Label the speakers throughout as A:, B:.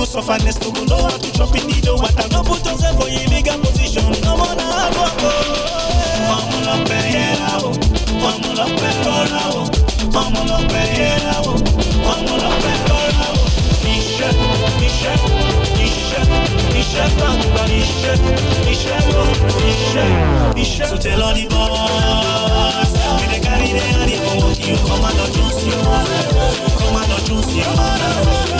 A: go suffer next to go know how to chop in the dough. I no put yourself for illegal position. No more na go. agbo. Ọmọ lọ pẹ yẹra o, ọmọ lọ pẹ rọra o, ọmọ lọ pẹ yẹra o, ọmọ lọ pẹ rọra Nisha, Nisha iṣẹ́ Nisha. iṣẹ́ gbàgbà iṣẹ́ iṣẹ́ o So tell all the boys, we dey carry Come and do go work you. Commander Jones, you Commander Jones, you.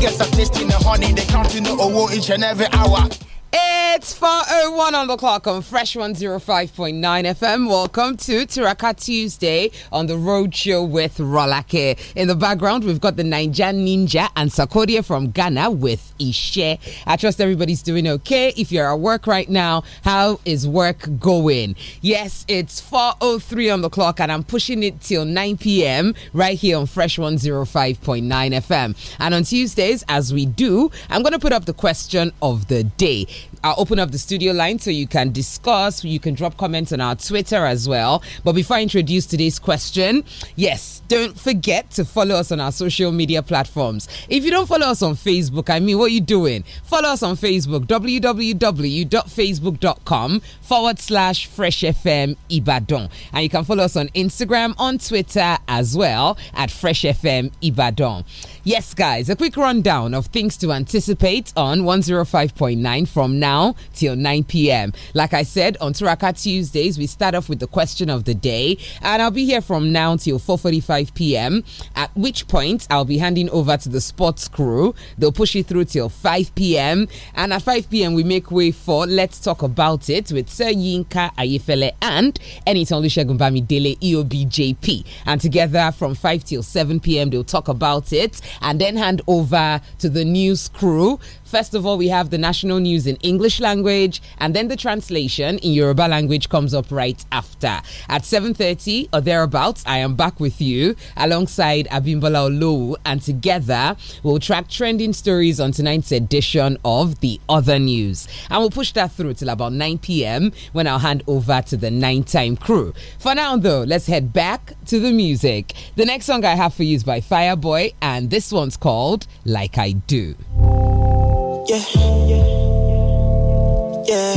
B: Niggas are tasting the honey, they counting the owo each and every hour
C: one on the clock on Fresh 105.9 FM. Welcome to Tiraka Tuesday on the road show with Rolake. In the background, we've got the Ninja Ninja and Sakodia from Ghana with Ishe. I trust everybody's doing okay. If you're at work right now, how is work going? Yes, it's 4.03 on the clock and I'm pushing it till 9 p.m. right here on Fresh 105.9 FM. And on Tuesdays, as we do, I'm going to put up the question of the day. I'll open up the studio studio line so you can discuss. You can drop comments on our Twitter as well. But before I introduce today's question, yes, don't forget to follow us on our social media platforms. If you don't follow us on Facebook, I mean, what are you doing? Follow us on Facebook, www.facebook.com forward slash Fresh FM Ibadan. And you can follow us on Instagram, on Twitter as well at Fresh FM Ibadan. Yes, guys, a quick rundown of things to anticipate on 105.9 from now till 9 p.m. Like I said, on Turaka Tuesdays, we start off with the question of the day, and I'll be here from now till 4.45 p.m., at which point I'll be handing over to the sports crew. They'll push it through till 5 p.m., and at 5 p.m., we make way for Let's Talk About It with Sir Yinka Ayefele and Eniton Olusegun Dele EOBJP. And together from 5 till 7 p.m., they'll talk about it and then hand over to the news crew. First of all, we have the national news in English language, and then the translation in Yoruba language comes up right after. At 7.30 or thereabouts, I am back with you alongside Abimbola Olowu, and together we'll track trending stories on tonight's edition of The Other News. And we'll push that through till about 9 p.m. when I'll hand over to the nighttime crew. For now, though, let's head back to the music. The next song I have for you is by Fireboy, and this this one's called Like I Do. Yeah. Yeah.
A: Yeah.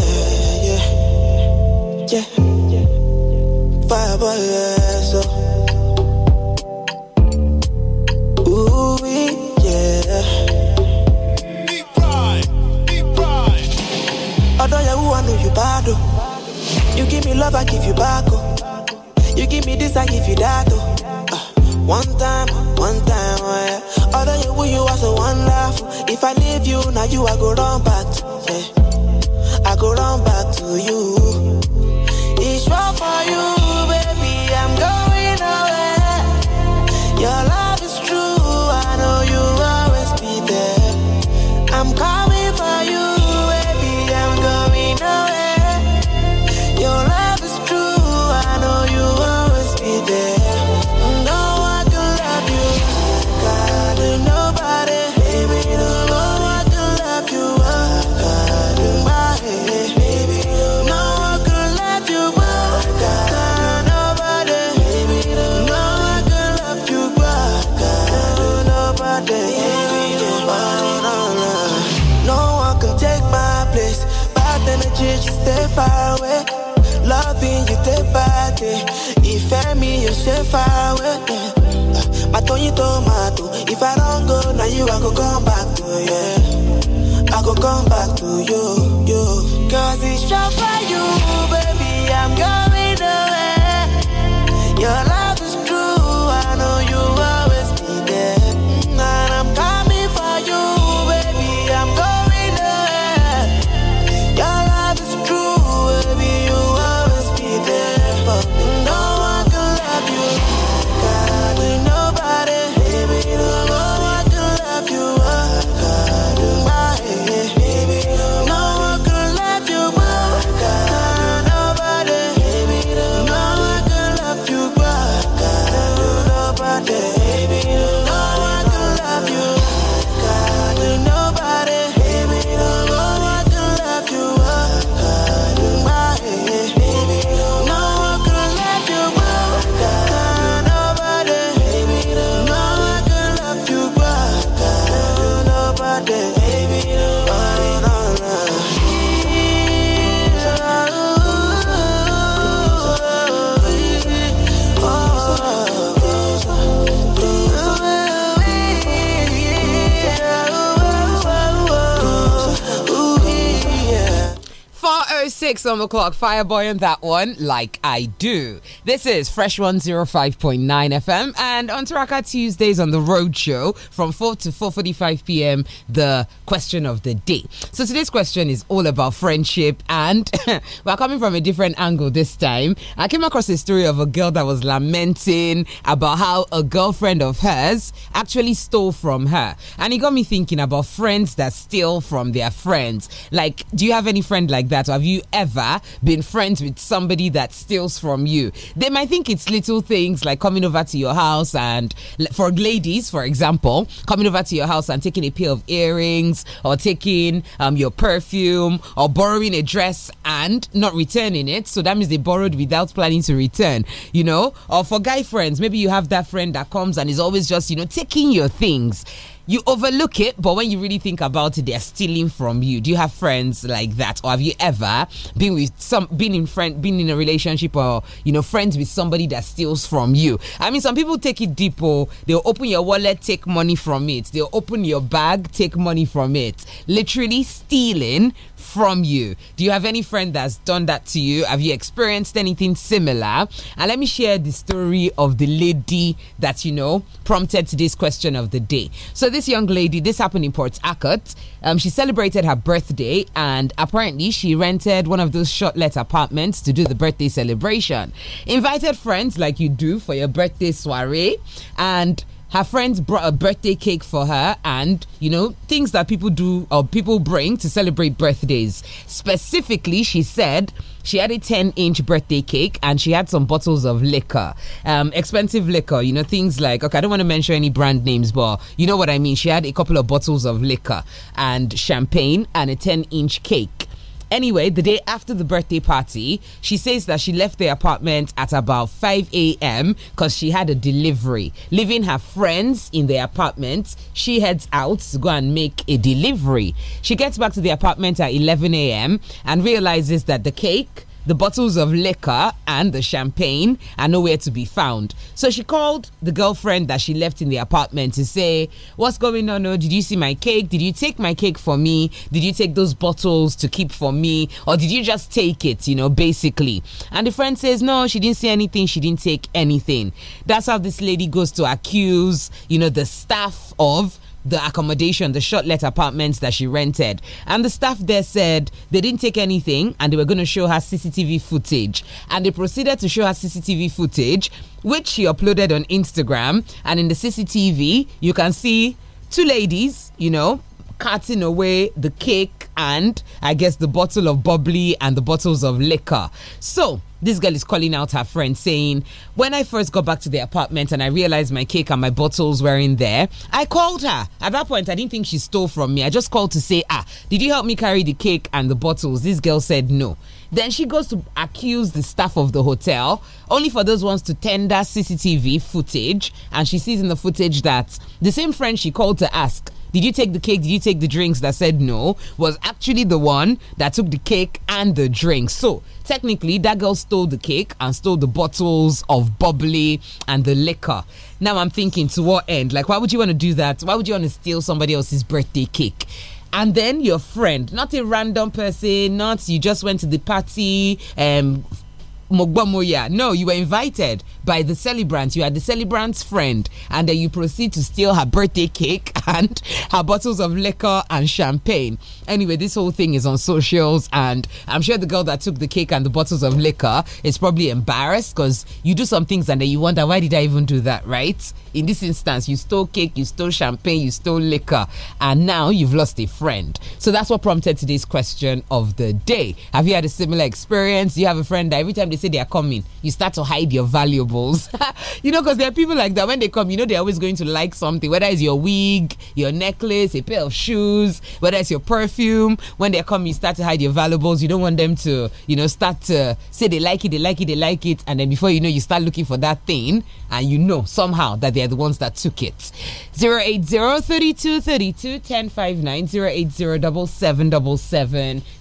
A: Yeah. so. Oh. Ooh, yeah. Deep pride. Deep pride. you, I know you oh. You give me love, I give you back, oh. You give me this, I give you that, oh. Uh. One time, one time, oh yeah. Other you, who you are so wonderful. If I leave you, now you, I go run back to, yeah. I go run back to you. It's wrong for you. Femi, you say far away. Yeah. My Tony tomato. If I don't go, now you I go come back to yeah. I go come back to you, you. Cause it's just for you, baby. I'm going away. Your life.
C: six on the clock. Fireboy on that one, like I do. This is Fresh 105.9 FM and on Taraka Tuesdays on the Road Show from 4 to 4.45 p.m. the question of the day. So today's question is all about friendship and we're coming from a different angle this time. I came across a story of a girl that was lamenting about how a girlfriend of hers actually stole from her. And it got me thinking about friends that steal from their friends. Like, do you have any friend like that? Or have you ever been friends with somebody that steals from you? They might think it's little things like coming over to your house and, for ladies, for example, coming over to your house and taking a pair of earrings or taking um, your perfume or borrowing a dress and not returning it. So that means they borrowed without planning to return, you know? Or for guy friends, maybe you have that friend that comes and is always just, you know, taking your things you overlook it, but when you really think about it, they're stealing from you. Do you have friends like that, or have you ever been with some, been in friend, been in a relationship, or you know, friends with somebody that steals from you? I mean, some people take it deep. Oh, they'll open your wallet, take money from it. They'll open your bag, take money from it. Literally stealing from you. Do you have any friend that's done that to you? Have you experienced anything similar? And let me share the story of the lady that, you know, prompted today's question of the day. So, this young lady, this happened in Port Acot. Um, she celebrated her birthday and apparently she rented one of those short let apartments to do the birthday celebration. Invited friends like you do for your birthday soiree and her friends brought a birthday cake for her and, you know, things that people do or people bring to celebrate birthdays. Specifically, she said she had a 10 inch birthday cake and she had some bottles of liquor, um, expensive liquor, you know, things like, okay, I don't want to mention any brand names, but you know what I mean. She had a couple of bottles of liquor and champagne and a 10 inch cake. Anyway, the day after the birthday party, she says that she left the apartment at about 5 a.m. because she had a delivery. Leaving her friends in the apartment, she heads out to go and make a delivery. She gets back to the apartment at 11 a.m. and realizes that the cake the bottles of liquor and the champagne are nowhere to be found. So she called the girlfriend that she left in the apartment to say, What's going on? Oh, did you see my cake? Did you take my cake for me? Did you take those bottles to keep for me? Or did you just take it, you know, basically? And the friend says, No, she didn't see anything. She didn't take anything. That's how this lady goes to accuse, you know, the staff of the accommodation, the short let apartments that she rented. And the staff there said they didn't take anything and they were going to show her CCTV footage. And they proceeded to show her CCTV footage, which she uploaded on Instagram. And in the CCTV, you can see two ladies, you know, carting away the cake and I guess the bottle of bubbly and the bottles of liquor. So this girl is calling out her friend saying, When I first got back to the apartment and I realized my cake and my bottles were in there, I called her. At that point, I didn't think she stole from me. I just called to say, Ah, did you help me carry the cake and the bottles? This girl said no. Then she goes to accuse the staff of the hotel, only for those ones to tender CCTV footage. And she sees in the footage that the same friend she called to ask did you take the cake? Did you take the drinks? That said no was actually the one that took the cake and the drinks. So technically, that girl stole the cake and stole the bottles of bubbly and the liquor. Now I'm thinking, to what end? Like, why would you want to do that? Why would you want to steal somebody else's birthday cake? and then your friend, not a random person, not you just went to the party, um, Mogbomoya. No, you were invited by the celebrant. You are the celebrant's friend. And then you proceed to steal her birthday cake and her bottles of liquor and champagne. Anyway, this whole thing is on socials. And I'm sure the girl that took the cake and the bottles of liquor is probably embarrassed because you do some things and then you wonder, why did I even do that, right? in this instance, you stole cake, you stole champagne, you stole liquor, and now you've lost a friend. So that's what prompted today's question of the day. Have you had a similar experience? you have a friend that every time they say they are coming, you start to hide your valuables? you know, because there are people like that. When they come, you know, they're always going to like something, whether it's your wig, your necklace, a pair of shoes, whether it's your perfume. When they come, you start to hide your valuables. You don't want them to, you know, start to say they like it, they like it, they like it. And then before you know, you start looking for that thing, and you know somehow that they they're the ones that took it. 080-3232-1059,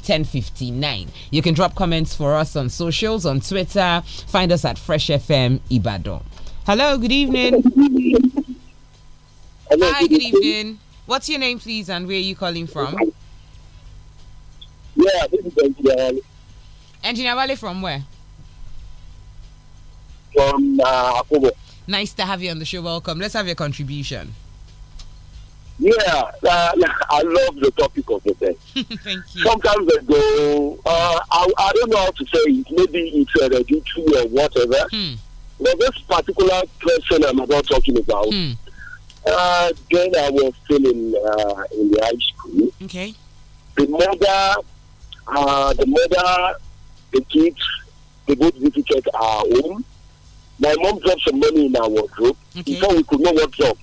C: 080-7777-1059. You can drop comments for us on socials, on Twitter. Find us at Fresh FM Ibadan. Hello, good evening. Hello, Hi, good evening. What's your name, please, and where are you calling from?
D: Yeah, this is Engineer Wale.
C: Engineer Wale from where? From uh, Akobo. Nice to have you on the show. Welcome. Let's have your contribution.
D: Yeah, uh, I love the topic of the day. Thank you. Sometimes I uh, I, I don't know how to say it. Maybe it's a too or whatever. Hmm. But this particular person I'm about talking about, hmm. uh, then I was still in uh, in the high school. Okay. The mother, uh, the mother, the kids, they both visited our home. My mom dropped some money in our wardrobe. Okay. we could not wardrobe.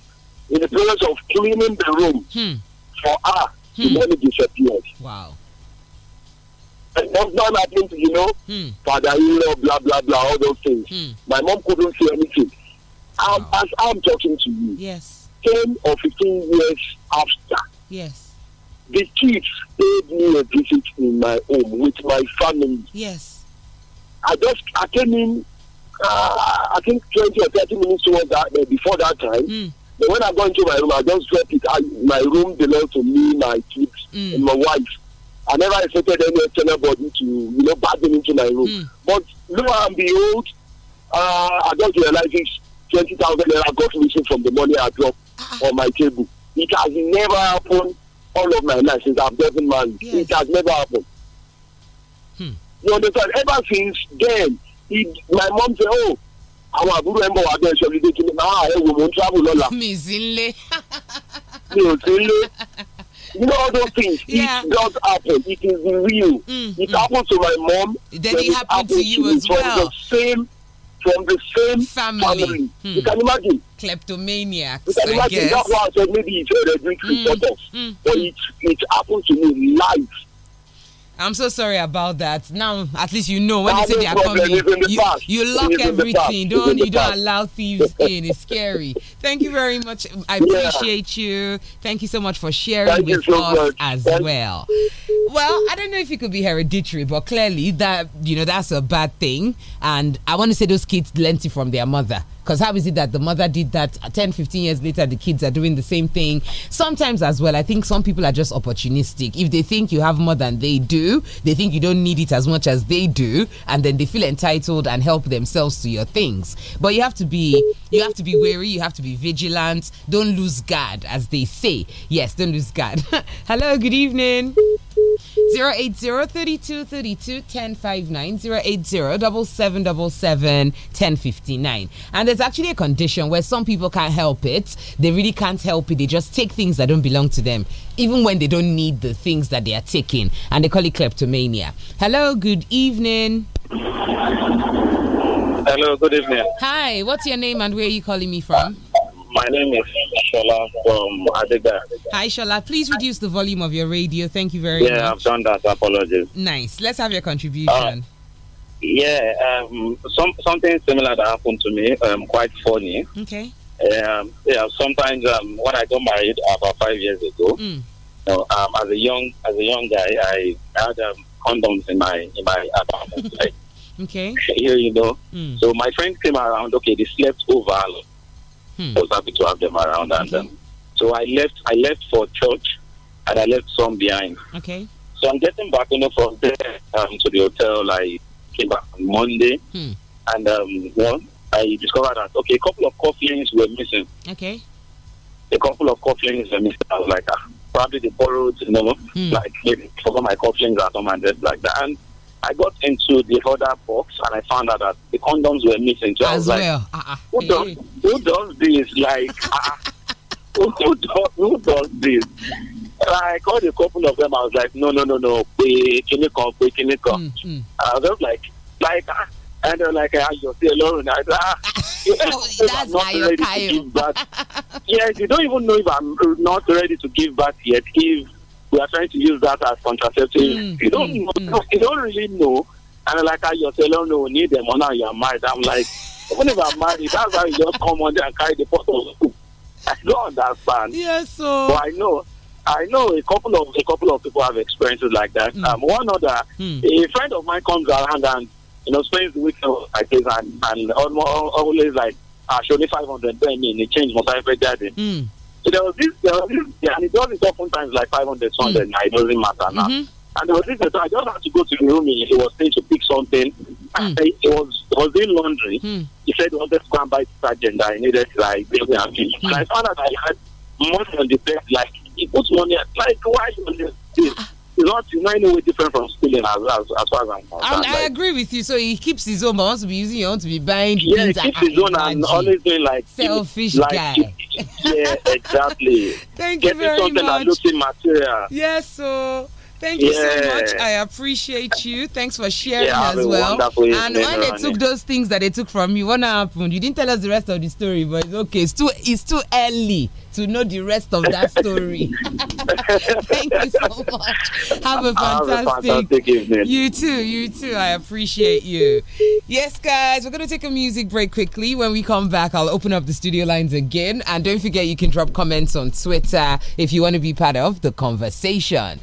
D: In the process of cleaning the room hmm. for her, hmm. the money disappeared. Wow. And that's not happened, you know, hmm. father-in-law, blah, blah, blah, all those things. Hmm. My mom couldn't see anything. wow. As I'm talking to you, yes. 10 or 15 years after, yes. the kids paid me a visit in my home with my family. Yes. I just I came in uh, I think 20 or 30 minutes towards that, uh, before that time. Mm. But when I go into my room, I just drop it. I, my room belongs to me, my kids, mm. and my wife. I never expected any external body to, you know, them into my room. Mm. But lo and behold, uh, I just realized it's 20,000 naira got missing from the money I dropped ah. on my table. It has never happened all of my life since I've gotten married. Yes. It has never happened. Hmm. You understand? Ever since then, my mom say oh àwọn àbúrò ẹ̀ ń bọ̀ wá bẹ́ẹ̀ ṣọ́ọ́ lídé kí máa ah, ẹ̀ wò mò ń travel lọ́la. mi ì
C: sí nlé. mi ò sí nlé.
D: You know all those things. Yeah. It does happen. It is real. Mm, it mm. happened to my mom. Then it happened, to you as from well. From the same, from the same family. family. Mm. You can imagine.
C: Kleptomaniacs. You can imagine. I guess. That's why said maybe it's hereditary mm. sort of. Mm. But it it happened to me live. I'm so sorry about that. Now, at least you know when that they say they are coming, you, you lock everything. Don't you don't allow thieves in. It's scary. Thank you very much. I appreciate yeah. you. Thank you so much for sharing Thank with so us much. as Thank well. Well, I don't know if it could be hereditary, but clearly that you know that's a bad thing. And I want to say those kids learned it from their mother. Because how is it that the mother did that 10, 15 years later, the kids are doing the same thing? Sometimes, as well, I think some people are just opportunistic. If they think you have more than they do, they think you don't need it as much as they do, and then they feel entitled and help themselves to your things. But you have to be you have to be wary, you have to be vigilant. Don't lose guard, as they say. Yes, don't lose guard. Hello, good evening. Zero eight zero thirty two thirty two ten five nine zero eight zero double seven double seven ten fifty nine. And there's actually a condition where some people can't help it. They really can't help it. They just take things that don't belong to them, even when they don't need the things that they are taking. And they call it kleptomania. Hello, good evening. Hello, good evening. Hi, what's your name and where are you calling me from?
D: My name is Aishola from Adega.
C: Hi, Shola. Please reduce the volume of your radio. Thank you very yeah, much. Yeah,
D: I've done that. Apologies.
C: Nice. Let's have your uh, contribution. Uh,
D: yeah, um, some, something similar that happened to me. Um, quite funny. Okay. Um, yeah, sometimes um, when I got married about five years ago, mm. you know, um, as a young as a young guy, I had um, condoms in my in my apartment. like, okay. Here you know. Mm. So my friend came around. Okay, they slept over. Hmm. I was happy to have them around, and then um, so I left. I left for church, and I left some behind. Okay. So I'm getting back, you know, from there um, to the hotel. I came back on Monday, hmm. and um, well, I discovered that okay, a couple of coffins were missing. Okay. A couple of coffins were missing. I was like, ah, probably they borrowed, you know, hmm. like maybe forgot my cufflinks at home and just like that. And I got into the other box and I found out that the condoms were missing. So As I was well. like, uh -uh. Who, uh-uh. does, who does this? Like, uh who, who, does, who does this? And I called a couple of them. I was like, no, no, no, no. Clinical, clinical. Mm, mm. I was like, like, ah. and they're like, I just feel alone. I said, ah, so oh, that's not ready to give back. yes, you don't even know if I'm not ready to give back yet. If we are trying to use that as contraceptive. Mm, you don't mm, know, mm. you don't really know. And like I just tell them, no, we need them. Or now you're married. I'm like, even if I'm married, that's how you just come on there and carry the bottle. I don't understand. Yes, so. But I know. I know a couple of a couple of people have experiences like that. Mm. Um, one other, mm. a friend of mine comes around and you know spends the weekend like this and and always like I show me five hundred, then he changed my type of so there was this, there was this, yeah, and it does it oftentimes like 500 Sunday mm. it doesn't matter now. Mm -hmm. And there was this, so I just had to go to the room, he was saying to pick something. Mm. I, it was, it was in laundry. Mm. He said, well, let's go and buy detergent. I needed like baby and fish. Mm. And I found that I had money on the bed, like, he puts money, like, why you on this? Ah, it's not in any way different from stealing as, as, as far as I'm concerned. I
C: agree with you. So he keeps his own, but wants to be using your own to be buying yeah, things. keeps his own and
D: always doing like selfish like, guy. yeah, exactly.
C: Thank Getting you very much.
D: Something that looks
C: Yes, so. Thank you yeah. so much. I appreciate you. Thanks for sharing yeah, as well. And when they took those things that they took from you, what happened? You didn't tell us the rest of the story, but it's okay. It's too it's too early to know the rest of that story. Thank you so much. Have a fantastic, Have a fantastic evening. You too, you too. I appreciate you. Yes, guys, we're gonna take a music break quickly. When we come back, I'll open up the studio lines again. And don't forget you can drop comments on Twitter if you want to be part of the conversation.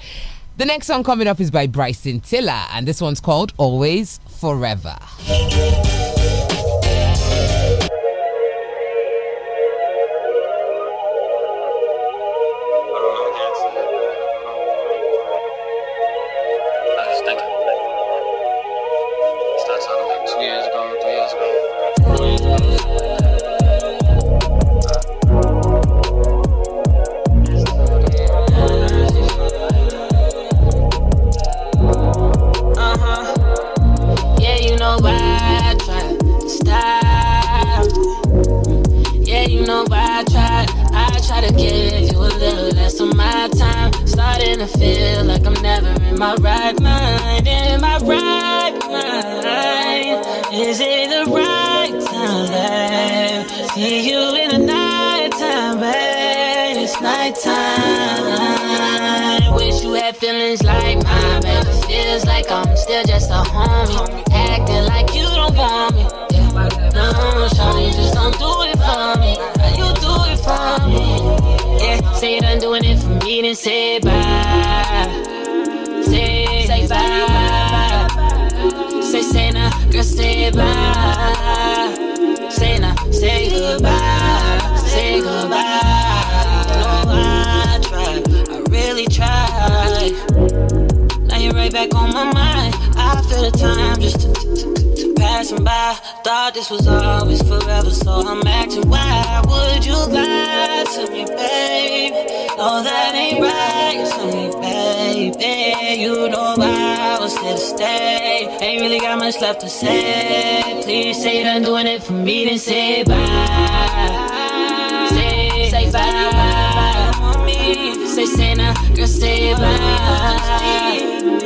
C: The next song coming up is by Bryson Tiller, and this one's called Always Forever.
E: to give you a little less of my time. Starting to feel like I'm never in my right mind. In my right mind, is it the right time? babe? See you in the nighttime, babe. It's nighttime. Wish you had feelings like mine, but feels like I'm still just a homie, acting like you don't want me. No, Shawty, just don't do it for me. You do it for me. Say you done doing it for me, then say bye. Say, say bye. Say, say nah, girl, say bye. Say nah, say goodbye. Say goodbye. I I tried, I really tried. Now you're right back on my mind. I feel the time just to, to, to passing by. Thought this was always forever, so I'm acting. Why would you lie? to me, babe. No, that ain't right to me, babe, You know I was here to stay. Ain't really got much left to say. Please say you're doing it for me, then say bye. Say, say bye. Say, say, nah, girl, say bye.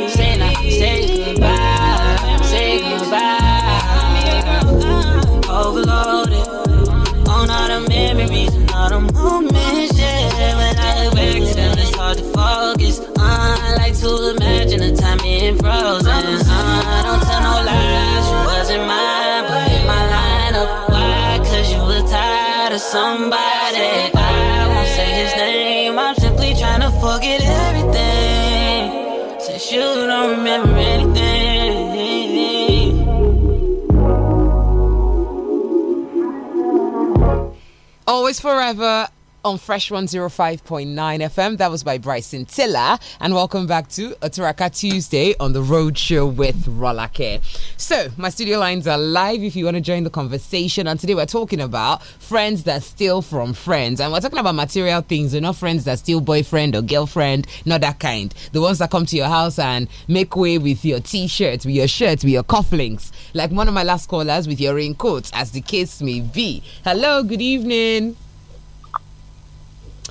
C: Boys Forever on Fresh 105.9 FM. That was by Bryson Tiller. And welcome back to Oturaka Tuesday on the Road Show with Rolake. So, my studio lines are live if you want to join the conversation. And today we're talking about friends that steal from friends. And we're talking about material things. We're not friends that steal boyfriend or girlfriend, not that kind. The ones that come to your house and make way with your t shirts with your shirts, with your cufflinks. Like one of my last callers with your raincoat, as the case may be. Hello, good evening.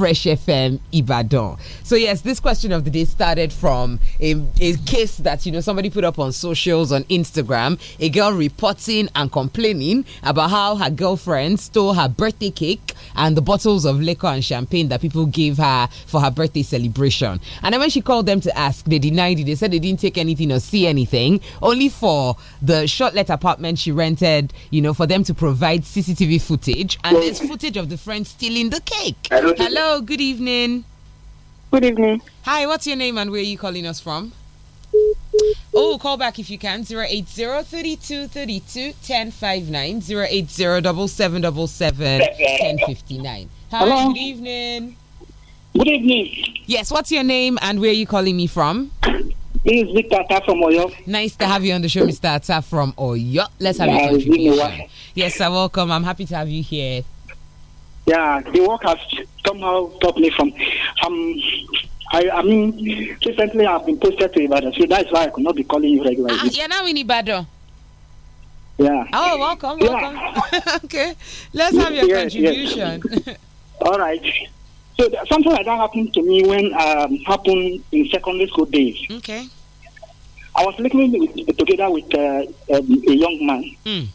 C: Fresh FM Ibadan. So yes, this question of the day started from a, a case that you know somebody put up on socials on Instagram. A girl reporting and complaining about how her girlfriend stole her birthday cake and the bottles of liquor and champagne that people gave her for her birthday celebration. And then when she called them to ask, they denied it. They said they didn't take anything or see anything, only for the short-let apartment she rented. You know, for them to provide CCTV footage and there's footage of the friend stealing the cake. Hello good evening. Good evening. Hi, what's your name and where are you calling us from? Oh, call back if you can. 080 32 32 1059 080 Hello. good evening. Good evening. Yes, what's your name and where are you calling me from? This is Mr. Atta from Oyo. Nice to have you on the show, Mr. Atta from Oyo. Let's have yeah, your contribution. Yes, sir, welcome. I'm happy to have you here yeah,
F: the work has somehow stopped me from. Um,
C: I, I mean, recently
F: I've been posted to Ibadan, so that's why I could not be calling you regularly. Ah,
C: you're now in Ibadan. Yeah. Oh, welcome, welcome. Yeah. okay, let's have your yes, contribution.
F: Yes. All right. So something like that happened to me when um, happened in secondary school days. Okay. I was living with, together with uh, um, a young man. Mm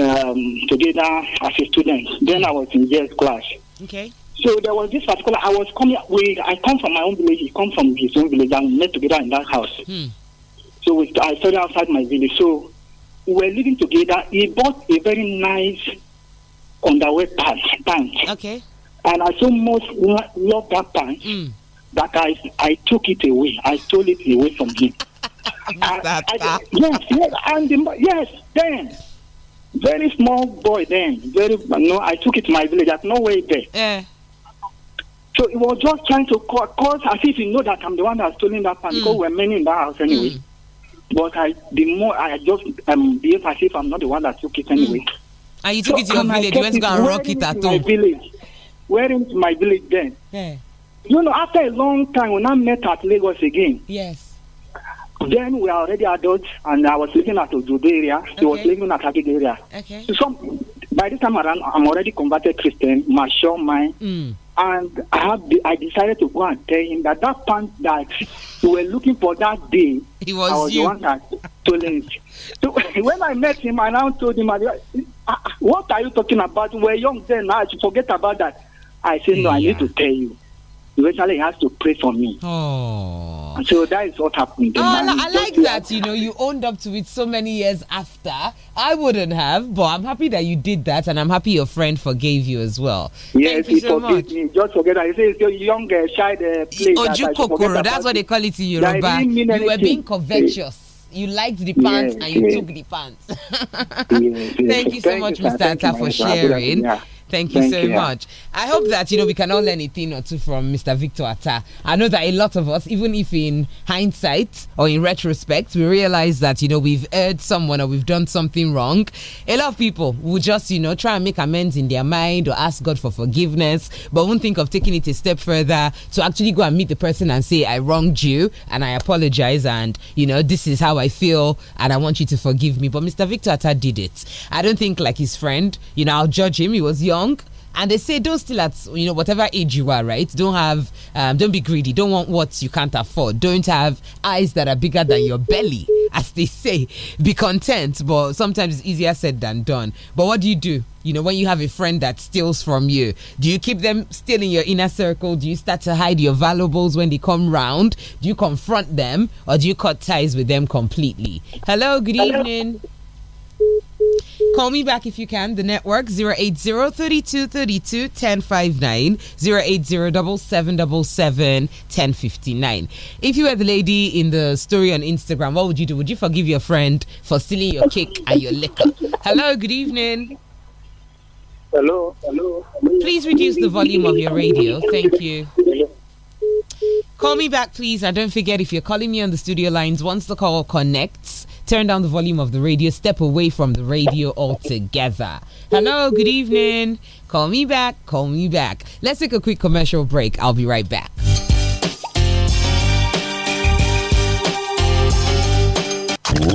F: um, together as a student. Then I was in JS class. Okay. So there was this particular. I was coming. We I come from my own village. He come from his own village, and we met together in that house. Hmm. So we, I started outside my village. So we were living together. He bought a very nice underwear pants. pants. Okay. And I so much loved that pants hmm. that I I took it away. I stole it away from him. I, that, I, yes, yes, and the, yes, then very small boy then very no i took it to my village at no way there yeah. so he was just trying to call cause as if he know that i'm the one that stolen that pan mm. because we're many in that house anyway mm. but i the more i just um behave as if i'm not the one that took it mm. anyway mm. and you took so, it to your village you went to go and rock it at home village wearing to my village then yeah. you know after a long time when i met at lagos again yes Then we are already adults, and I was living at Ojodo area. He okay. was living at Akig area. Okay. So by this time around, I'm already converted Christian, mature mind. Mm. And I have I decided to go and tell him that that pants that we were looking for that day, he was I was you. the one that told him. So when I met him, I now told him, "What are you talking about? We are young then. Now you forget about that." I said, "No, yeah. I need to tell you." Eventually, he has to pray for me. Oh. So
C: that is what happened. Oh, I, I like that. You know, you owned up to it so many years after. I wouldn't have, but I'm happy that you did that, and I'm happy your friend forgave you as well. Yes, Thank you so much.
F: me. Just forget that. He says your young uh, child uh, play. Ojukokoro, that that's what they
C: call it in Yoruba. Yeah, you were being covetous. You liked the pants yes, and you yes. took the pants.
G: yes, Thank you so Thank much, you, Mr. Ata, for sharing.
C: Thank you Thank so you. much. I hope that you know we can all learn a thing or two from Mr. Victor Atta. I know that a lot of us, even if in hindsight or in retrospect, we realize that you know we've hurt someone or we've done something wrong. A lot of people will just you know try and make amends in their mind or ask God for forgiveness, but won't think of taking it a step further to actually go and meet the person and say, "I wronged you and I apologize," and you know this is how I feel and I want you to forgive me. But Mr. Victor Atta did it. I don't think like his friend. You know, I'll judge him. He was young and they say don't steal at you know whatever age you are right don't have um, don't be greedy don't want what you can't afford don't have eyes that are bigger than your belly as they say be content but sometimes it's easier said than done but what do you do you know when you have a friend that steals from you do you keep them still in your inner circle do you start to hide your valuables when they come round do you confront them or do you cut ties with them completely hello good hello. evening Call me back if you can. The network 080 32 1059 080 If you were the lady in the story on Instagram, what would you do? Would you forgive your friend for stealing your cake and your liquor? Hello, good evening. Hello, hello, hello. Please reduce the volume of your radio. Thank you. Call me back, please. And don't forget, if you're calling me on the studio lines, once the call connects, turn down the volume of the radio, step away from the radio altogether. Hello, good evening. Call me back, call me back. Let's take a quick commercial break. I'll be right back.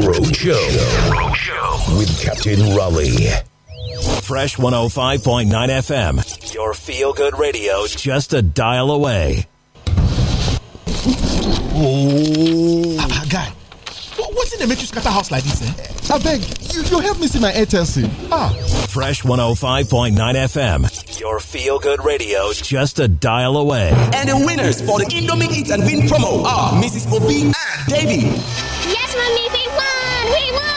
H: Road show with Captain Raleigh. Fresh 105.9 FM. Your feel good radio just a dial away.
I: Oh. Ah, ah, God wetin in make you scatter house like this, eh? beg you you help me see my airtel ah.
H: fresh 105.9 fm your feel good radio just a dial away. and the winners for the
J: indomie eat and win promo are mrs obi and davy.
K: yes mommy, we won we won.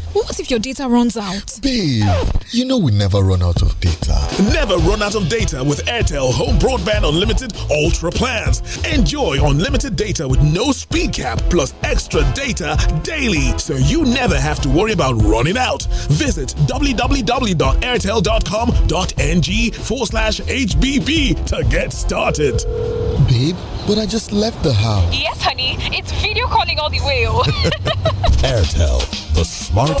H: What if your data runs out?
J: Babe,
I: you know we never run out of data. Never run out of data with Airtel Home Broadband Unlimited Ultra plans. Enjoy unlimited data with no speed cap plus extra data daily so you never have to worry about running out. Visit www.airtel.com.ng forward slash HBB to get started.
J: Babe, but I just left the house.
K: Yes, honey. It's video calling all the way. Oh.
J: Airtel, the smart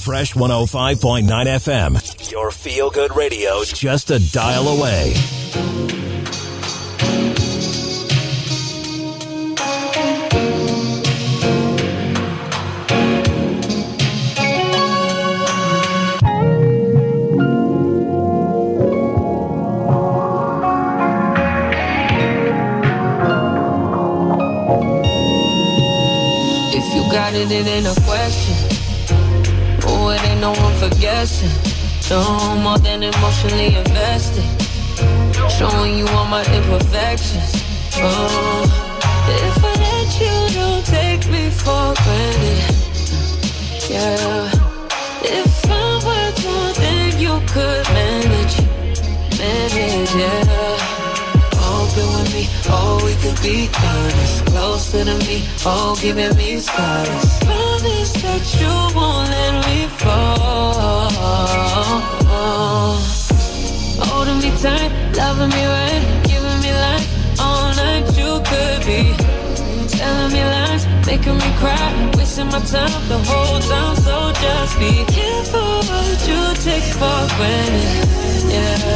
H: Fresh 105.9 FM, your feel good radio just a dial away.
L: If you got it, it ain't a question no one for guessing. No more than emotionally invested. Showing you all my imperfections. Oh, if I let you, don't take me for granted. Yeah, if I'm worth more than you could manage, manage, yeah. Open with me, oh, we could be honest. Closer to me, oh, giving me stars. Promise cry, wasting my time the whole time. So just be careful what you take for granted. Yeah.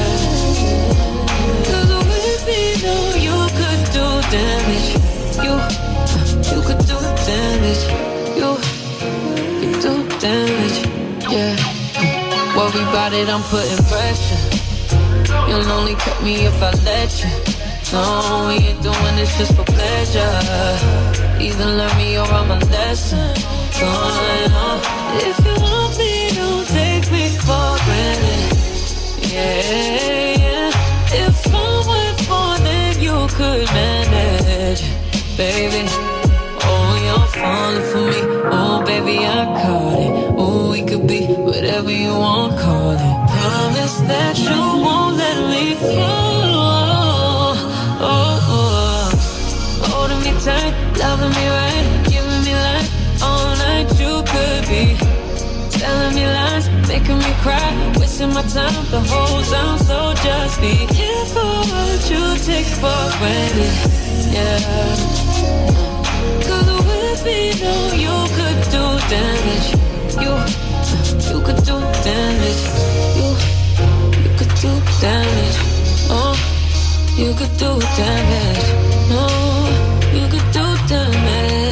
L: Cause with me, no, you could do damage. You, you could do damage. You, you do damage. Yeah. Worry about it, I'm putting pressure. You'll only cut me if I let you. No, we ain't doing this just for pleasure. Either learn me or I'm a lesson. Going If you want me, don't take me for granted. Yeah, yeah. If I went more then you could manage, baby. Oh, you're falling for me. Oh, baby, I caught it. Oh, we could be whatever you want. making me cry, wasting my time the whole time. So just be careful what you take for granted, yeah. Cause with me, no, you could do damage. You, you could do damage. You, you could do damage. Oh, you could do damage. No, you could do damage.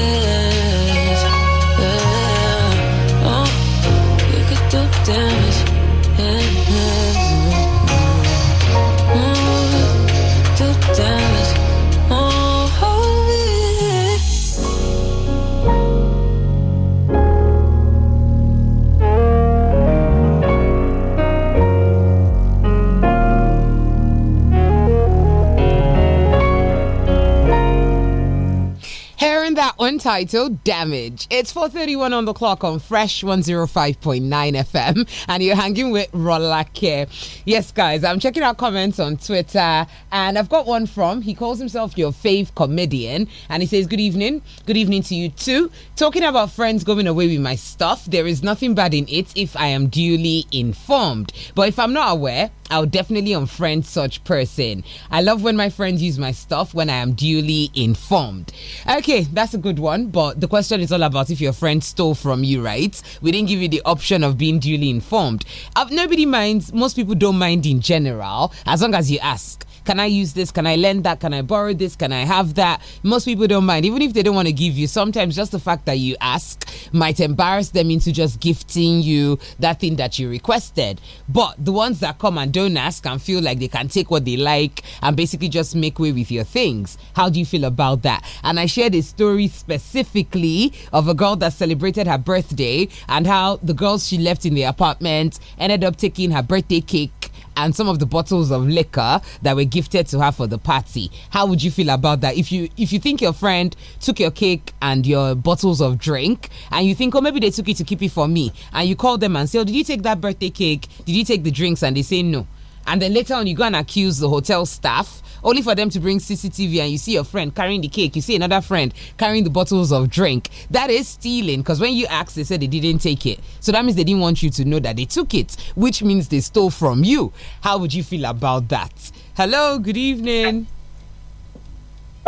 C: entitled Damage. It's 4.31 on the clock on Fresh 105.9 FM and you're hanging with Rolake. Yes, guys, I'm checking out comments on Twitter and I've got one from, he calls himself your fave comedian and he says, good evening, good evening to you too. Talking about friends going away with my stuff, there is nothing bad in it if I am duly informed. But if I'm not aware, I'll definitely unfriend such person. I love when my friends use my stuff when I am duly informed. Okay, that's a good one one, but the question is all about if your friend stole from you, right? We didn't give you the option of being duly informed. Uh, nobody minds, most people don't mind in general, as long as you ask. Can I use this? Can I lend that? Can I borrow this? Can I have that? Most people don't mind, even if they don't want to give you. Sometimes just the fact that you ask might embarrass them into just gifting you that thing that you requested. But the ones that come and don't ask and feel like they can take what they like and basically just make way with your things. How do you feel about that? And I shared a story specifically of a girl that celebrated her birthday and how the girls she left in the apartment ended up taking her birthday cake and some of the bottles of liquor that were gifted to her for the party. How would you feel about that? If you if you think your friend took your cake and your bottles of drink, and you think, oh, maybe they took it to keep it for me, and you call them and say, oh, did you take that birthday cake? Did you take the drinks? And they say no and then later on you go and accuse the hotel staff only for them to bring CCTV and you see your friend carrying the cake, you see another friend carrying the bottles of drink. That is stealing because when you asked, they said they didn't take it. So that means they didn't want you to know that they took it, which means they stole from you. How would you feel about that? Hello, good evening.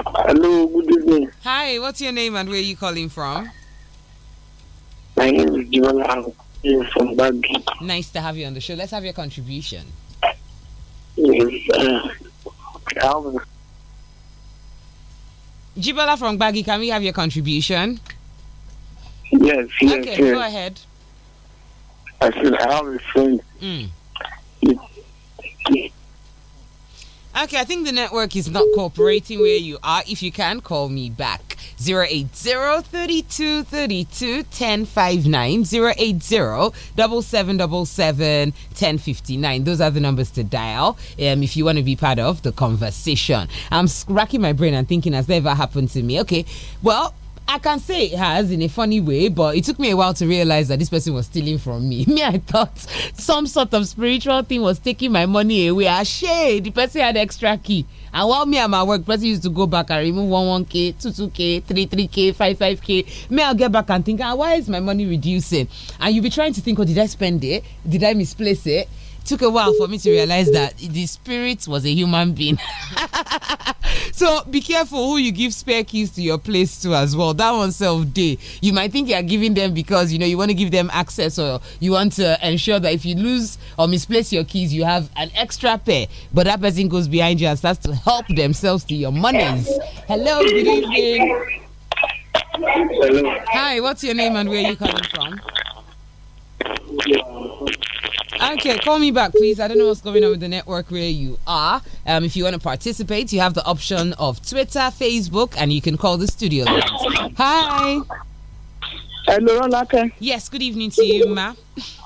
C: Hello, good evening. Hi, what's your name and where are you calling from? My name is Jibola. I'm from Bagi. Nice to have you on the show. Let's have your contribution
D: is uh, Calvin.
C: Jibola from Baggy, can we have your contribution?
D: Yes, yes. Okay, yes. go ahead.
C: I said, a friend? Mm. Okay, I think the network is not cooperating where you are. If you can, call me back. 080 1059 080 7777 1059. Those are the numbers to dial um, if you want to be part of the conversation. I'm racking my brain and thinking, has that ever happened to me? Okay, well, I can say it has in a funny way, but it took me a while to realize that this person was stealing from me. Me, I thought some sort of spiritual thing was taking my money away. I the person had extra key. And while me and my work person used to go back and remove one one k, two two k, three three k, five five k, me I'll get back and think, ah, why is my money reducing? And you'll be trying to think, oh, did I spend it? Did I misplace it? took a while for me to realize that the spirit was a human being. so be careful who you give spare keys to your place to as well. That one self day. You might think you are giving them because you know you want to give them access or you want to ensure that if you lose or misplace your keys, you have an extra pair. But that person goes behind you and starts to help themselves to your monies. Hello, good evening. Hello. Hi, what's your name and where are you coming from? Okay, call me back, please. I don't know what's going on with the network where you are. Um, if you want to participate, you have the option of Twitter, Facebook, and you can call the studio lines. Hi. Hello, Laka. Yes, good evening to you, ma.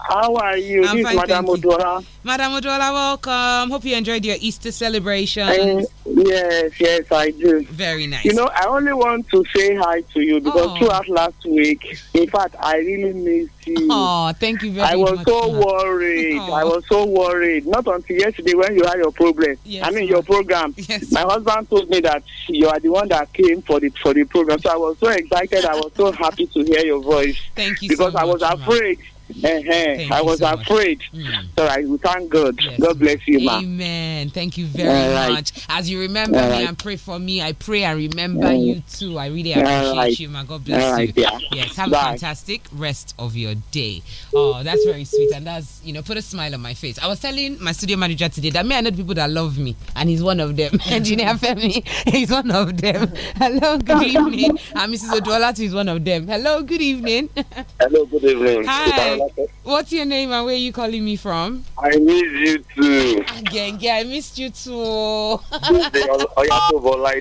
C: How are you? I'm this fine, Madam Odora. Madam Odora, welcome. Hope you enjoyed your Easter celebration. Uh,
M: yes, yes, I do. Very nice. You know, I only want to say hi to you because oh. throughout last week, in fact, I really missed
C: you. Oh, thank you very much. I was much,
M: so ma. worried. Oh. I was so worried. Not until yesterday when you had your problem. Yes, I mean, ma. your program. Yes. My husband told me that you are the one that came for the for the program. So I was so excited. I was so happy to hear your voice. Thank you. Because so I was afraid. Ma uh-huh. I was so afraid. Mm. So I thank God. Yes, God bless you, ma.
C: Amen. Thank you very right. much. As you remember me and pray for me, I pray I remember you too. I really appreciate right. you, ma. God bless you. Yeah. Yes. Have Bye. a fantastic rest of your day. Oh, that's very sweet. And that's, you know, put a smile on my face. I was telling my studio manager today that me, I know people that love me, and he's one of them. Engineer Femi, he's one of them. Hello, good evening. And Mrs. Odolatu is one of them. Hello, good evening. Hello, good
D: evening. Hi name?
C: What's your name and where are you calling me from?
D: I miss you too.
C: Again, yeah, I missed you too. like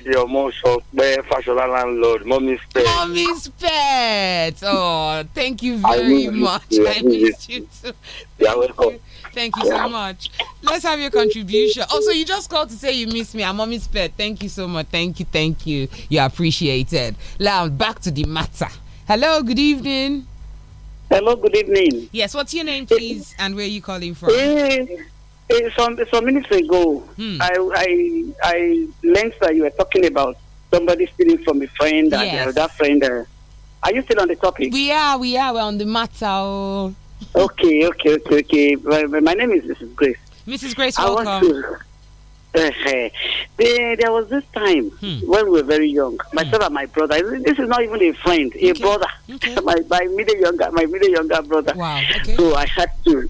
D: the landlord, Mommy's pet.
C: Mommy's pet. Oh, thank you very I much. You I missed you too. You're welcome. Thank you so much. Let's have your contribution. Also, oh, you just called to say you miss me. I'm mommy's pet. Thank you so much. Thank you. Thank you. You're appreciated. Now, back to the matter. Hello, good evening. Hello, good evening. Yes, what's your name, please, and where are you calling from? some some
M: minutes ago, hmm. I, I I learned that you were talking about somebody stealing from a friend yes. and that friend. Uh, are you still on the topic? We
C: are, we are. We're on the matter. Oh.
M: okay, okay, okay, okay. My, my name is Mrs. Grace. Mrs. Grace, welcome. there, there was this time hmm. when we were very young, myself hmm. and my brother. This is not even a friend, a brother. Okay. my my middle younger, my middle younger brother. Wow. Okay. So I had to.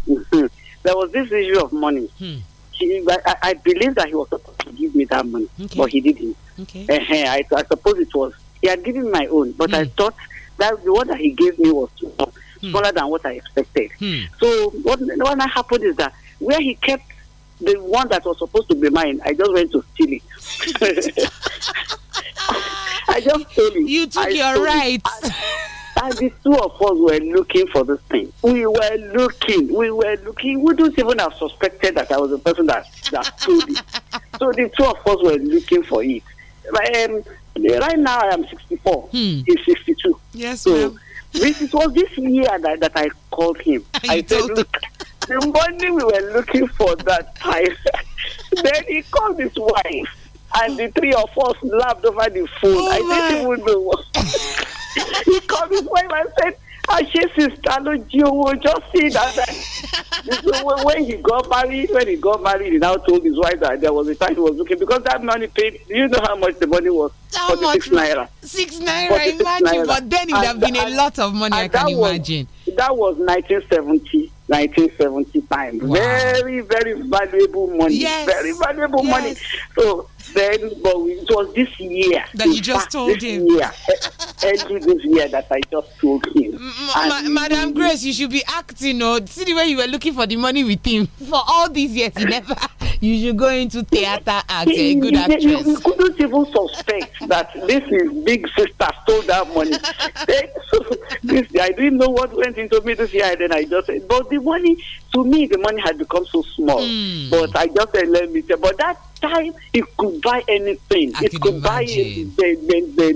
M: there was this issue of money. Hmm. He, I, I, believe that he was supposed to give me that money, okay. but he didn't. Okay. Uh-huh, I, I suppose it was he had given my own, but I hmm. thought that the one that he gave me was hmm. smaller than what I expected. Hmm. So what what happened is that where he kept the one that was supposed to be mine, I just went to steal it. I just stole it. You took I your rights. And, the two of us were looking for this thing. We were looking, we were looking. We don't even have suspected that I was the person that, that stole it. So the two of us were looking for it. Um, right now, I am 64. Hmm. He's 62. Yes, so, ma'am. This, was this year that, that I called him. I, I said, look the morning we were looking for that time. then he called his wife, and the three of us laughed over the phone. Oh I my. didn't even know what. he called his wife and said, ah, she sister, no, you will just see that. when he got married, when he got married, he now told his wife that there was a time he was looking because that money paid. You know how much the money was?
D: How much? naira.
C: Six naira. Imagine, naira. but then it would have been a lot of money. I can imagine. Was, that
M: was 1970. 1975. Wow. Very, very valuable money. Yes. Very valuable yes. money. So then, but it was this year that you just told him. Yeah, eh, early this year that I just told him.
C: Ma Madam Grace, you should be acting. Or oh. see the way you were looking for the money with him for all these years. You never. You should go into theater acting. a eh, good actress. You, you
M: couldn't even suspect that this is big sister stole that money. Eh, I didn't know what went into me this year. And then I just, but the money to me, the money had become so small. Mm. But I just said, let me tell. But that time he could buy anything. I he could imagine. buy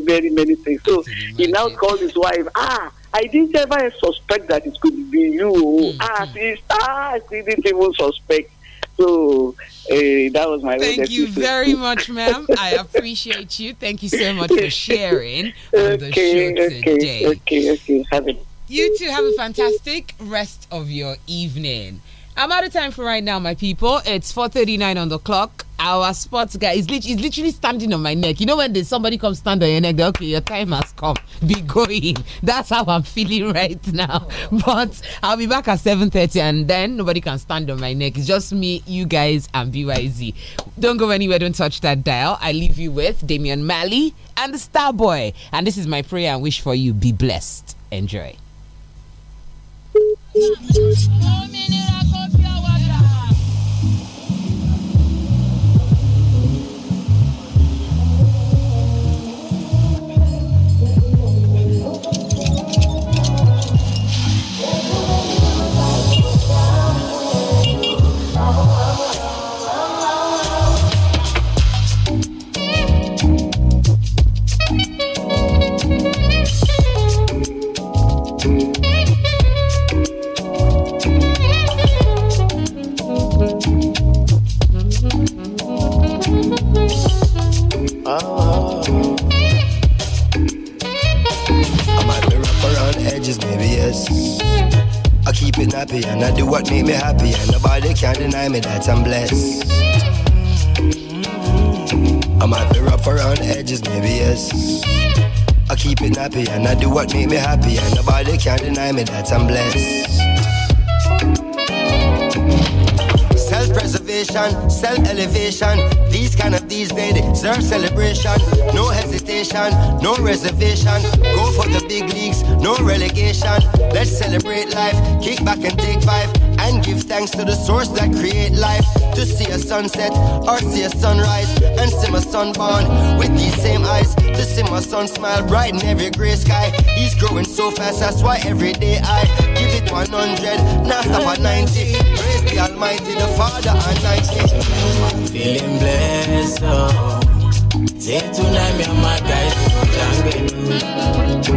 M: very, many things. So he now called his wife, ah, I didn't ever suspect that it could be you. mm Ah, please, hmm. ah, I didn't even suspect. So uh, that was my. Thank you very much, ma'am. I
C: appreciate you. Thank you so much for sharing okay, on the show today. Okay, okay, okay. Have a You too. have a fantastic rest of your evening. I'm out of time for right now, my people. It's 4:39 on the clock. Our sports guy is literally, literally standing on my neck. You know when there's somebody comes stand on your neck, okay, your time has come. Be going. That's how I'm feeling right now. But I'll be back at 7:30, and then nobody can stand on my neck. It's just me, you guys, and BYZ. Don't go anywhere. Don't touch that dial. I leave you with Damian Malley and the Starboy. And this is my prayer and wish for you. Be blessed. Enjoy.
E: Òmìnira kò bí.
N: I
O: might be rough around edges, maybe yes. I keep it nappy and I do what make me happy, and nobody can deny me that I'm blessed. I might be rough around edges, maybe yes. I keep it nappy and I do what make me happy, and nobody can deny me that I'm blessed. self-preservation, self-elevation. These kind of these they deserve celebration. No hesitation, no reservation. Go for the big leagues, no relegation. Let's celebrate life, kick back and take five and give thanks to the source that create life to see a sunset or see a sunrise and see my son born with these same eyes to see my son smile bright in every gray sky he's growing so fast that's why every day i give it 100 now stop at 90 praise the almighty the father and
A: 90 feeling blessed oh. Say tonight me and my guys we can get you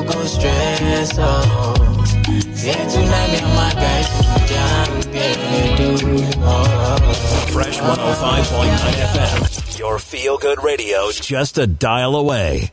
A: go stress Say tonight, me my guys Fresh 105.9
H: FM, your feel good radio, just a dial away.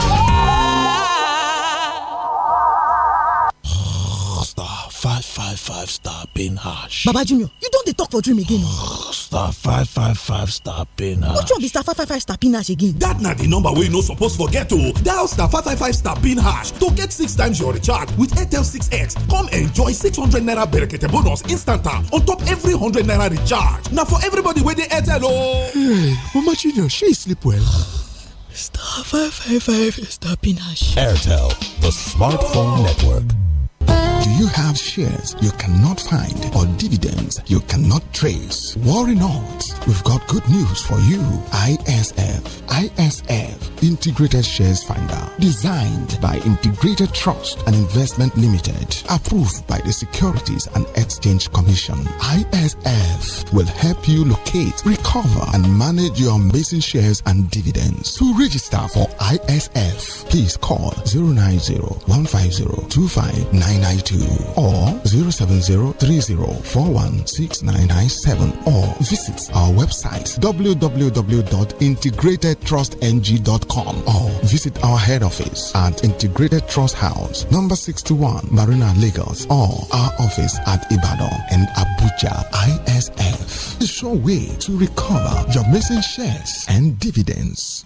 I: five star pin hash
J: baba Junior, you don't dey talk for dream again star five five five
I: star pin hash which one be star five five five star pin hash again That na the number wey you no suppose forget o oh. dial star five five five star pin hash to get six times your recharge with airtel 6x come enjoy six hundred naira berekete bonus instant ah, on top every hundred naira recharge na for everybody wey dey airtel o. Oh. hey
P: mama junior she sleep well.
I: star five five five star pin hash.
J: airtel the smartphone
I: network.
P: you have shares you cannot find or dividends you cannot trace, worry not. We've got good news for you. ISF. ISF Integrated Shares Finder. Designed by Integrated Trust and Investment Limited. Approved by the Securities and Exchange Commission. ISF will help you locate, recover, and manage your missing shares and dividends. To register for ISF, please call 090 150 25992 or 0703041697 or visit our website www.integratedtrustng.com or visit our head office at Integrated Trust House, number 61, Marina Lagos, or our office at Ibadan and Abuja ISF. The sure way to recover your missing shares and dividends.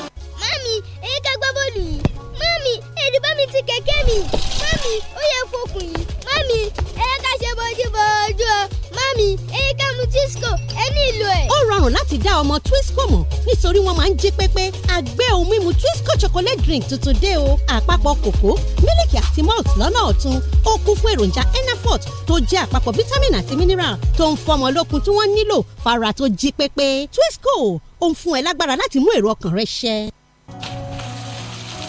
K: mami mami ó yẹ fokùn yìí mami ẹ yẹ ká ṣe bójúbójú o mami ẹ yẹ ká mu Twisco ẹ nílò ẹ. ó rọrùn láti dá ọmọ Twisco mọ̀ nítorí wọ́n máa ń jí pépé
A: àgbẹ̀ ohun mímu Twisco chocolate drink tuntun dé o àpapọ̀ kòkó mílìkì àti malt lọ́nà ọ̀tun ó kún fún èròjà enafort tó jẹ́ àpapọ̀ vitamin àti mineral tó ń fọmọ lókun tí wọ́n nílò fara tó jí pépé Twisco ó ń fún ẹ lágbára láti mú èrò ọkàn rẹ ṣẹ.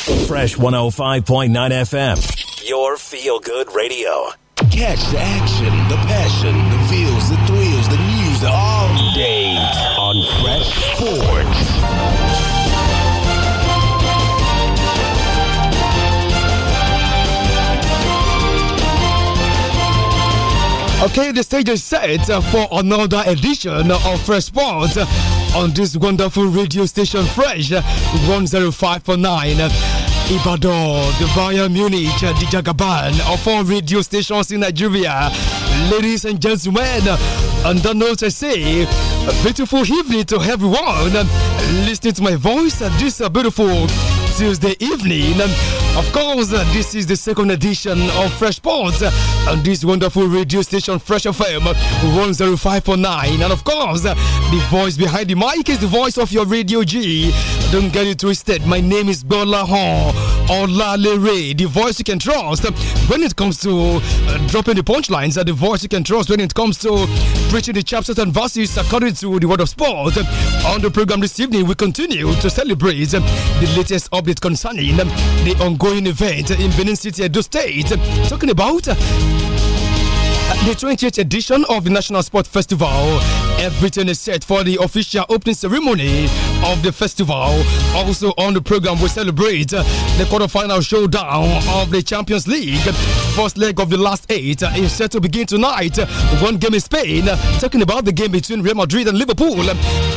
H: Fresh 105.9 FM, your feel good radio.
I: Catch the action, the passion, the feels, the thrills, the news all day on Fresh Sports.
B: Okay, the stage is set uh, for another edition of Fresh Sports on this wonderful radio station, Fresh 105.9. Ibadan, the Bayern Munich, the Jagaban of all radio stations in Nigeria. Ladies and gentlemen, on that note, I say a beautiful evening to everyone listening to my voice at this beautiful Tuesday evening. Of course, this is the second edition of Fresh Sports on this wonderful radio station, Fresh FM 105.9. And of course, the voice behind the mic is the voice of your radio G. Don't get it twisted. My name is Bola Le Ray. the voice you can trust when it comes to uh, dropping the punchlines, uh, the voice you can trust when it comes to preaching the chapters and verses according to the word of sport. On the program this evening, we continue to celebrate the latest update concerning the ongoing ongoing event in Benin City, Edo State. Talking about uh, the 28th edition of the National Sport Festival. Everything is set for the official opening ceremony of the festival. Also on the program, we celebrate the quarterfinal showdown of the Champions League. First leg of the last eight is set to begin tonight. One game in Spain, talking about the game between Real Madrid and Liverpool.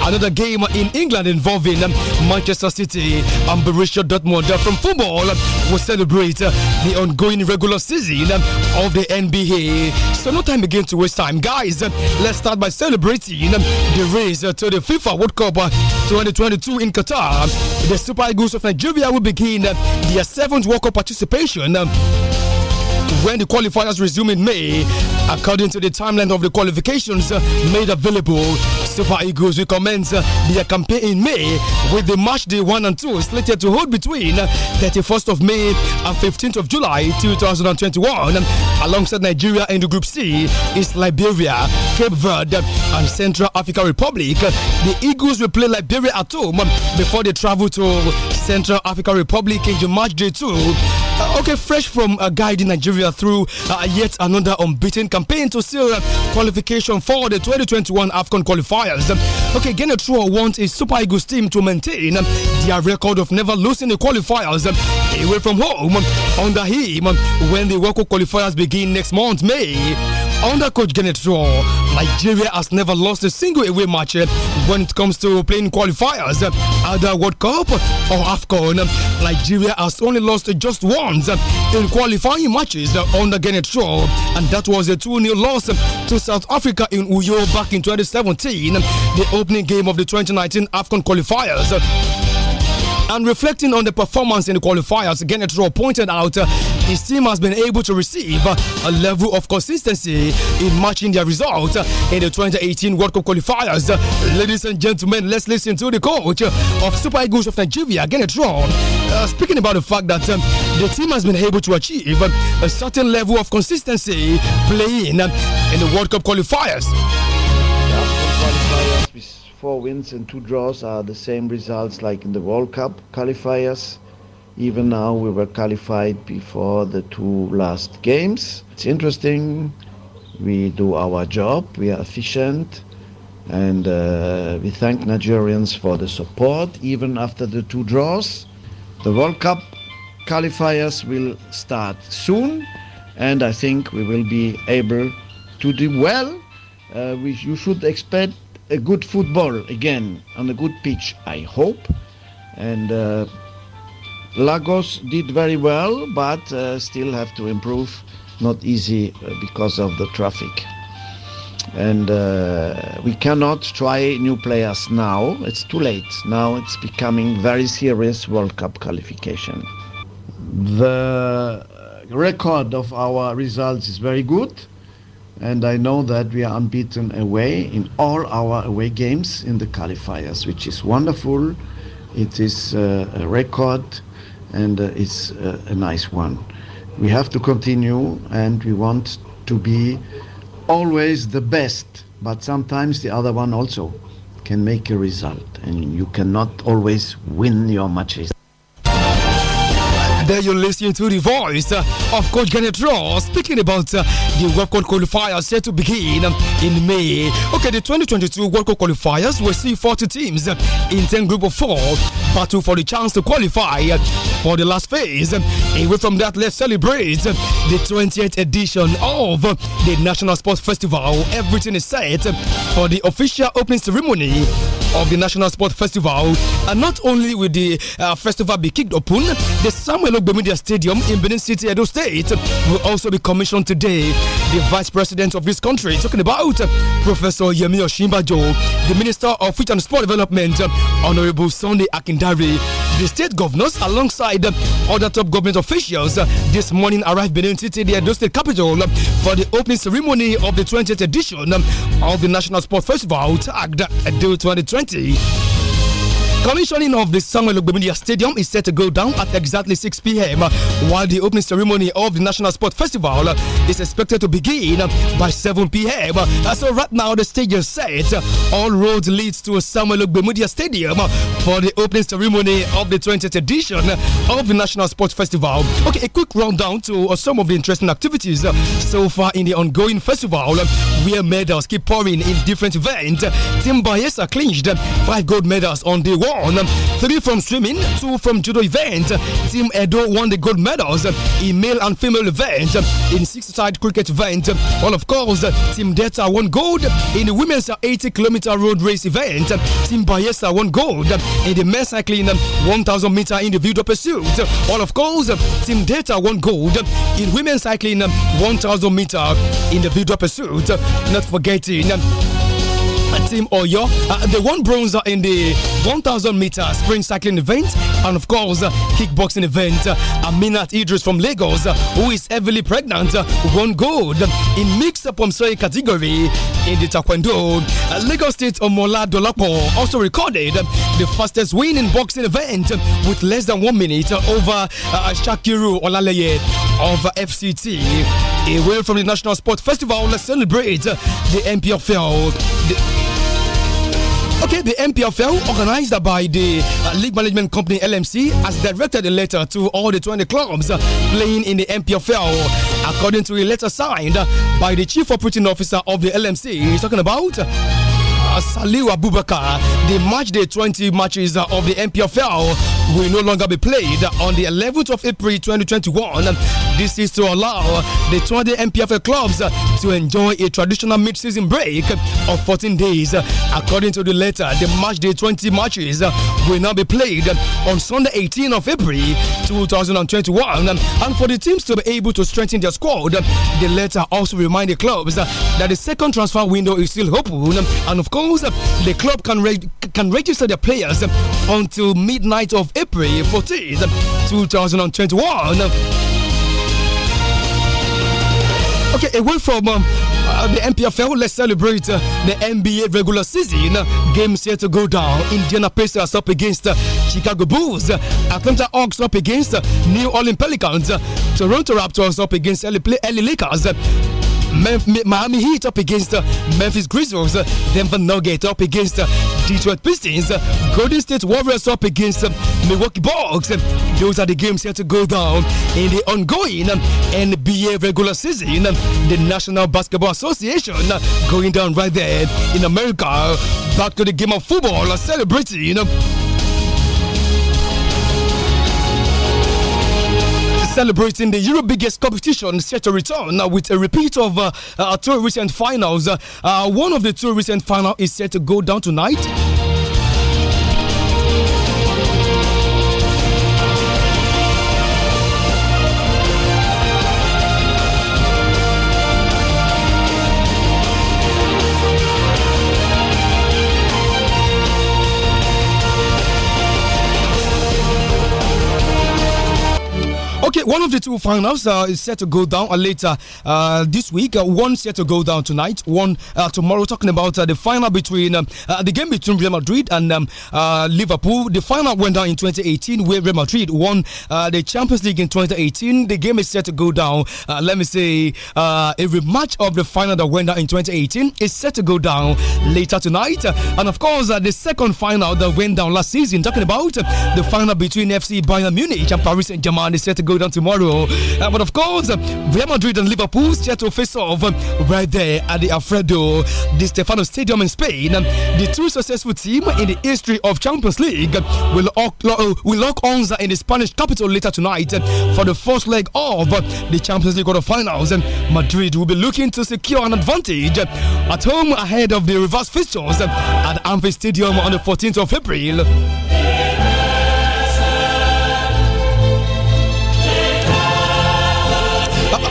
B: Another game in England involving Manchester City and Borussia Dortmund. From football, we celebrate the ongoing regular season of the NBA. So no time again to waste time, guys. Let's start by celebrating 2018, um, the race uh, to the FIFA World Cup uh, 2022 in Qatar. The Super Eagles of Nigeria will begin uh, their seventh World Cup participation um, when the qualifiers resume in May, according to the timeline of the qualifications made available Super Eagles will commence their campaign in May with the match day 1 and 2 slated to hold between 31st of May and 15th of July 2021 alongside Nigeria in the Group C is Liberia, Cape Verde and Central African Republic. The Eagles will play Liberia at home before they travel to Central African Republic in the match day two. Uh, okay, fresh from uh, guiding Nigeria through uh, yet another unbeaten campaign to seal qualification for the 2021 AFCON qualifiers. Okay, Ghana Trua wants a Super Eagles team to maintain their record of never losing the qualifiers away from home under him when the World Cup qualifiers begin next month, May. Under coach Kenneth Shaw, Nigeria has never lost a single away match when it comes to playing qualifiers at the World Cup or AFCON. Nigeria has only lost just once in qualifying matches under Kenneth Shaw, and that was a 2 0 loss to South Africa in Uyo back in 2017, the opening game of the 2019 AFCON qualifiers. And reflecting on the performance in the qualifiers, Kenneth pointed out uh, his team has been able to receive uh, a level of consistency in matching their result uh, in the 2018 World Cup qualifiers. Uh, ladies and gentlemen, let's listen to the coach uh, of Super Eagles of Nigeria, Kenneth Rowe, uh, speaking about the fact that um, the team has been able to achieve a certain level of consistency playing in the World Cup qualifiers. Yeah,
G: qualifiers Four wins and two draws are the same results like in the World Cup qualifiers. Even now, we were qualified before the two last games. It's interesting. We do our job, we are efficient, and uh, we thank Nigerians for the support even after the two draws. The World Cup qualifiers will start soon, and I think we will be able to do well. Uh, we, you should expect a good football again on a good pitch, I hope. And uh, Lagos did very well, but uh, still have to improve. Not easy uh, because of the traffic. And uh, we cannot try new players now. It's too late. Now it's becoming very serious World Cup qualification. The uh, record of our results is very good and I know that we are unbeaten away in all our away games in the qualifiers, which is wonderful. It is uh, a record and uh, it's uh, a nice one. We have to continue and we want to be always the best, but sometimes the other one also can make a result and you cannot always win your matches.
B: There you're listening to the voice of Coach Kenneth Ross speaking about uh, the World Cup qualifiers set to begin uh, in May. Okay, the 2022 World Cup qualifiers will see 40 teams uh, in 10 group of four battle for the chance to qualify for the last phase. Away from that, let's celebrate the 20th edition of the National Sports Festival. Everything is set for the official opening ceremony of the National Sports Festival. And not only will the uh, festival be kicked open, the Samuel Ogbemedia Stadium in Benin City, Edo State, will also be commissioned today. The Vice President of this country, talking about Professor Yemi Oshimbajo, the Minister of Youth and Sport Development, Honorable Sunday Akinda. Dari. The state governors, alongside other top government officials, uh, this morning arrived Benin City, the Edo State capital, uh, for the opening ceremony of the 20th edition uh, of the National Sport Festival, TAGD Edo 2020. Commissioning of the Samuel Ogbemudia Stadium is set to go down at exactly 6 p.m. While the opening ceremony of the National Sport Festival is expected to begin by 7 p.m. So right now the stage is set. All roads leads to Samuel Ogbemudia Stadium for the opening ceremony of the 20th edition of the National Sports Festival. Okay, a quick rundown to uh, some of the interesting activities uh, so far in the ongoing festival, where medals keep pouring in different events. Tim Bayesa clinched five gold medals on day one won, three from swimming, two from judo event. Team Edo won the gold medals in male and female event, in six-side cricket event. Well, of course, Team Delta won gold in the women's 80-kilometer road race event. Team Bayesa won gold in the men's cycling 1,000-meter individual pursuit. Well, of course, Team Delta won gold in women's cycling 1,000-meter individual pursuit. Not forgetting. Team Oyo. Uh, they won bronze in the 1000 meter sprint cycling event and, of course, uh, kickboxing event. Uh, Aminat Idris from Lagos, uh, who is heavily pregnant, won gold in mixed up Pomsoy category in the Taekwondo. Lagos State Omola Dolapo also recorded the fastest win in boxing event with less than one minute over Shakiru Olaleye of FCT away from the National Sport Festival, let's celebrate the MPFL. The Okay, the MPFL, organized by the uh, League Management Company LMC, has directed a letter to all the 20 clubs uh, playing in the MPFL, according to a letter signed uh, by the Chief Operating Officer of the LMC. He's talking about. Uh, Saliu Abubakar, the match day 20 matches of the MPFL will no longer be played on the 11th of April 2021. This is to allow the 20 MPFA clubs to enjoy a traditional mid-season break of 14 days. According to the letter, the match day 20 matches will now be played on Sunday 18th of April 2021. And for the teams to be able to strengthen their squad, the letter also reminds the clubs that the second transfer window is still open. And of course, the club can, can register their players until midnight of April 14th, 2021. Okay, away from um, uh, the MPFL, let's celebrate uh, the NBA regular season. games here to go down. Indiana Pacers up against uh, Chicago Bulls. Atlanta Hawks up against uh, New Orleans Pelicans. Toronto Raptors up against LA, LA Lakers. Miami Heat up against uh, Memphis Grizzlies, Denver Nuggets up against uh, Detroit Pistons, Golden State Warriors up against uh, Milwaukee Bucks. Those are the games set to go down in the ongoing um, NBA regular season. The National Basketball Association going down right there in America. Back to the game of football, celebrating. you um, know. celebrating the Europe biggest competition set to return uh, with a repeat of uh, two recent finals. Uh, one of the two recent finals is set to go down tonight. One of the two finals uh, is set to go down uh, later uh, this week. Uh, one set to go down tonight, one tomorrow. Talking about the final between um, the game between Real Madrid and um, Liverpool. The final went down in 2018 where Real Madrid won the Champions League in 2018. The game is set to go down. let me say a rematch of the final that went down in 2018 is set to go down later tonight. and of course, the second final that went down last season. Talking about the final between FC Bayern Munich and Paris Saint Germain is set to go down tomorrow tomorrow. Uh, but of course, uh, Real Madrid and Liverpool set to face off right there at the Alfredo Di Stefano Stadium in Spain. The two successful team in the history of Champions League will lock, uh, will lock Onza in the Spanish capital later tonight for the first leg of the Champions League quarterfinals. Madrid will be looking to secure an advantage at home ahead of the reverse fixtures at Anfield Stadium on the 14th of April.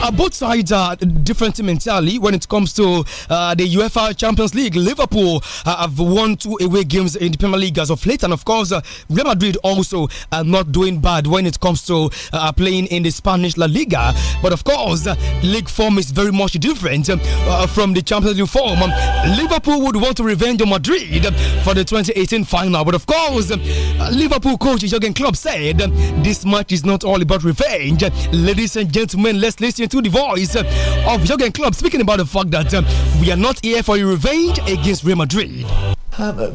B: Uh, both sides are different mentally when it comes to uh, the UEFA Champions League. Liverpool uh, have won two away games in the Premier League as of late, and of course, uh, Real Madrid also are uh, not doing bad when it comes to uh, playing in the Spanish La Liga. But of course, league form is very much different from the Champions League form. Um, Liverpool would want to revenge on Madrid for the 2018 final, but of course, Liverpool coach Jurgen Klopp said this match is not all about revenge. Ladies and gentlemen, let's listen to the voice of Jurgen Klopp speaking about the fact that um, we are not here for revenge against Real Madrid.
I: Um, uh,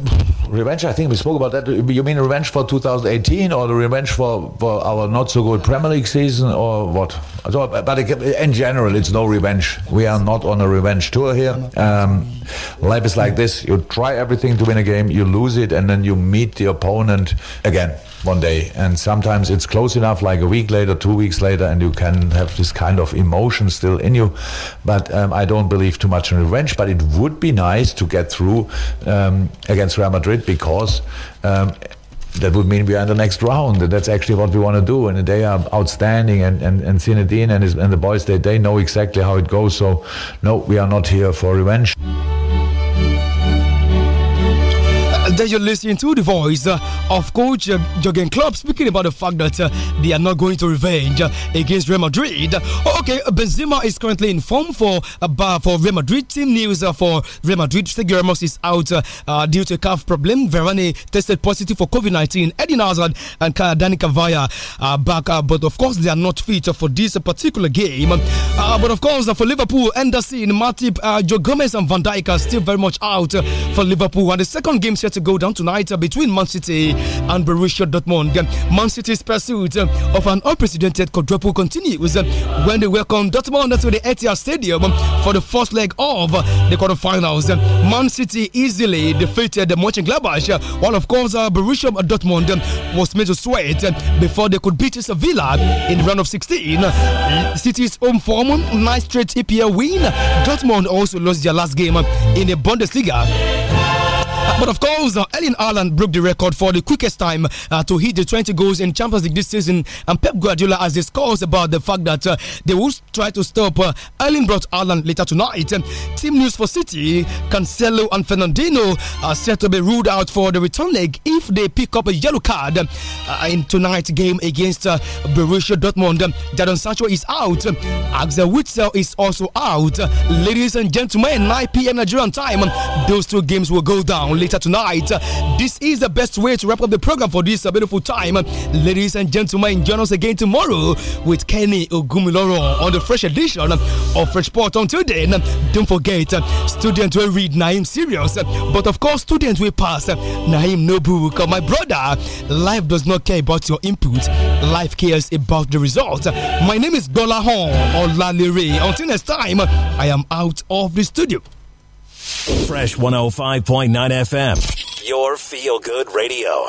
I: revenge, I think we spoke about that. You mean revenge for 2018 or the revenge for, for our not so good Premier League season or what? So, uh, but in general, it's no revenge. We are not on a revenge tour here. Um, life is like this you try everything to win a game, you lose it, and then you meet the opponent again one day. And sometimes it's close enough, like a week later, two weeks later, and you can have this kind of emotion still in you. But um, I don't believe too much in revenge. But it would be nice to get through um, against Real Madrid because. Um, that would mean we are in the next round. And that's actually what we want to do. And they are outstanding. And, and, and Zinedine and, his, and the boys, they, they know exactly how it goes. So, no, we are not here for revenge. Then you're listening to the voice uh,
B: of coach uh, Jurgen Klopp speaking about the fact that uh, they are not going to revenge against Real Madrid. Okay, Benzema is currently in form for uh, for Real Madrid. Team news for Real Madrid: Sergio Ramos is out due to a calf problem. Verane tested positive for COVID-19. Eden Hazard and Dani Cavaya are back, but of course they are not fit for this particular game. but of course, for Liverpool, Anderson, Matip, Joe Gomez, and Van Dijk are still very much out for Liverpool. And the second game set to go down tonight uh, between Man City and Borussia Dortmund. Uh, Man City's pursuit uh, of an unprecedented quadruple continues when they welcome Dortmund to the Etihad Stadium for the first leg of the quarterfinals. Man City easily defeated the Mönchengladbach, while of course Borussia Dortmund was made to sweat before they could beat Sevilla in the round of 16. City's home form, nice straight EPL win. Dortmund also lost their last game in the Bundesliga but of course, uh, Ellen Ireland broke the record for the quickest time uh, to hit the 20 goals in Champions League this season. And Pep Guardiola has discussed about the fact that uh, they will try to stop uh, Ellen brought Ireland later tonight. Um, team news for City Cancelo and Fernandino are set to be ruled out for the return leg if they pick up a yellow card uh, in tonight's game against uh, Borussia Dortmund. Jadon Sancho is out. Axel Witzel is also out. Ladies and gentlemen, 9 p.m. Nigerian time, those two games will go down later tonight. This is the best way to wrap up the program for this beautiful time. Ladies and gentlemen, join us again tomorrow with Kenny Ogumiloro on the fresh edition of Fresh Port. Until then, don't forget, students will read Naim Serious, but of course, students will pass Naim No Book. My brother, life does not care about your input, life cares about the result. My name is Gola Hon or Ray. Until next time, I am out of the studio.
H: Fresh 105.9 FM, your feel good radio.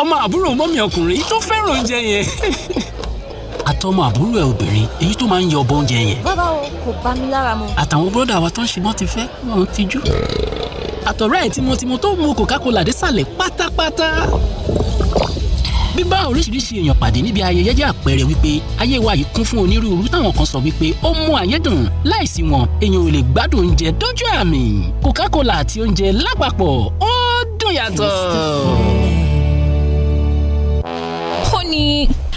Q: ọmọ àbúrò mọ́mí ọkùnrin tó fẹ́ràn oúnjẹ yẹn àtọmọ àbúrò ẹ obìnrin èyí tó máa ń yọ ọbọ oúnjẹ yẹn.
G: bàbá o kò bá mi lára mu.
Q: àtàwọn bọ́dà wa tó ń ṣùgbọ́n ti fẹ́ wọn ti jú. àtọ̀rẹ́ ẹ̀ tímọ́tímọ́ tó mu coca-cola désàlẹ̀ pátápátá bíbá oríṣiríṣi èèyàn pàdé níbi ayẹyẹ jẹ́ àpẹẹrẹ wípé ayé wa yìí kún fún onírúurú táwọn kan sọ wípé ó mú ayé dùn láìsí wọn èèyàn ò lè gbádùn oúnjẹ dójú àmì coca-cola àti oúnjẹ lápapọ̀
K: ó dùn yàtọ̀. 你。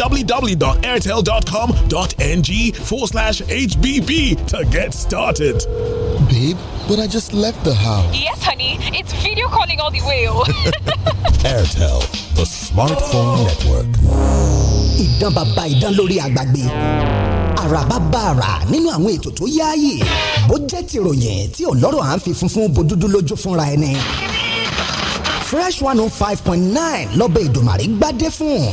I: www.airtel.com.ng forward slash HBB to get started. Babe,
J: but I just left the house.
K: Yes, honey. It's video calling all the way.
J: Airtel, the smartphone network. ìdán lórí àgbàgbé. nínú àwọn ètò tó yáàyè. Bó jẹ́ tí à ń fi funfun lójú fúnra ẹni. Fresh one oh five point nine lọ́bẹ̀ ìdòmàrí gbádé fún un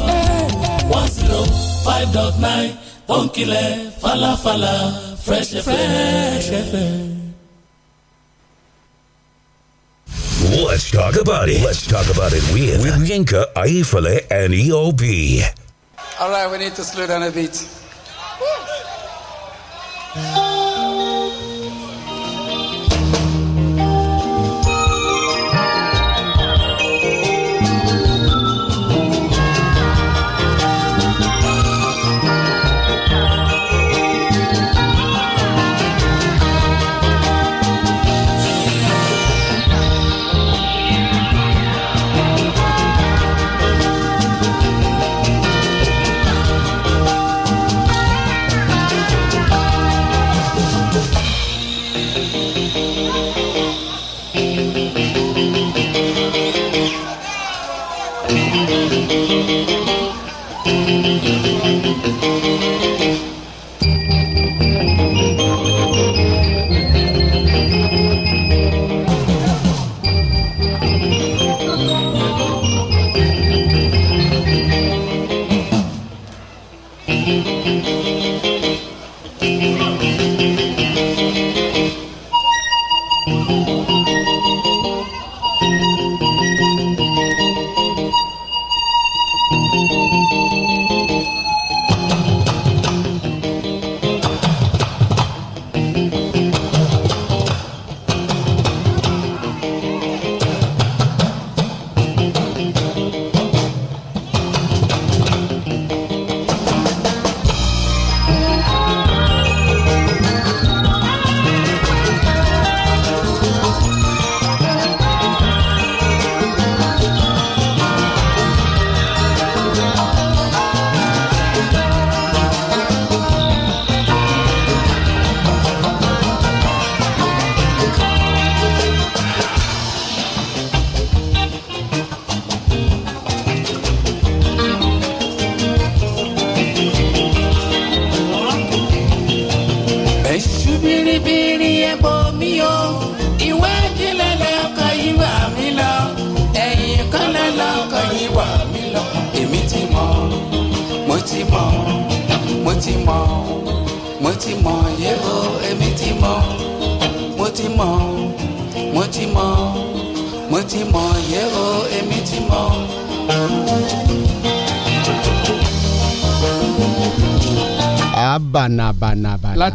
D: five dot nine ó falafala fresh fresh fm.
H: Let's talk about it. Let's talk about it with, with Yinka, Aifale, and EOB.
Q: All right, we need to slow down a bit.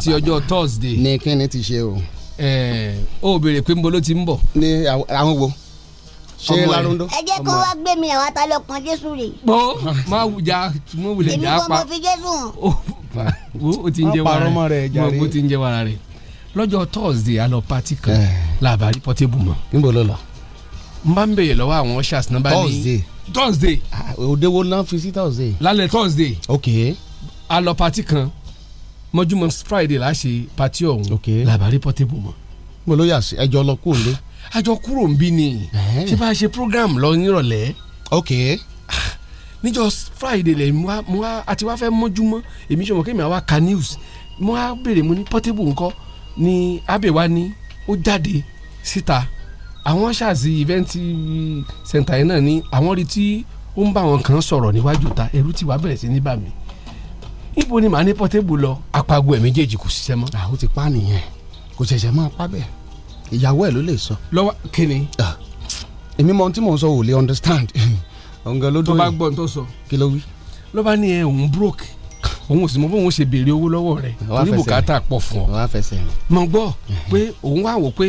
Q: ti ọjọ́ Thursday. ní kíni ti ṣe o. ẹ ó béèrè pé nbọ ló ti ń bọ̀. ní àwọn wo ṣé larundo. ẹ jẹ́ kó wá
K: gbé mi àwọn atalọ kan Jésù rè.
Q: bó má wùjà mo wulẹ̀ jà pa èmi kò mọ fi Jésù hàn. o ti ń jẹ wàrà rẹ mo ti ń jẹ wàrà rẹ lọ́jọ́ Thursday a lọ pati kan eh. làbárí pọ́tébù mọ́. níbo ló lọ. n bá ń bèèrè lọ́wọ́ àwọn ushers Thursday Thursday. Ah, òde wo náà fi sí Thursday. lálẹ́ Thursday. ok. a lọ pati kan mọ́júmọ́ friday la ṣe pati ọ̀hún làbárí pọ́tébù mọ́. mo ló yà sí ẹjọ́ lọ kúrò nílé. àjọ kúrò ń bí ni ṣé bá a ṣe program lọ nírọ̀lẹ́. ok níjọ́ friday lẹ mo wá àti wá fẹ́ mọ́júmọ́ èmi ṣe mọ̀ kí mi àwa ka news mo wá béèrè mo ní pọ́tébù ńkọ́ ni abẹ́wá ni ó jáde síta àwọn ṣáàzì ìvẹ́ǹtì sẹ̀ǹtà yẹn náà ni àwọn rí tí ó ń bá wọn kàn sọ̀rọ̀ níwájú ta ẹ̀rù tí wàá bẹ̀rẹ̀ sí ní bà ibo ni màá ní Portable lọ apago ẹ̀ méjèèjì kò ṣiṣẹ́ mọ́. àwọn ah, ti pa nìyẹn kò ṣẹ̀ṣẹ̀ máa pa bẹ́ẹ̀ ìyàwó ẹ̀ ló lè sọ. lọ́wọ́ kíni. Ah, èmi mọ ohun tí mò ń sọ ò lè understand. ọ̀ǹgà ló dún yìí tó bá gbọ́ tó sọ. kí ló wí. ló bá ní ẹ òun broke òun ò sì mọ bóun ṣe béèrè owó lọ́wọ́ rẹ̀ torí bùkátà pọ̀ fún ọ. mọ̀ gbọ́ pé òun wá wò pé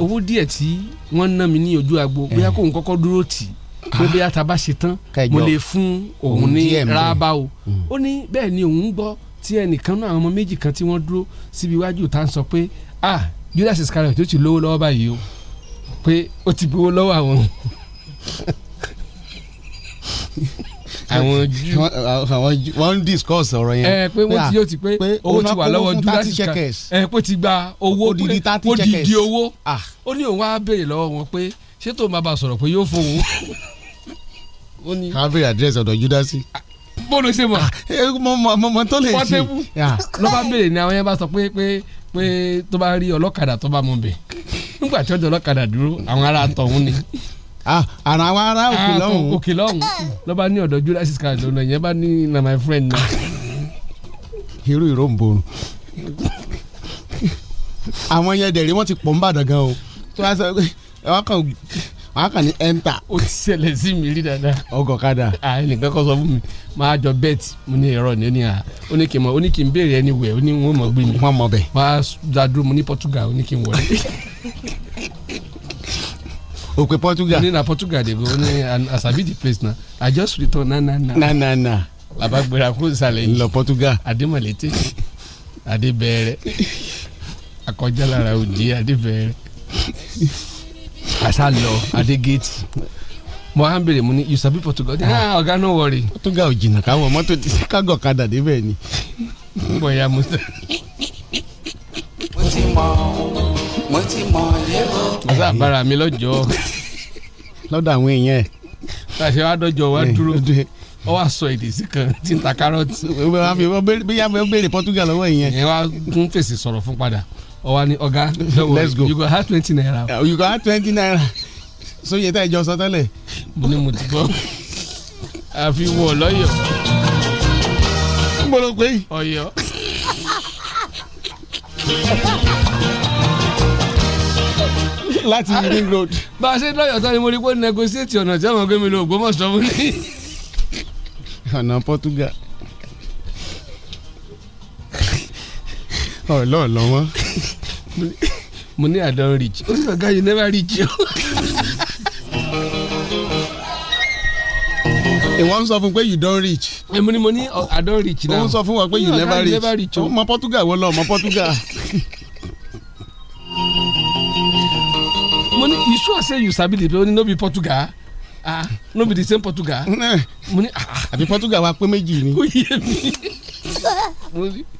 Q: owó díẹ̀ tí wọ́n ná mi ní ojú agbo bóyá kóun kọ́kọ́ dúró tì í pé bí àtàbá ṣe tán mo lè fún òun ní rábà o hmm. ó ní bẹ́ẹ̀ ni òun gbọ́ tí ẹnìkan náà àwọn ọmọ méjì kan tí wọ́n dúró síbi iwájú tá ń sọ pé ah Judas Iscariot ó ti lówó lọ́wọ́ báyìí o pé ó ti gbowó lọ́wọ́ àwọn àwọn ju àwọn ju wọn ń discuss ọ̀rọ̀ yẹn. ẹ eh, pé wọ́n ti yóò ti pé owó ti wà lọ́wọ́ Judas kan ẹ eh, pé ti gba owó pé ó di di owó ó ní òun wá béèrè lọ́wọ́ wọn pé ṣé tó máa bá sọ̀rọ̀ pé yóò fowó. ó ní. a bèrè àdírẹ́sì ọ̀dọ̀ júdásì. Ah, bọ́ọ̀lù ṣe mọ̀. Eh, mọ̀mọ́ tó lè ṣe. pọ́tẹ́bù ló bá bèrè ni àwọn yẹn bá sọ pé pé pé tó bá rí ọlọ́kadà tó bá mú bẹ̀ nígbà tí ọjọ́ ọlọ́kadà dúró àwọn ará tọ̀hún ni àrà ah, àwọn ará ah, òkè lọ́hùn. òkè lọ́hùn ló bá ní ọ̀dọ̀ júdásì kan lọ́nà yẹn bá ní na my friend náà. irú ìró ń borun àwọn yẹn dẹ̀rẹ̀ wọ́n ti pọ̀ ń bàdàn gan o tó wá sọ pé ẹ màá kàn ní enter. ó ti ṣẹlẹ̀ sí mi rí dáadáa. ọkọ̀ kadà. ẹnìkan kọ́ sọ fún mi máa jọ bet mo ní ẹ̀rọ ní oníhà ó ní kí n mọ ó ní kí n béèrè ẹni wẹ̀ ó ní wọ́n mọ̀ gbé mi. wọ́n mọ̀ bẹ̀. máa dàdúró mo ní Portugal ó ní kí n wọlé. o pe Portugal. ní na Portugal de bó ní asabi the place na I just return na na na. na na na. bàbá gbéra kúrò sàlẹ̀ yìí. lọ Portugal. adémọ̀lẹ́tẹ̀ adébẹ̀rẹ̀ akọjá lára òjì adébẹ̀rẹ̀ àṣà lọ adé gate mo á ń bèrè mo ní you sabi Portugal ah ọ̀gá no worry. Portugal ò jìnnà káwọn mọ́tò ti kágọ̀ kadà débẹ̀ ni. bóyá mo sọ.
M: mo ti mọ mo ti mọ
Q: lẹ́kọ̀ọ́. mo sábàárà mi lọ́jọ́. lọ́dọ̀ àwọn èèyàn ẹ̀. tàṣẹ wa dọ́jọ́ wa dúró ó wá sọ èdè sí kan tí n ta kárọ̀tì. bí yàrá bèrè Portugal lọ́wọ́ ìyẹn. ẹ wá ń fèsì sọ̀rọ̀ fún padà ọwa ni ọ̀gá don't worry let's go you go add twenty naira. you go add twenty naira so yẹ tá ìjọ sọ tẹ́lẹ̀. mo ní mo ti gbọ́ àfi wọ̀ lọ́yọ̀. n bolo pé. ọ̀yọ́. láti ring road. bá a ṣe lọ́yọ̀ tán ni mo rí pé negotiate ọ̀nà tí àwọn gbé mi lọ Ògbómọ̀ṣọ́ fún mi. ọ̀nà Portugal. ọ̀lọ́ọ̀lọ́ wọn mo ní i don reach ó ní ọ̀gá you never reach o. ìwọ ń sọ fún pé you don't reach. èmi ni mo ní oh, i don't reach náà. ó ń sọ fún wa pé you never reach o. Oh. ọmọ Portugal wo lọ ọmọ Portugal. mo ní you sure say you sabi the play no be Portugal ah no be the same Portugal. mo ní ah, ah. àbí Portugal wa pé méjì ni. ó
N: yé mi.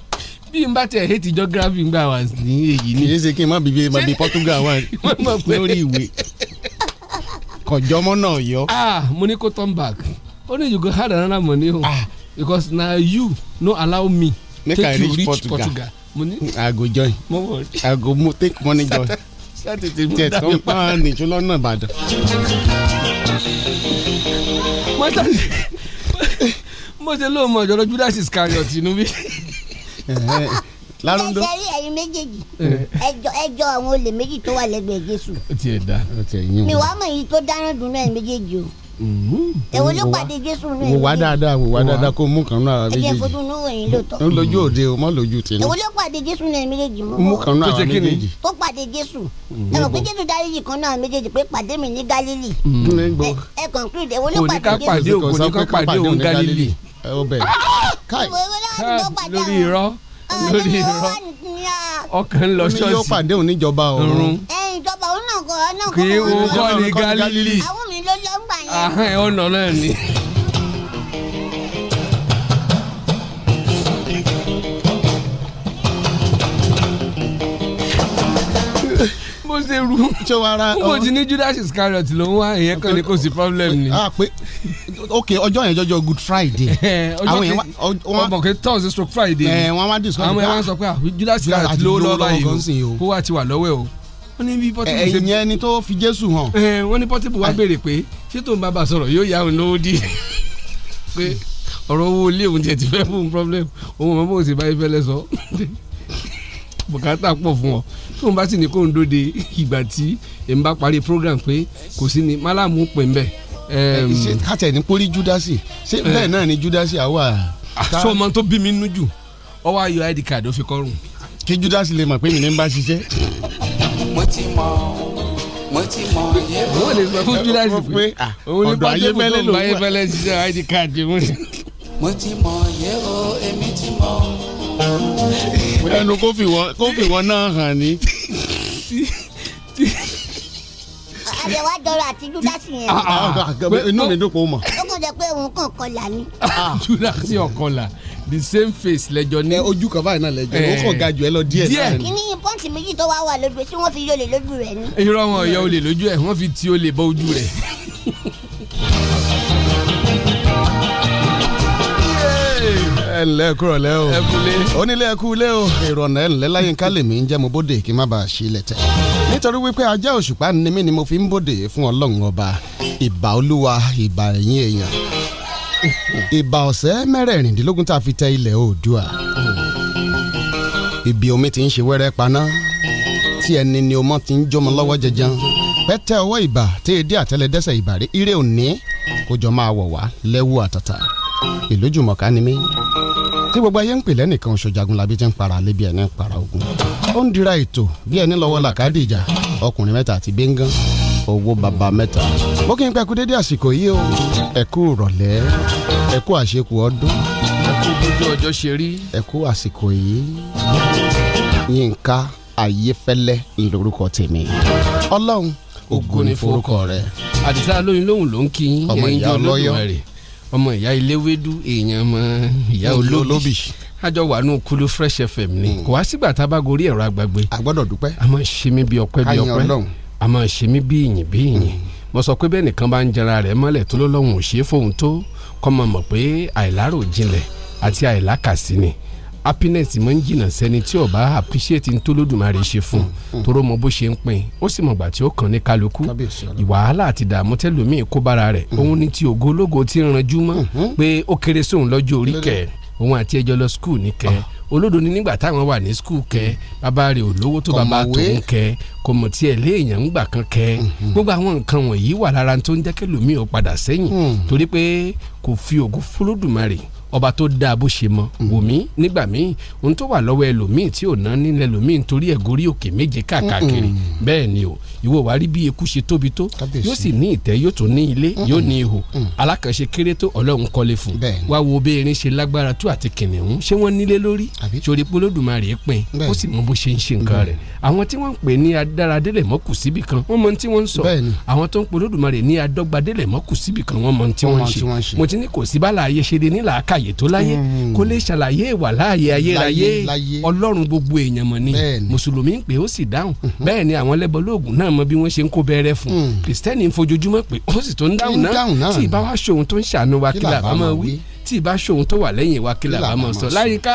Q: bí n bá tẹ̀ hate geography ń gbà wá ní èyí ni. kìí ṣe kí n má bíbí má Portugal wá lórí ìwé kọjọmọ náà yọ. ah mo ní kó turn back only you go hard another money o ah. because na you no allow me Make take I you reach Portugal. Portugal. I go join. Mo wọ. I go take money join. Sátidé mo dàbí pa. Tẹ̀ tó ń pa nìṣó Mo ṣe lóun mọ̀ jọ̀rọ̀ Judas Iscariot inú mi lárúndó ẹ sẹ́rí
K: ẹ̀yin méjèèjì eh. ẹjọ́ ẹjọ́ àwọn olè méjì tó wà lẹ́gbẹ̀ẹ́ Jésù mi wàá mọ̀ èyí tó dáná dùn náà méjèèjì
Q: o mm-hmm. èwo ló pàdé Jésù náà wò wá dáadáa wò wá dáadáa kó mú kan náà méjèèjì ẹjẹ fojú
K: inú wòyìn lóòótọ́ ń lójú
Q: òde o mọ lójú tèmi èwo ló
K: pàdé Jésù náà méjèèjì mú kan náà méjèèjì tó pàdé Jésù mm-hmm. ẹ mọ̀ pé Jésù dáríjì kan náà méjèèjì pé pàdé mi ní Galili mm-hmm. ẹ kàn kúrò èwo ló pàdé Jésù ọbẹ̀ káì lórí irọ́
Q: lórí irọ́ ọkàn lọ ṣọ́ọ̀ṣì. omi yóò pàdé òun níjọba ọ̀run. ìjọba
K: òun náà kọ́ kọ́ ni Galili. àwọn mi ló lọ́gbà yẹn.
Q: ọ̀nà náà ni. bó ṣe rú ṣé wàá ra bó ti ní Judas Iscariot ló ń wá ìyẹn kan ni kò sí problem ni. Ah, ok ọjọ́ yẹn jọjọ Good Friday. Eh, àwọn yẹn wọn ọmọ kẹ Thursday stroke Friday. ẹ eh, wọn wá discuss. àwọn yẹn wá sọ pé ah, Judas Iscariot ló lọ́ọ́ báyìí kó wá ti wà lọ́wọ́ ẹ̀ o wọ́n ní bí pọ́tìbù eh, ṣe ẹ̀yìn ẹni tó fi jésù hàn. wọ́n ní pọ́tìbù wá béèrè pé ṣé tóun bá bá sọ̀rọ̀ yóò yá òun lówó dí pé ọ̀rọ̀ owó ilé òun tiẹ̀ ti fẹ́ fún un problem òun mọ̀ bó ṣe bá ifẹ̀ lẹ́sọ̀ bùkátà pọ̀ fún ọ tóun bá sì ní kóun dóde ìgbà tí èmi bá parí program pé kò sí ni málàmù pè ń bẹ̀. kátẹ̀ ní pórí júdásì ṣé eh. bẹ́ẹ̀ náà ni júdásì àwa. sọ ma tó bí mi nú jù ọwọ́ ayọ̀ id card ó fi kọ́rùn. kí júdásì lè mọ̀ pé mi ní bá ṣiṣẹ́.
M: mo ti mọ mo ti mọ yé wọ́n lè sọ fún júdásì pé ah, ah, ọ̀dọ̀ ayébẹ́lẹ́ ló wà. ọ̀dọ̀ ayébẹ́lẹ́
Q: ṣiṣẹ́ id card mo ti
A: mọ yé
M: o oh, èmi ti mọ
Q: ẹnu kó fi wọn kó fi wọn náà hàn ní.
K: àbẹ̀ wá dọ̀rọ̀ àti júdásì yẹn. Ah, ah,
Q: ah, inú mi dùn kó mọ̀. ó
K: kàn jẹ́ pé òun kàn kọlà ni.
Q: júdásì ọ̀kọlà the same face lẹjọ ní. ojú kan báyìí náà lẹjọ ó kàn eh. ga jù ẹ lọ díẹ̀. díẹ̀ kí ni
K: pọ́ǹsì méjì tó wá wà lójú ẹ ṣé wọ́n fi yọ olè lójú rẹ ni.
Q: irọ́ wọn yọ olè lójú ẹ wọ́n fi ti olè bọ ojú rẹ̀. ẹ ǹlẹ́ kúrọ̀ o onílé ẹkú ilé o ìrọ̀nà ẹ ǹlẹ́ láyé ká lèmi ń jẹ́ mo bóde kí n má bàa ṣí ilẹ̀ tẹ̀. nítorí wípé ajá òṣùpá ni mí ni mo fi ń bóde fún ọlọ́run ọba ìbà olúwa ìbà ẹ̀yìn èèyàn ìbà ọ̀sẹ̀ mẹ́rẹ̀ẹ̀rìndínlógún tá a fi tẹ ilẹ̀ oòdùà ibi omi ti ń ṣe wẹ́rẹ́ paná tí ẹni ni ọmọ ti ń jọmọ lọ́wọ́ jẹjẹn pẹ́tẹ́ ọwọ́ ìbà tí èdè àtẹlẹdẹ́sẹ̀ ìbà rí ire òní kó jọ máa wọ̀ wá lẹ́wọ́ àtàtà ìlójúmọ̀ká ni mí tí gbogbo ayé ń pè lẹ́nìkan oṣù Jagunlabi ti ń para lé bí ẹni ń para ogun ó ń dira ètò bí ẹni lọ́wọ́ làkàdé ìjà ọkùnrin mẹ́ta àti bẹ́ngàn owó baba mẹ́ta bó kí n dédé àsìkò yìí o ẹ kú ìrọ̀lẹ́ àṣekù ọdún ẹ kú ọjọ́ ṣe rí ẹ àsìkò yìí Yínká Ayéfẹ́lẹ́ lórúkọ tèmi Ọlọ́run ògo ni forúkọ rẹ àdìsá lóyún lóhùn ló ń kí yín ẹ̀yin jẹ́ olódùmarè ọmọ ìyá eléwédú èèyàn ọmọ ìyá olóbì àjọ wà nù kúlú fresh fm ni hmm. kò wá sígbà tá a bá gorí ẹ̀rọ àgbàgbé a gbọ́dọ̀ dúpẹ́ a máa ṣe mí bí ọpẹ́ bí ọpẹ́ a máa ṣe mí bí ìyìn bí ìyìn hmm. mo sọ pé bẹ́ẹ̀ nìkan bá ń jẹra rẹ̀ mọ́lẹ̀ tó lọ́lọ́hùn ò ṣeé fóun tó kọ́ mọ̀ mọ̀ pé àìlárò jinlẹ̀ àti àìlákàsí ni happiness máa ń jìnnà sẹ́ni tí ó bá appreciate ní tólódùmarè ṣe fún un mm, mm, mm. toró mọ bó ṣe ń pín ó sì mọ̀gbà tí ó kàn ní kálukú ìwàhálà àti ìdààmú tẹ́lómi kó bára rẹ̀ mm-hmm. òun ni ti ògo ológo ti ń ranjú mọ́ mm-hmm. pé ó kéré sóun lọ́jọ́ orí kẹ̀ òun àti ẹjọ́ lọ skul ní kẹ́ ah. olódo ni nígbà táwọn wà ní skul kẹ bàbá rẹ olówó tó bàbá tòun kẹ kò mọ̀ tí léèyàn ń kan kẹ mm-hmm. gbogbo àwọn nǹkan wọ̀nyí wà lára tó ń jẹ́ kẹlòmíì sẹ́yìn torí pé kò fi ògo fọlódùmarè ọba tó dáa bó ṣe mọ mm-hmm. wò mí nígbà míì ohun tó wà lọ́wọ́ ẹlòmíì tí ò ná nílẹ̀ ẹlòmíì nítorí ẹ̀górí òkè méje káàkiri mm-hmm. bẹ́ẹ̀ ni o ìwọ wàá rí bí eku ṣe tóbi tó yóò sì ní ìtẹ́ yóò tún ní ilé yóò ní ihò alákànṣe kéré tó ọlọ́run kọ́lé fún wá wo bí erin ṣe lágbára tó àti kìnìún ṣé wọ́n nílé lórí torí polódùmarè pin ó sì mọ bó ṣe ń ṣe nǹkan rẹ̀ mm-hmm. àwọn tí wọ́n ń pè ní adáradélẹ̀ mọ́ kù síbì kan wọ́n mọ tí wọ́n ń sọ àwọn tó ń polódùmarè ní adọ́gbadélẹ̀ mọ́ kù síbì kan wọ́n mọ tí wọ́n ń ṣe mo ti ní kò sí bá láàyè ṣe lè ní làákàyè tó láyé mm-hmm. kó lè ṣàlàyé ìwà láàyè ayérayé ọlọ́run gbogbo èèyàn mọ̀ ni mùsùlùmí ń pè ó sì dáhùn mm-hmm. bẹ́ẹ̀ ni àwọn lẹ́bọ̀lóògùn náà mọ bí wọ́n ṣe ń kó bẹ̀rẹ̀ fún hmm. kristẹni ń fojoojúmọ́ pé ó sì tó ń dáhùn náà tí ìbá wa ṣòun tó ń ṣàánú wa kí làbá máa wí tí ìbá ṣòun tó wà lẹ́yìn wa kí làbá máa sọ láyìíká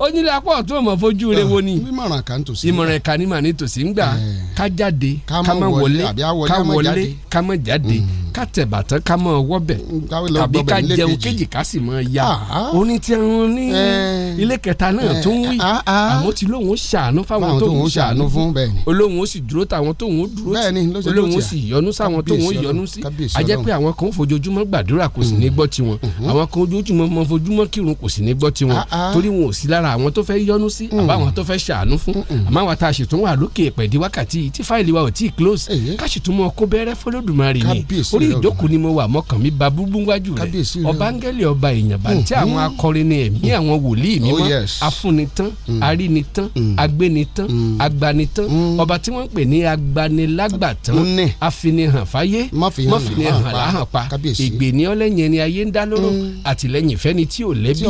Q: ó nílé apá ọ̀tún ọmọ fojú rẹ wo ni ìmọ̀ràn ẹ̀ka nítòsí ìmọ̀ràn ẹ̀ka ni mà nítòsí ńgbà eh. ká jáde ká má wọlé ká wọlé ká má jáde hmm. ká tẹ̀bàtán ká má wọ́bẹ̀ hmm. tàbí ká jẹun kejì ká sì má ya ah, ah. oní tí wọn ní eh. ilé kẹta náà tó ń wí eh, ah, àmọ́ tí lóun ó ṣàánú fáwọn tó ń ṣàánú fún olóhùn ó sì dúró táwọn tó ń dúró sí olóhùn ó sì yọ́nú sáwọn tó ń yọ́nú sí a jẹ́ pé àwọn kan fojoojúmọ́ gbàdúrà kò sì ní hmm. gbọ́ tiwọn àwọn kan ojoojúmọ́ mọ fojoojúmọ́ kírun kò sì ní gbọ́ tiwọn torí wọn ò sí lára lára àwọn tó fẹ́ yọ́nú sí mm. àbáwọn tó fẹ́ ṣàánú fún àmọ́ àwọn tá a ṣètò wà lókè pẹ̀dí wákàtí tí fáìlì wa ò tí ì close ká ṣètò mọ́ kó bẹ́rẹ́ fọlọ́dùmarè ni orí ìjókòó ni mo wà mọ́kàn mi ba búbú wájú rẹ̀ ọba áńgẹ́lì ọba èèyàn bá tí mm-hmm. àwọn akọrin ni ẹ̀mí mm-hmm. àwọn wòlíì mímọ́ oh, afúnitán mm. arínitán mm. agbénitán agbanitán ọba tí wọ́n ń pè ní agbanilágbàtán afinihàn fáyé mọ́finihàn láhàn pa ìgbèniọ́lẹ́yìn ẹni ayé ń dá lóró àtìlẹ́yìn fẹ́ni tí ò lẹ́bi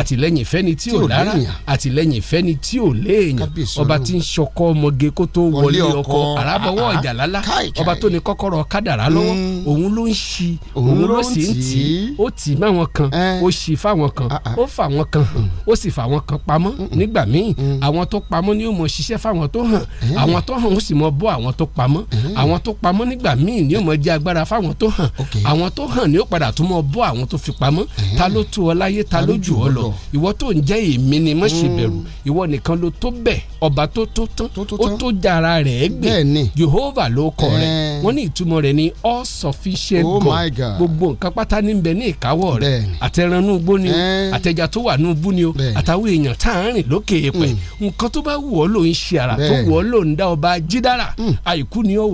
Q: àtìlẹ́yìn fẹ́ni tí ò èèyàn àtìlẹ́yìn ìfẹ́ni tí ò léèyàn ọba tí ń ṣọkọ ọmọge kó tó wọlé ọkọ àràbọ̀wọ́ ọjà ah, ah, lálá ọba tó ní kọ́kọ́rọ́ kádàrá lọ́wọ́ mm. òun ló ń ṣi òun ló sì ń tì í ó tì í máwọn kan eh. ó ṣi fáwọn kan ah, ó fà wọn kan hàn mm. ó sì fà wọn kan pamọ́ nígbà míì mm. àwọn tó pamọ́ ni ó mọ ṣiṣẹ́ fáwọn tó hàn eh. àwọn tó hàn ó sì mọ bọ́ àwọn tó pamọ́ eh. àwọn tó pamọ́ nígbà míì ni ó mọ jẹ́ agbára fáwọn tó hàn àwọn tó hàn ni ó padà tún mọ bọ́ àwọn tó fi pamọ́ ta ló tu ọ láyé ta ló jù ọ lọ ìwọ tó ń jẹ́ èmi ni má ṣe mm. bẹ̀rù ìwọ nìkan ló tó bẹ̀ ọba tó tó tán ó tó jàrá rẹ̀ gbé Jehovah ló kọ rẹ̀ eh. wọ́n ní ìtumọ̀ rẹ̀ ní all sufficient oh God gbogbo nǹkan pátá ní bẹ ní ìkáwọ́ rẹ̀ àtẹranúgbó ni eh. àtẹjà tó wà núbú ni o àtàwọn èèyàn tá à rìn lókè èèpẹ̀ mm. nǹkan tó bá wù ọ́ ló ń ṣe àrà tó wù ọ́ ló ń dá ọba jídára mm. àìkú ni ó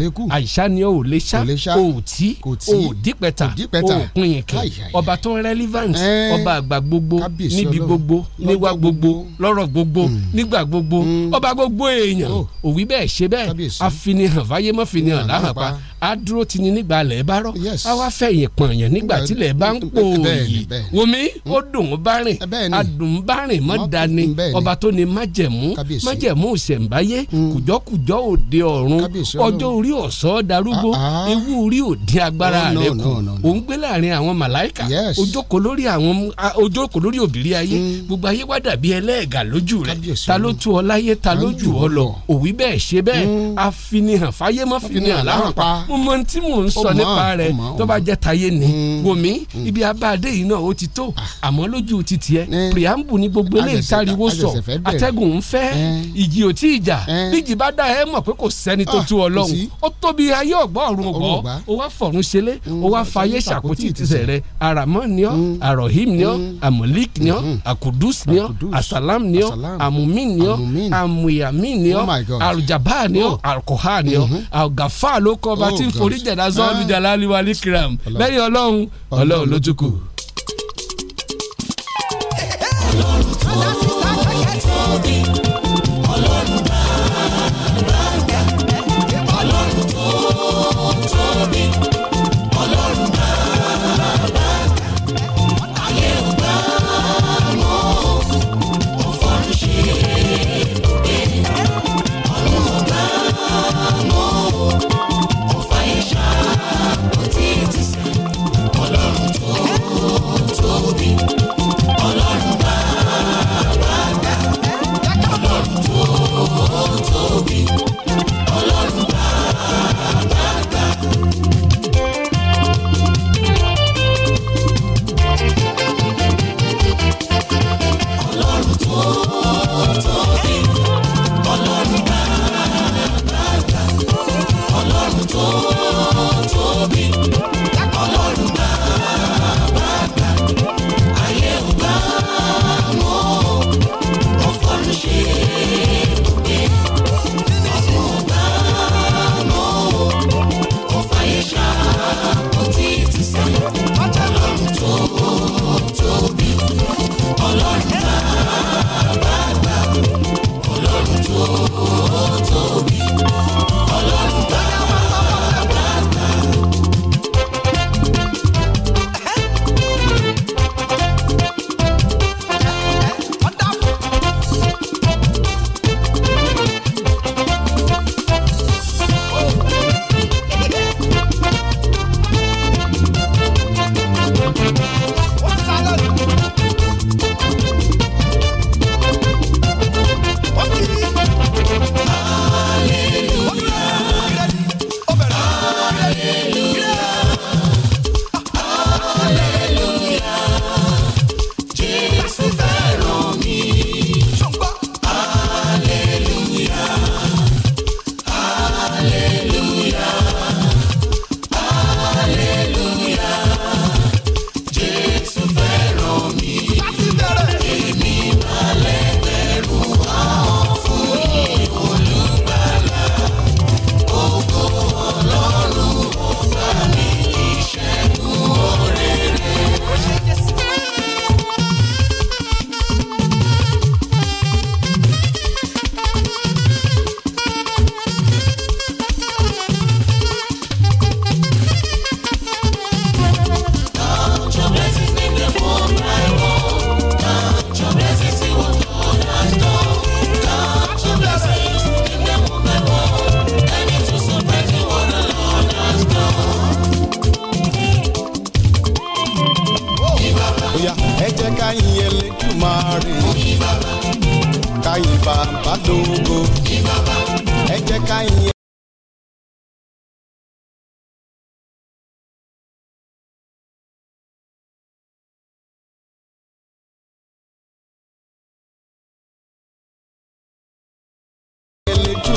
Q: lè kú àìsá ni ó lè sá òòtí òòdípẹ̀ta òòpin ìkẹ́ ọba tó relevant eh. ọba àgbà gbogbo níbi gbogbo níwá gbogbo lọ́rọ̀ gbogbo mm. nígbà gbogbo mm. ọba gbogbo èèyàn oh. òwí bẹ́ẹ̀ ṣe bẹ́ẹ̀ àfinihàn fáyé mọ́ finihàn láhàn pa á ti ni nígbà lẹ̀ bá rọ̀ á wá fẹ̀yìn pọ̀nyàn nígbà tilẹ̀ bá ń pò yìí wòmí mm. ó dùn bá rìn á dùn bá rìn mọ́ ọba tó ni májẹ̀mú májẹ̀mú ìṣẹ̀ǹbáyé kùjọ́kùjọ́ òde ọ̀run ọjọ́ orí ọ̀sọ́ darúgbó ah, ah. ewu orí òde agbára oh, rẹ kù òun gbé láàrin àwọn màláìkà ojókòó lórí òbírí ayé gbogbo ay ayé wá dàbí ẹlẹ́ẹ̀gà lójú rẹ̀ ta ló tú ọ láyé ta ló jù ọ lọ òwí bẹ́ẹ̀ ṣe bẹ́ẹ̀ àfinihàn mm. fáyé mọ́ finihàn láhàn mo mọ tí mò ń sọ nípa rẹ̀ tó bá jẹ́ tayé ni mm. wò mm. ibi abáadé yìí náà ó ti tó ah. àmọ́ lójú ti tiẹ̀ preamble ni gbogbo eléyìí táriwo sọ atẹ́gùn ń fẹ́ ìjì ò tí ì jà bíjì bá dá ẹ mọ̀ pé kò sẹ́ni tó ah, tú ọ lọ́hùn ó tóbi ayé ọ̀gbọ́ ọ̀run ọ̀gbọ́ ó wá fọ̀run ṣelé ó wá fayé ṣàkótì tìṣẹ̀ rẹ̀ àràmọ́ ni ọ́ àròhìm ni ọ́ àmọ̀lík ni ọ́ mm-hmm. àkùdùs ni ọ́ asalam ni ọ́ amumin ni ọ́ amuyami ni ọ́ alujaba ni ọ́ alkoha ni ọ́ algafa ló kọ́ bá oh ti forí jẹ̀dá sọ́ọ́lù ah. jalali wali kiram lẹ́yìn ọlọ́run ọlọ́run ló tún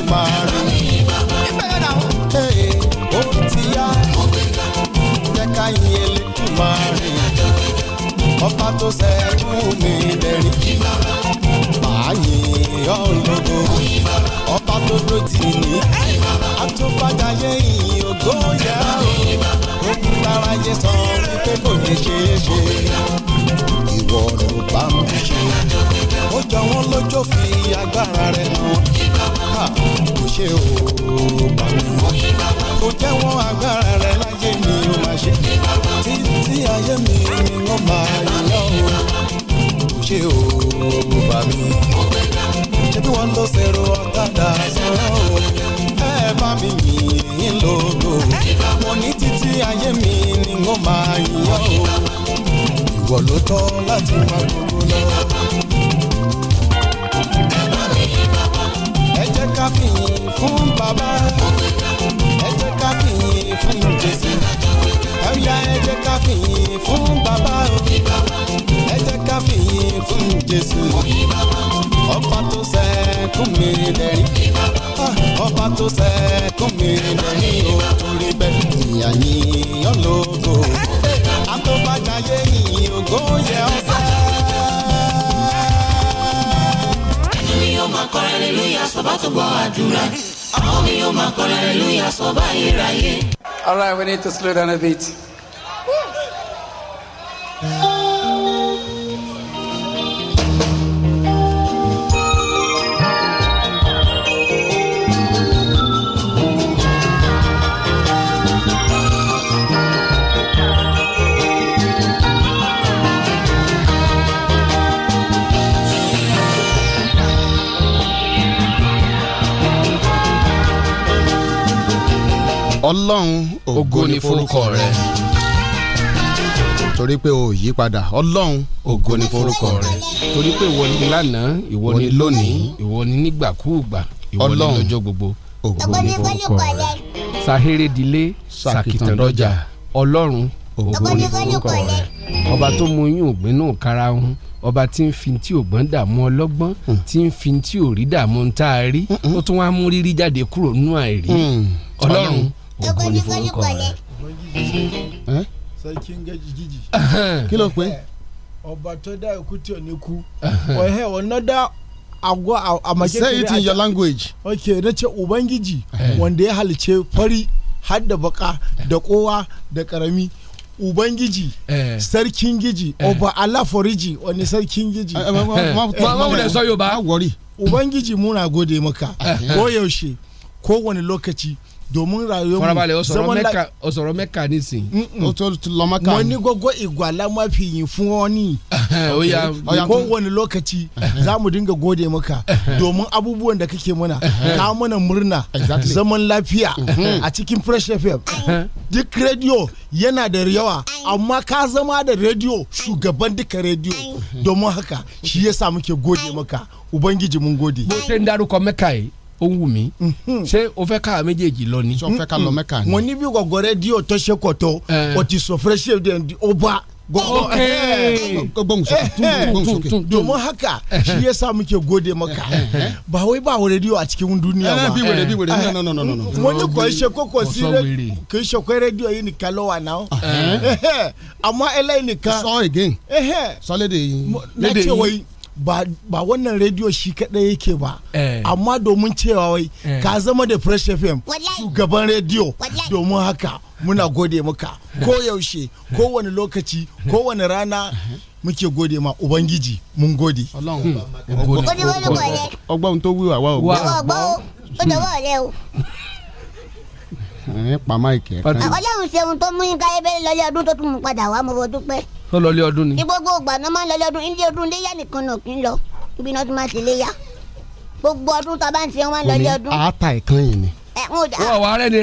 N: parí. Ìbẹ̀rẹ̀ náà ee òkú ti yá.
O: Jẹ́ ká yin elékùn máa rìn. Ọba tó sẹ́kù mi lẹ́rìn. Màá yin ọlọ́dọ̀. Ọba tó dó tì mí. Àtúbàjáyé ìyìn ògo yẹ o. Òkú tára yé sọ wípé kò ní ṣeé ṣe. Ìwọ ló bá mi ṣe. Ó jọ wọ́n lójó fi agbára rẹ̀ hàn ṣe o. kò jẹ́wọ́ agbára rẹ̀ láyé mi ó máa ṣe. títí ayé mi ni wọ́n máa yọ lọ́wọ́. kò ṣe o bùbá mi. ṣebí wọ́n ń lọ sẹ́rọ ọ̀kadà o. ẹ bá mi yìn lòdò. mo ní títí ayé mi ni wọ́n máa yọ o. ìwọ ló tọ́ láti máa gbogbo lọ. ká fìyìn fún bàbá ẹ jẹ́ ká fìyìn fún Jésù ẹ̀yà ẹ jẹ́ ká fìyìn fún bàbá ẹ jẹ́ ká fìyìn fún Jésù ọba tó ṣẹ́ kún mi lẹ́rìn ọba tó ṣẹ́ kún mi lẹ́rìn ó torí bẹ́ẹ̀ ìyá yín yọ́ lógo àtọ́bàjáyé yìí ògo yẹ ọ́.
N: All right, we
Q: need to slow down a bit. ọlọ́run ògo ni forúkọ rẹ torí pé o yí padà ọlọ́run ògo ni forúkọ rẹ torí pé ìwọ ni lánàá ìwọ ni lónìí ìwọ ni nígbàkúùgbà ìwọ ni lọ́jọ́ gbogbo ògo ni forúkọ rẹ sahérédilé sàkìtàndọ́jà ọlọ́run ògo ni forúkọ rẹ ọba tó mú yín ògbínú karahun ọba tí ń fi tí ògbọ́n dààmú ọlọ́gbọ́n hmm. tí ń fi tí òrí dààmú ń tá a rí hmm, hmm. ó tún wá mú rírí jáde kúrò nínú àìrí ọlọ́run sarkin gajigiji kí ló pé. ọba tó dá ikú tí ò ní kú ọ̀hẹ́ ọ̀nà dá agwa a mace say it in your language okay na ce ubangiji wanda ya halice fari har da baka da kowa da karami ubangiji sarkin giji ọba alaforiji wani sarkin giji mamuna soyo ba ubangiji muna gode maka ko yaushe ko wani lokaci domin rayuwar mu farabalẹ̀ o sɔrɔ mẹ́ka o sọ̀rọ̀ mo ní gbogbo igwala yin fún ọ ko wani lokaci zamu mu dinga gode maka domin abubuwan da kake mana ka mana murna zaman lafiya a cikin fresh fm duk rediyo yana da yawa amma ka zama da rediyo shugaban duka rediyo domin haka shi yasa muke gode maka ubangiji mun gode. Bó ṣe ń darúkọ mẹ́ka yìí ó wù mí mhm. ṣé o fẹ́ ká méjèèjì lọ ni. sọ fẹ́ ká lọ mẹ́ka ni. mo ní bí di ọ̀tọ́ ṣe kọ̀tọ̀ ọ̀tí sọ̀fẹ́rẹ́ ṣe ó bá domin
R: haka shi ya sa muke gode maka ba wai ba rediyo a
Q: cikin duniya ba wani kwa shi koko si
R: ka shi kwa rediyo
Q: yi ni kalowa na amma ila yi ni ka sorry again solid na ce wai ba wannan rediyo shi kadai yake ba eh. amma domin
R: cewa wai eh. ka zama da fresh fm shugaban rediyo domin haka muna
Q: gode maka ko yaushe kowane lokaci kowane rana muke gode ma ubangiji mun gode ọgbọ́n tó wíwà wá
K: tó mú yín káyé bẹ́ẹ̀ lọ́lẹ́ ọdún tó tún mú padà wá mo bọ́ dúpẹ́
Q: tó lọ lé ọdún ni. ní
K: gbogbo ìgbà náà máa ń lọ lé ọdún ilé ọdún léyà nìkan náà kì í lọ ibi náà tó máa ṣe léyà gbogbo ọdún tá bá ń ṣe wọn máa ọdún. omi
Q: àátà ìkan yìí ni. ẹ ń wò dá. wọ́n wà á rẹ́ ni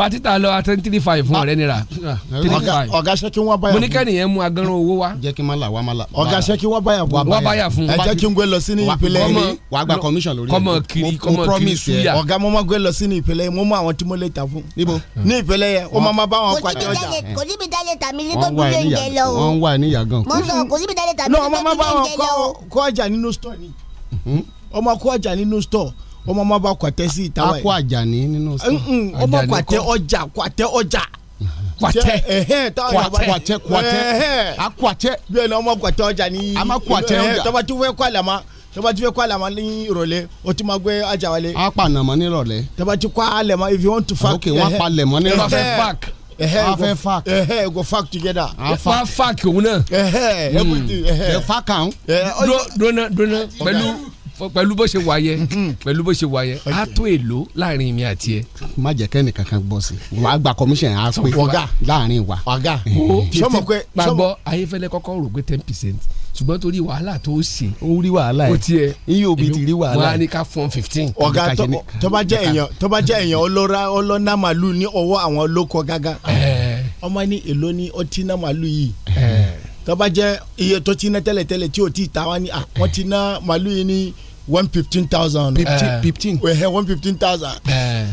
Q: pati ta lọ atẹ́ni three five fún ah. ọ̀rẹ́ nira. Ah, ọ̀gá ṣé kí wọ́n báyà fún. mo ní kẹ́ni yẹn mú agánran owó wa. jẹ́ kí n má la wa má la. ọ̀gá ṣé kí wọ́n báyà fún. wọ́n báyà fún. ẹ jẹ́ kí n gbé lọ sí ní ìpele yìí. wàá gba commission lórí ẹ̀. kọ́mọ kiri kọ́mọ kiri suya. ọ̀gá
R: mo máa gbé lọ sí ní ìpele yìí mo mú àwọn tí mo lè ta fún. níbo ah. ní ìpele yẹn ó máa bá wọn pàdé ọjà. kò síbi dálé tàmí ní tó dúró oúnjẹ lọ o. wọ́n wà ní yàgàn. mo sọ kò
K: síbi dálé tàmí ní tó dúró oúnjẹ lọ o.
R: ọmọ kó ọjà nínú
Q: store ọmọ ọmọ bá kwàtẹ sí ìta wa yìí. a kó àjàní nínú
R: sọ. Mm, mm, ọmọ kwàtẹ
Q: ọjà kwàtẹ ọjà. kwàtẹ kwàtẹ kwàtẹ a kwàtẹ. bẹ́ẹ̀ ni
R: ọmọ kwàtẹ ọjà ni. a ma kwàtẹ ọjà. tọ́ba tí wọ́n kọ́ àlàmà tọ́ba tí wọ́n kọ́ àlàmà ní ìrọ̀lẹ́
Q: o ti ma gbé ajá wálé. a pa ànàmọ́ ní ìrọ̀lẹ́. tọ́ba tí kọ́ àlẹ̀mọ́ if you want to fact. ok wọ́n pa àlẹ̀mọ́ ní ìrọ̀lẹ́ wọ́n fẹ́ fak. ẹ go fak together. wọ́n fak òun náà. ẹ fak àwọn. dúró dúró náà dúró náà pẹ̀lú pẹ̀lú bó ṣe wà yẹ mm-hmm. pẹ̀lú bó ṣe wà yẹ á tó èlò láàrin mi àti ẹ. má jẹ́ kẹ́ni kankan gbọ́ sí i wàá gba commission á pé ọ̀gá láàrin wa. ọ̀gá sọmọ pé gbàgbọ́ ayéfẹ́lẹ́ kọ́kọ́ rò pé ten percent ṣùgbọ́n torí wàhálà tó ṣe. ó rí wàhálà yẹn ó tiẹ̀ iye òbí ti rí wàhálà yẹn wàá ní ká fún fifteen. ọ̀gá tó bá jẹ́ èèyàn tó bá jẹ́ èèyàn ọlọ́ra ọlọ́nà màálù ní ọwọ́ àwọn olóko gágá ọmọ ní èlò ní ọtí náà màálù yìí tó bá jẹ́
R: iye tó ti ná tẹ́lẹ̀tẹ́lẹ̀ tí ò tí ta wá ní à ti ná màálù yìí ní one fifteen thousand. fifteen fifteen. ẹhẹ one fifteen thousand.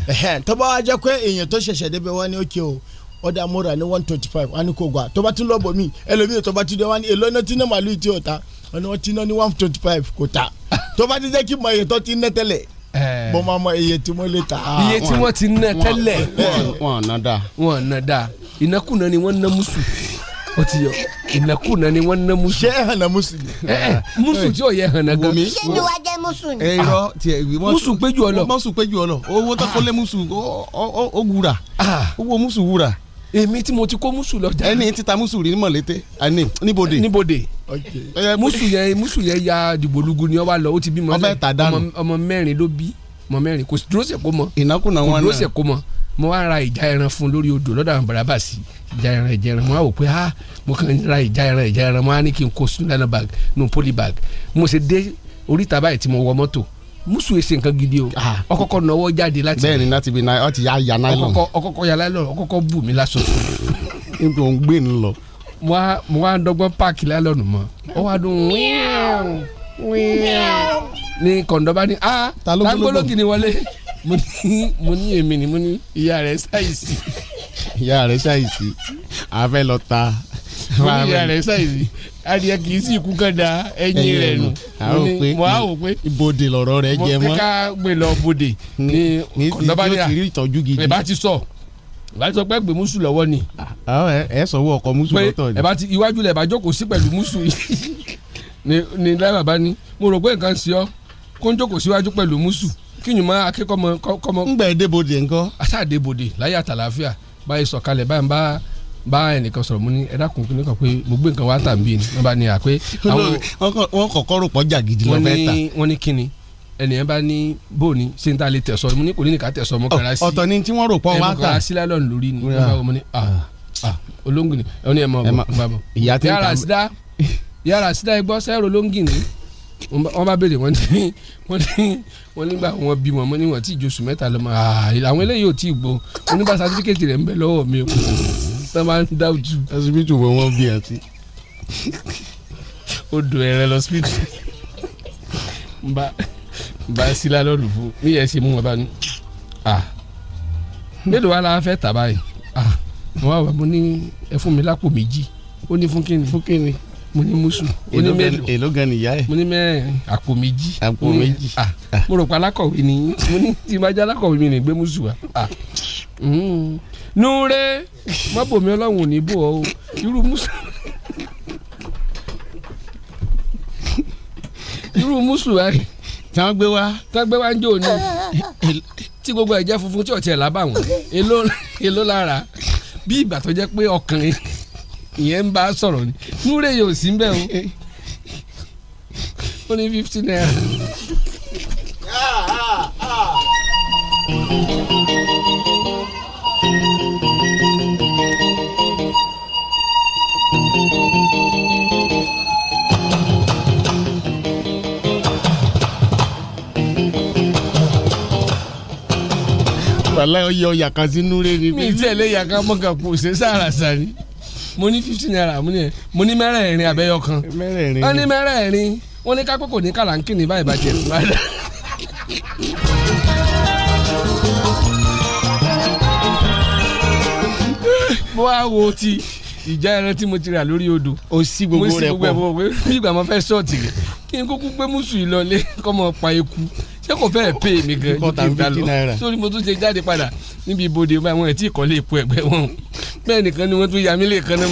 R: ẹhẹ tọ́ba wa jẹ́ pé èèyàn tó ṣẹ̀ṣẹ̀ débẹ̀ wá ní òkè
Q: o ọ̀dà mọ́ra ní one twenty five wá ní kò gbà tọ́ba tún lọ́bọ̀ mi ẹlòmíràn tọ́ba tún dé wá ní èlò náà tí náà màlúù tí o ta ọ̀nà wọn ti ná ní one twenty five kò ta tọ́ba ti jẹ́ kí mọ èyí tó ti ná tẹ́lẹ̀ bọ́n máa mọ iye tí wọ́n lè ta. iye tí wọ́n ti ná tẹ́lẹ̀. wọ́n ná da. wọ́n ná da ìnákùná ni wọ́n ná musu o ti yọ ìnakùnà ni wọ́n ná musu. ṣé hànà musu ni. Eh, eh, musu tí o yẹ hànà gan. ṣé ni wàá
K: jẹ musu ni. ẹ eh, irọ́
Q: tiẹ̀ wí. musu péjú ọ lọ. musu péjú ọ lọ owó tó kọ́lé musu ó wúrà ah. owó musu wúrà. èmi tí mo ti kó musu lọ. ẹni títa musu rí mọ̀lété ani níbodè. níbodè musu yẹn musu yẹn ya dìbòlugu ni ọ wa lọ ó ti bímọ ọmọ mẹ́rin ló bí ọmọ mẹ́rin kò dúró sẹ kó mọ. ìnákùnà wọn náà kò dúró sẹ kó mọ mo wá ra ìjà ẹran fún lórí odò lọ́dọ̀ àwọn bàrà bàsì ìjà ẹran ìjà ẹran mo wá wò pé ah mo kàn ra ìjà ẹran ìjà ẹran mo wá ní kí n kó sínú bag nù poli bag mo ṣe dé oríta báyìí tí mo wọ mọ́tò musu ese nkan gidi o ọkọkọ ah. nọwọ jáde láti bẹ́ẹ̀ni láti bi náà ọtí ya nylon ọkọkọ ya nylon ọkọkọ bù mí lásán. n tó ń gbé ní lọ. mo wá mo wá dọ́gbọ́n páàkì nylon mọ́ ọ wá dún wíwíw ní kọ̀ǹdọ́ bá ní a ah, tangológì ni wọlé mo ní mo ní èmi ni mo ní ìyá rẹ̀ ṣàìsí. ìyá rẹ̀ ṣàìsí a fẹ́ lọ ta. mo ní ìyá rẹ̀ ṣàìsí adìyẹ kì í sì kú kàn dá ẹyin rẹ̀ nù mo á wò pé ibodè lọ̀rọ̀ rẹ̀ jẹ mọ́. mo ká gbé lọ bodè ní kọ̀dọ́bálẹ̀ à ìbá ti sọ láti sọ pé gbé musu lọ́wọ́ ni. ẹ sọ wọ ọkọ musu lọ́tọ̀ ni. pé iwájú lẹ̀ bá jókòó sí pẹ̀lú musu yìí ni láì bàbá ni mo rò pé nǹkan ń ṣe ọ́ kó ń jókòó síwájú pẹ̀lú musu kínyìnmọ́ akẹ́kọ̀ọ́mọ kọ́mọ. ń gbà débòde ńkọ́. àṣà débòde láyé àtàlàáfíà báyìí sọ̀kalẹ̀ báyìí ń bá bá ẹnìkan sọ̀rọ̀ mu ni ẹ̀dá kùn kí nìkan pé mo gbé nǹkan wá tà bí ni wọ́n bá ní à pé. wọ́n kọ̀kọ́ rò pọ̀ jà gidi lọ́fẹ́ ta. wọ́n ní kíni ẹnìyẹn bá ní bó ni ṣé n ta lè tẹ̀sọ́ mo ní kò ní nìkan tẹ̀sọ́ mo kàrà sí. ọ̀tọ̀ ni tí wọ́n rò pọ̀ wá tà. ẹ̀mọ̀kàrà sí lálọ́ọ̀nù lórí ni wọ́n bá wọ́n ní olóńgìnì ẹ̀ wọ́n bá béèrè wọ́n ní wọ́n ní wọ́n nígbà wọ́n bí wọn ní wọ́n tí ìjọsùn mẹ́ta ló máa àwọn eléyìí ò tí ì gbọ́ wọ́n ní bá sátífíkẹ́tì rẹ̀ ń bẹ lọ́wọ́ mi kò tó máa ń dáwùjú. ọsibítù wọn wọn bí àti. ó dùn ẹrẹ lọ síbítù nba nba sílá lọ́lù fún mi yẹ ṣe mú wọn bá ní. mélòó wa la fẹ́ tà báyìí wọ́n wà mo ní ẹ fún mi lápò méjì ó ní fún kíni. fún kíni mo ní musu mo ní mélòó èló gan nìyá ẹ mo ní mẹ́rin àpò méjì àpò méjì ah. mo rò pé alákọ̀wé ni mo ní tí ma jẹ́ alákọ̀wé mi ní gbé musu wa nure má bòmí ò ní bò ọ́ irú musu irú musu wa rè tí wọ́n gbé wá tí wọ́n gbé wá ń jò ní tí gbogbo ẹ̀jẹ̀ funfun tí ọ̀tí ẹ̀ lábàwọ̀n èló lára bí ìgbà tó jẹ́ pé ọkàn ìyẹn ń bá a sọ̀rọ̀ ni núrè yóò sí bẹ́ẹ̀
M: o ó ní fifty naira.
Q: wàláyé ọyọ yàkà sínú rẹ ni. mi ì tẹ̀lé yàkà mọ́kà kù ṣe sára sáré mo ní fifteen naira mo ní mo ní mẹ́rẹ̀ẹ̀rin abẹ́yọ kan wọ́n ní mẹ́rẹ̀ẹ̀rin wọ́n ní kápẹ́ kò ní kàlàǹkì ní báyìí bàjẹ́ mo wá wo ti ìjà ẹran tí mo ti rà lórí odò o sí gbogbo rẹ pọ̀ mo sì gbogbo ẹ̀ pọ̀ pé bí ìgbà mo fẹ́ ṣọ́ọ̀tì rẹ̀ kí n kúkú gbé mùsùlùmí lọlé kọ́ mọ pa eku ṣé kò fẹ́ẹ̀ pè mí gan ju kí n ta lọ sórí mo tún ṣe jáde padà níbi ibodè báwọn ẹ̀ tí ì kọ́lé epo ẹ̀gbẹ́ wọn bẹ́ẹ̀ nìkan ni wọ́n tún yà mí lè kan náà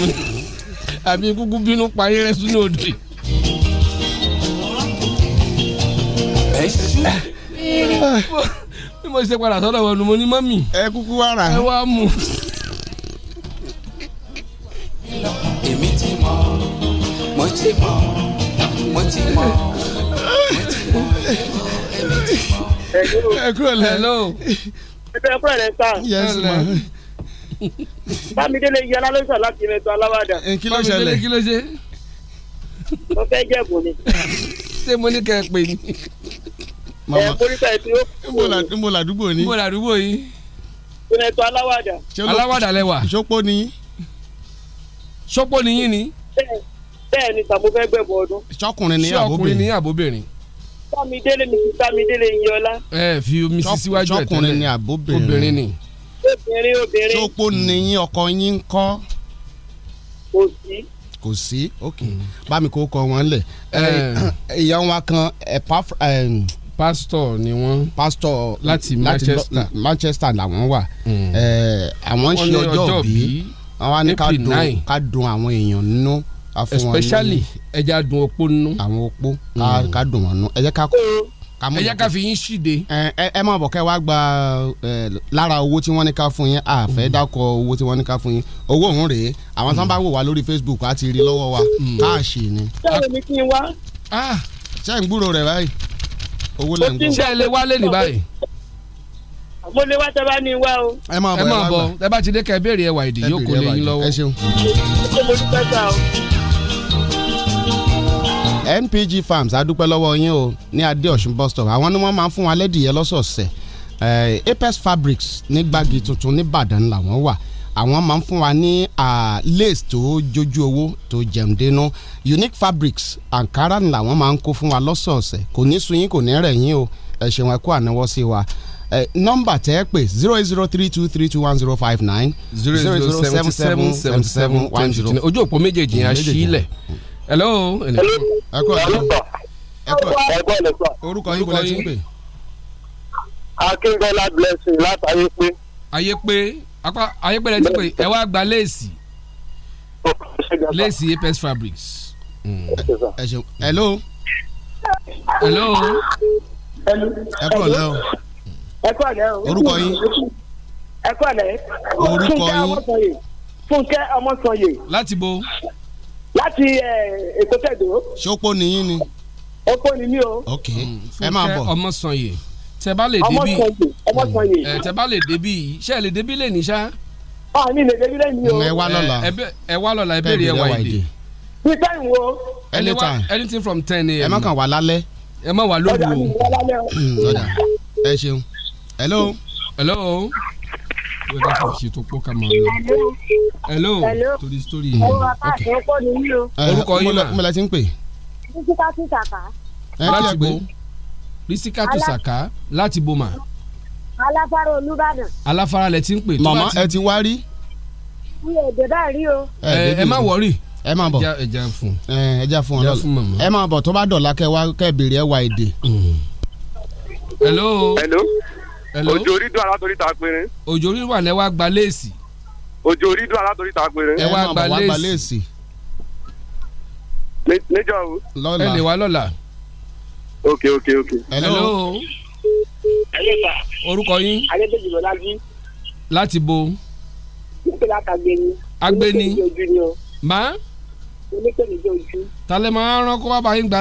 Q: àbí kúkú bínú pa ayẹ́rẹ́ sínú odò yìí. bí mo ṣe padà sọ́dọ̀ wọn ni mo ní mọ́mì. ẹ kúkú wá ẹ wá mú.
M: èmi ti mọ mo ti mọ mo ti mọ mo ti mọ
Q: ẹ kúrò lẹ. ẹ kúrò lẹ sá. yes ma. bámidélé yẹlá ló sọ láti ìrètò aláwàdà. kí ló ṣẹlẹ̀ bámidélé kí ló ṣe. mo fẹ́ jẹ̀bù ni. ṣé mo ní kẹ́ ẹ pè ní. ẹ polisa ẹ ti ó. mo làdúgbò ni. mo làdúgbò yìí. ìrètò aláwàdà. aláwàdà lẹwà. ni. ṣópó ni yín ni. bẹ́ẹ̀ ni sàmúfẹ́ gbẹ̀bù ọdún. ṣọkùnrin ni àbóbìnrin. ṣọkùnrin ni àbóbìnrin bámidélé mrs bámidélé iyọlá. ẹ fi omi sí síwájú ẹ tẹ́lẹ̀ ṣọkùnrin ni àbóbìnrin obìnrin ni. obìnrin obìnrin. ṣópo nìyín ọkọ yín ń kọ́. kò sí. kò sí ok bámi kò kọ wọn lẹ. ìyá wa kan ẹ̀pá pastor ni wọn. pastor láti manchester manchester làwọn wà. Hmm. àwọn ṣe ọjọ́ bí wọn wá ká dùn àwọn èèyàn nínú. No especially ẹja dun opó nínú. àwọn opó hmm. ká dùn wọn nù ẹjẹ ká kó. ẹjẹ hmm. ká fi yín ṣìde. ẹ má bọ̀ kẹ́ wá gba lára owó tí wọ́n ní ká fún yín àfẹ́ hmm. dákọ̀ owó tí wọ́n ní ká fún yín owó òun rèé àwọn tó ń bá wò wá lórí Facebook á ti rí lọ́wọ́ wa káàṣì ni. sọ̀rọ̀ mi kí n wá. Ah, ṣé ń gbúrò rẹ̀ báyìí owó lẹ́ ń gbọ́. ṣé ẹ lè wálé ní báyìí mo lè wá tẹ́lá ní wá o. ẹ máa bọ̀ ẹ máa bọ̀ tẹ́ bá ti dé ká ẹ béèrè ẹwà ìdí yóò kó lè yín lọ́wọ́. ẹ ṣeun. ẹ
P: ṣe mo dúpẹ́ sá o.
Q: NPG Farms adúpẹ́ lọ́wọ́ yín o ní Adéọ̀sùn bus stop àwọn ni wọ́n máa ń fún wa lẹ́dìyẹ lọ́sọ̀ọ̀sẹ̀ eh, Apex Fabrics ní gbági tuntun ní Ìbàdàn làwọn wà àwọn máa ń fún wa ní lace tó jójú owó tó jẹun dénú Unique Fabrics Ankara ni làwọn máa ń kó fún wa lọ́sọ̀ọ̀sẹ̀ kò ní sun yín kò ní rẹ̀ yín o ẹ ṣeun ẹ kú ànáwọ́ sí wa eh, nọ́mbà tẹ́ ẹ pé zero eight zero three two three two one zero five nine zero zero seven seven seven seven one zero. ojú òpó méjèèjì yẹn á sílẹ̀ hello. ẹkọ ẹkọ orúkọ yín bọlẹ tí ń pè. akíngọlá blessing látàyè pé. ayé pé apá ayé pé lẹ ti pè ẹ wá gba léèsì léèsì apex fabrics. Hmm. ẹ ṣeun hello. hello. ẹ kúrò lẹ́ o.
M: ẹ kúrò lẹ́ o. orúkọ yín. ẹ kúrò lẹ́. orúkọ yín. fúnkẹ́
Q: ọmọsanye. fúnkẹ́ ọmọsanye. láti bo láti eh, èkó tẹ̀dó. ṣókó nìyí ni. oko ni mí o. ok mm, ẹ máa bọ̀. ọmọ sanye tẹ bá lè débi ọmọ sanye mm. eh, tẹ bá lè débi ṣe lè débi lè ní ṣá. ọ ah, mi lè débi lè ní o. Mm, eh, ẹ wá lọ́la ẹ wá lọ́la ẹ bẹ̀rẹ̀ ẹ wá ìdè. ní time wo. anytime anything from ten a.m. ẹ má kàn wá lálẹ́. ẹ má wà lóru o. ọjà mi wà
J: lálẹ́ o.
Q: ẹ ṣeun. hello. hello wọ́n bá kò ṣètò pọ̀ ká
F: máa
Q: lọ. hello torí story yẹn. ọwọ́
F: apá àti ẹ̀kọ́ ni mí o. orúkọ yín náà mo la ti ń pè. Rísíkátù Sàká.
Q: láti bo Rísíkátù Sàká láti bo mà.
F: aláfárá Olúbàdàn.
Q: aláfárá lẹ ti ń pè. màmá ẹ ti wá rí.
F: mi ò dé bá rí o.
Q: ẹ má wọrí ẹ máa bọ̀ ẹja fún ẹja fún ọlọ́lọ́ ẹ máa bọ̀ tó bá dọ̀la kẹ wá kẹ bèrè ẹ wá èdè. hello. hello òjò orí dùn alátorí ta péré. òjò orí wà lẹ́wọ́ àgbà léèsì. òjò orí dùn alátorí ta péré. ẹ wá àgbà léèsì. níjọ́ o. lọ́la ẹ lè wá lọ́la. ok ok ok. hello.
F: hello sà. orúkọ yín. adébẹ́jì lọ́la bí. láti bo. nípínlẹ̀ àtàgbẹ́ni. agbẹ́ni. má. onípẹ̀lẹ̀ jẹ́ ojú.
Q: talẹ̀ máa ń rán kó bá bá yín gba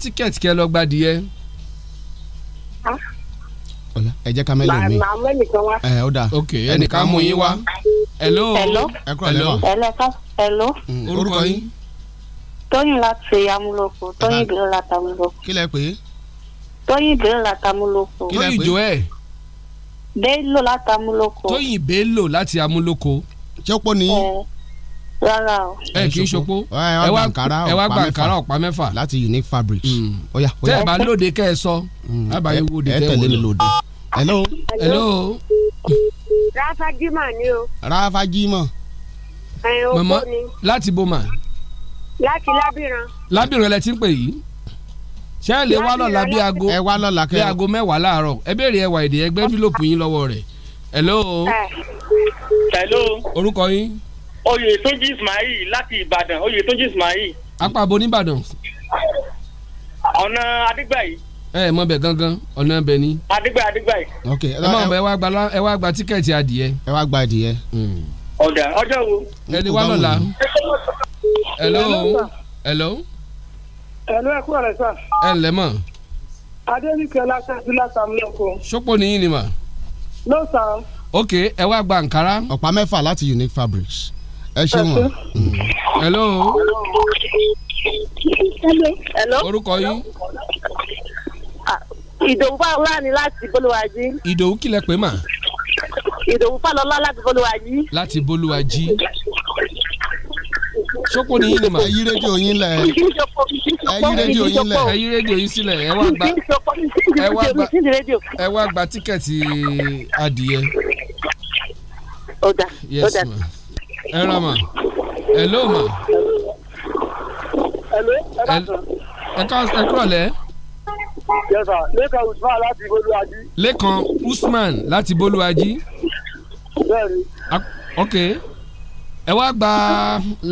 Q: tíkẹ́ẹ̀tì kẹ́ lọ gbadìyẹ. ah ọ̀la ẹ jẹ́ ká mẹ́lẹ̀ mi. màá mẹ́nìkan wá. ẹ ó dáa ok ẹnìkan mú yín wá. hello
M: ẹkọ ẹlọ hello. Mm, orúkọ yín. tóyìn láti amúlòkó tóyìn ìbílẹ̀ láti amúlòkó. kí lẹ pè é. tóyìn ìbílẹ̀ láti amúlòkó.
Q: kí lẹ pè é. tóyìn ìjọ ẹ. bello láti amúlòkó. tóyìn bello láti amúlòkó. ṣé ó pọ̀ nìyí rárá o. ẹ eh, kì í ṣopó ẹ wá gbàǹkárá ọ̀pá mẹ́fà láti unique fabrics. Mm. tẹ́ ẹ bá lóde kẹ́ ẹ sọ mm. ẹ bá yẹ wo de tẹ́ ẹ wò hello. hello.
M: rafa jimoh ni o.
Q: rafa jimoh.
M: ẹ̀ o bó ni. láti bó ma. láti lábìrán.
Q: lábìrán lẹ ti ń pè yìí ṣé ẹ lè wá lọ́la bí aago ẹ wá lọ́la kẹ́ bí aago mẹ́wàá láàárọ̀ ẹ béèrè ẹwà èdè ẹgbẹ́ fílòpù yín lọ́wọ́ rẹ̀ hello. hello. orúkọ yín. Oyètúnjí Ismail láti Ìbàdàn Oyètúnjí Ismail. apá abo nìbàdàn.
M: ọ̀nà Adégbàyí
Q: ẹ mọ bẹ gangan ọ̀nà bẹ ni.
M: adigba adigba yìí.
Q: ok ẹ máa bọ ẹ wá gba tíkẹ́ẹ̀tì adìyẹ. ẹ wá gba adìyẹ. Hmm.
M: ọ̀dà ọjọ́ wo. ẹni wá lọ́la. hello hello.
F: hello ẹ kúrò rẹ sá. ẹ ǹlẹ́ mọ̀. adébíkẹ́ lásàdú lásàmú
Q: lẹ́kọ̀ọ́. sọ́pọ̀ nìyí ni mà. ló sàn. ok ẹ wá gba Ankara. ọ̀pá mẹ́fà láti Unique Fabrics ẹ ṣe hmm. wọn. hello.
M: hello. orúkọ yín ìdòwú fàlọ́lá ni láti bolúwají. ìdòwú kìlẹ̀ pé mà. ìdòwú fàlọ́lá láti bolúwají.
Q: láti bolúwají. sọ́kò ni yín ni mà. ẹ yí rédíò yín lẹ̀.
M: ẹ yí rédíò yín lẹ̀. ẹ yí
Q: rédíò yín sílẹ̀ ẹ wá gba ẹ wá gba tíkẹ́ẹ̀tì adìyẹ. ọ̀dà ọ̀dà.
N: ẹ ra mà hello mà.
F: hello ẹ kúrọ̀lẹ́ lẹ́kan usman láti bolúwájí.
Q: lẹ́kan usman láti bolúwájí. bẹ́ẹ̀ni. Ah, ok ẹ wá gba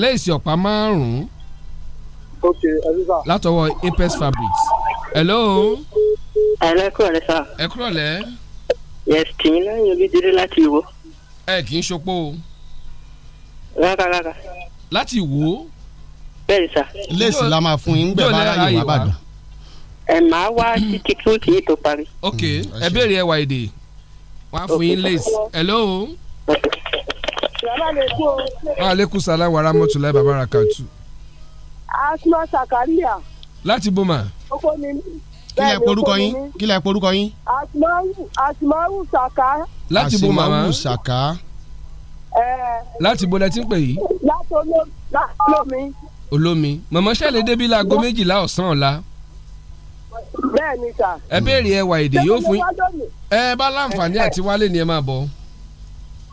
Q: léèsì ọ̀pá márùn-ún. ok ẹ bí sà. látọwọ́ Apex Fabrics. hello. ẹ̀rẹ́ kúrọ̀lẹ́ sà. ẹ kúrọ̀lẹ́. yes tìyín lẹ́yìn olùdílé láti ìwò. ẹ kì í ṣopó o. rárá rárá. láti ìwò. bẹ́ẹ̀ni sà. léèsì la máa fún yín gbẹ̀ bá aráyè wá bàdàn ẹ máa wá títí tó ti ètò parí. ok mm, ẹ béèrè ẹ wà èdè
F: wọn fún yín lace hello. wa
Q: aleykum salaam wa rahmatulahi baba rakatu.
F: asma sakaria.
Q: láti boma.
F: oko ni kí lẹ porúkọ yín kí lẹ porúkọ yín. asimaru saka. láti bo màmá
Q: asimaru saka. láti bo lẹtí ń pè yìí.
F: láti olómi.
Q: olómi màmá ṣàlẹ̀ débi láago méjìlá ọ̀sán ọ̀la bẹ́ẹ̀ ni sà. ẹ béèrè ẹwà èdè yóò fún yín ẹ bá láǹfààní àti wálé ni ẹ máa bọ̀.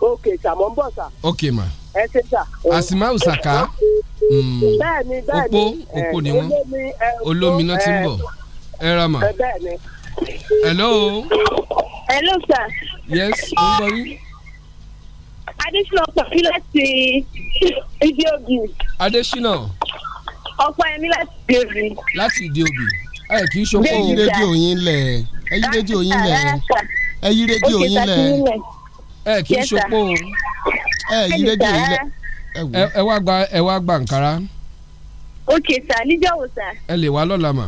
M: ok sà mo ń bọ̀ sà.
Q: ok ma. ẹ ṣe sà. àsìmáwù sàká. Hmm.
F: bẹ́ẹ̀ ni bẹ́ẹ̀ ni opó opó ni wọ́n olómi eh, eh. náà ti ń bọ̀ ẹ ra mà. bẹ́ẹ̀ ni.
M: hello. hello sà. yes o ń bọ̀ yín. adésínà pàbí láti ìdí òbí. adésínà. ọ̀pọ̀ ẹ̀mí láti
Q: ìdí òbí. láti ìdí òbí ẹ kì í ṣokó ẹyí rédíò yín lẹ̀ ẹyí rédíò yín lẹ̀ ẹyí rédíò yín lẹ̀ ẹ kì í ṣokó ẹyí rédíò yín lẹ̀ ẹ wá gba ẹ wá gba nkara. ok sir níjọ́ wo sir. ẹ lè wá lọ́la mà.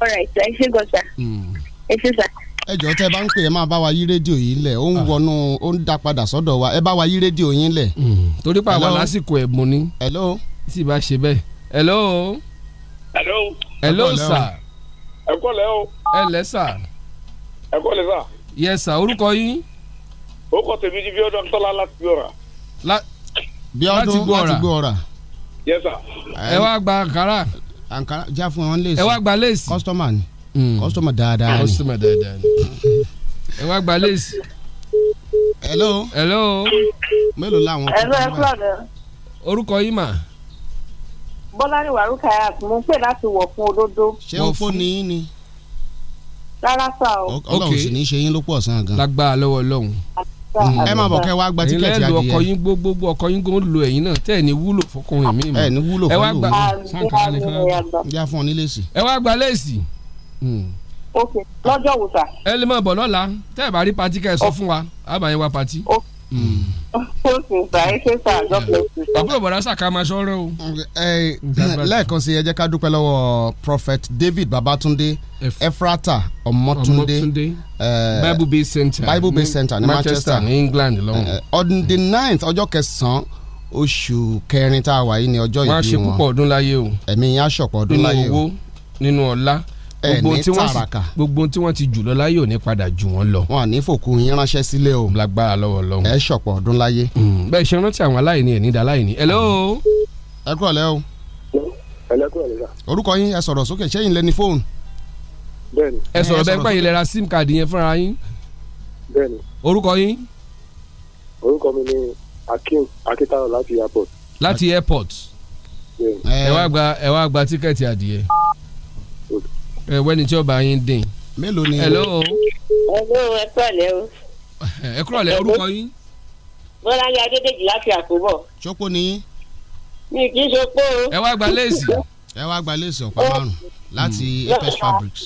Q: alright ẹ ṣe gan sir hmm. ẹ ṣe sir ẹ jọ̀ọ́ tẹ́ bá ń pè é máa bá wa yí rédíò yìí lẹ̀ ó ń ah. wọnú ó ń dá padà sọ́dọ̀ wa ẹ bá wa yí rédíò yín lẹ̀. Hmm. torí pa àwa lásìkò ẹ̀bùn ni. hello. tí ì bá ṣe bẹ́ẹ̀. hello. hello
G: hello sà.
Q: ẹ kọ́lẹ̀ o. ẹ lẹ́ sà. ẹ kọ́lẹ̀ sà. yes sà orúkọ yín. ó kọ́ tèmi ní bíọ́dún tọ́lá láti gbé ọ̀rà. bíọ́dún láti gbé ọ̀rà. yes sà. ẹ wá gba àǹkárá. àǹkárá já fún wọn léèsì. ẹ wá gba léèsì. kọ́sítọ́mà ni kọ́sítọ́mà hmm. dáadáa ni. kọ́sítọ́mà dáadáa ni. ẹ wá gba léèsì. hello. hello. mélòó làwọn. hello ẹ kúlọ̀ dẹ. orúkọ yín mà
M: bọ́lárìnwá rúkàyàt mo ń pè láti wọ̀ fún olódó. ṣé o fún ni yín ni. rárá sá o. ọlọ́run sì
Q: ní í ṣe yín ló pọ̀ sàn gan. lágbára lọ́wọ́ ọlọ́run. ẹ máa bọ̀ kẹ́ wá gba tíkẹ́ẹ̀tì adìyẹ. ilé ọkọ̀ yín gbogbo ọkọ̀ yín gbogbo lo ẹ̀yìn náà tẹ́ẹ̀ ní wúlò fọkùnrin mi. ẹ ní wúlò fún lòun. ẹ wá gba ẹ hmm. ok lọ́jọ́ wo ẹ lè máa bọ̀ lọ́la tẹ́ ẹ bá rí pati ká ẹ sọ fún wa a bá yẹn wá pati. Hmm àbúrò bọ̀dá sàkà máa sọ̀rọ̀ o. lẹ́ẹ̀kan sí ẹ jẹ́ ká dúpẹ́ lọ́wọ́ prophet david babatunde efrata ọmọtúndé eh, bible based center bible based center ní manchester ní england lọ́wọ́. Eh, on the ninth ọjọ́ kẹsàn-án oṣù kẹrin tá a wà yìí ní ọjọ́ ìbí wọn. wọ́n á ṣe púpọ̀ ọdún láyé o. ẹ̀mí yín á ṣọ̀pọ̀ ọdún láyé o. nínú owó nínú ọlá gbogbo tí wọ́n gbogbo tí wọ́n ti jù lọ láyé ò ní padà jù wọ́n lọ. wọn ní fòkù yín ránṣẹ́ sílé o. lágbára lọ́wọ́ lọ́wọ́. ẹ ṣọ̀pọ̀ ọdún láyé. Hmm, bẹ́ẹ̀ ṣe rántí àwọn aláìní ẹ̀ nídàá aláìní. hello. ẹ kúrọ̀ lẹ́ o. ẹ kúrọ̀ lẹ́ sà. orúkọ yín ẹ sọ̀rọ̀ sókè ṣẹ́yìn lẹ́ni fóònù. bẹ́ẹ̀ni. ẹ sọ̀rọ̀ bẹ́ẹ̀ pẹ́ ìlera sim card yẹn fúnra yín. bẹ́ẹ̀ni. orúkọ yín. orúkọ mi ni akin akitaro láti airport. airport. ẹ wá gba ẹ wá gba ẹ wẹ́ni tí ọba yín dín. mélòó ni. hello.
M: hello ẹ kúrọ̀lẹ́ o. Eh, ẹ kúrọ̀lẹ́ orúkọ yín. bọ́láńdé adédèjì láti àkóbọ̀. ṣókó ni yín. mi kì í ṣopó o. ẹ wá gba léèsì. ẹ wá
Q: gba léèsì ọ̀pá márùn-ún láti mm. apes fabrics.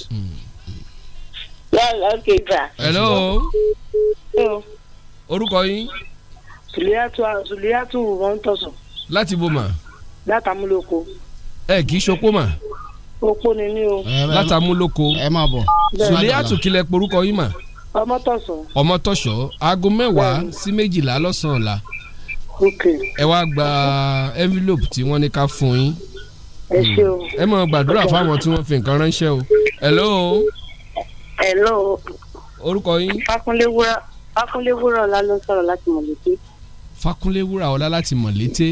M: lọ́ọ̀lọ́ mm. kejì. hello. Mm. orúkọ yín. sùlíyàtù
F: sùlíyàtù one thousand. láti bò mà. látàmúlòkó.
Q: ẹ eh, kì í ṣopó mà
F: opó ni mí o. Eh,
Q: látàmúlòkó ẹ máa bọ̀. sùlẹ̀ àtúnkìlẹ̀ porúkọ yìí mà. ọmọtọ̀sọ̀. ọmọtọ̀sọ̀ aago mẹ́wàá sí méjìlá lọ́sàn-án ọ̀la. ẹ wá gba envelope tí wọ́n ní ká fún yín. ẹ ṣe o. ẹ máa gbàdúrà fáwọn tí wọ́n fi nǹkan ránṣẹ́ o.
M: hello. hello. orúkọ yín. Fákúnlé Wúrà Fákúnlé Wúrà Ọlá ló ń sọ̀rọ̀ láti Mọ̀lété.
Q: Fákúnlé Wúrà Ọlá láti Mọ̀lété.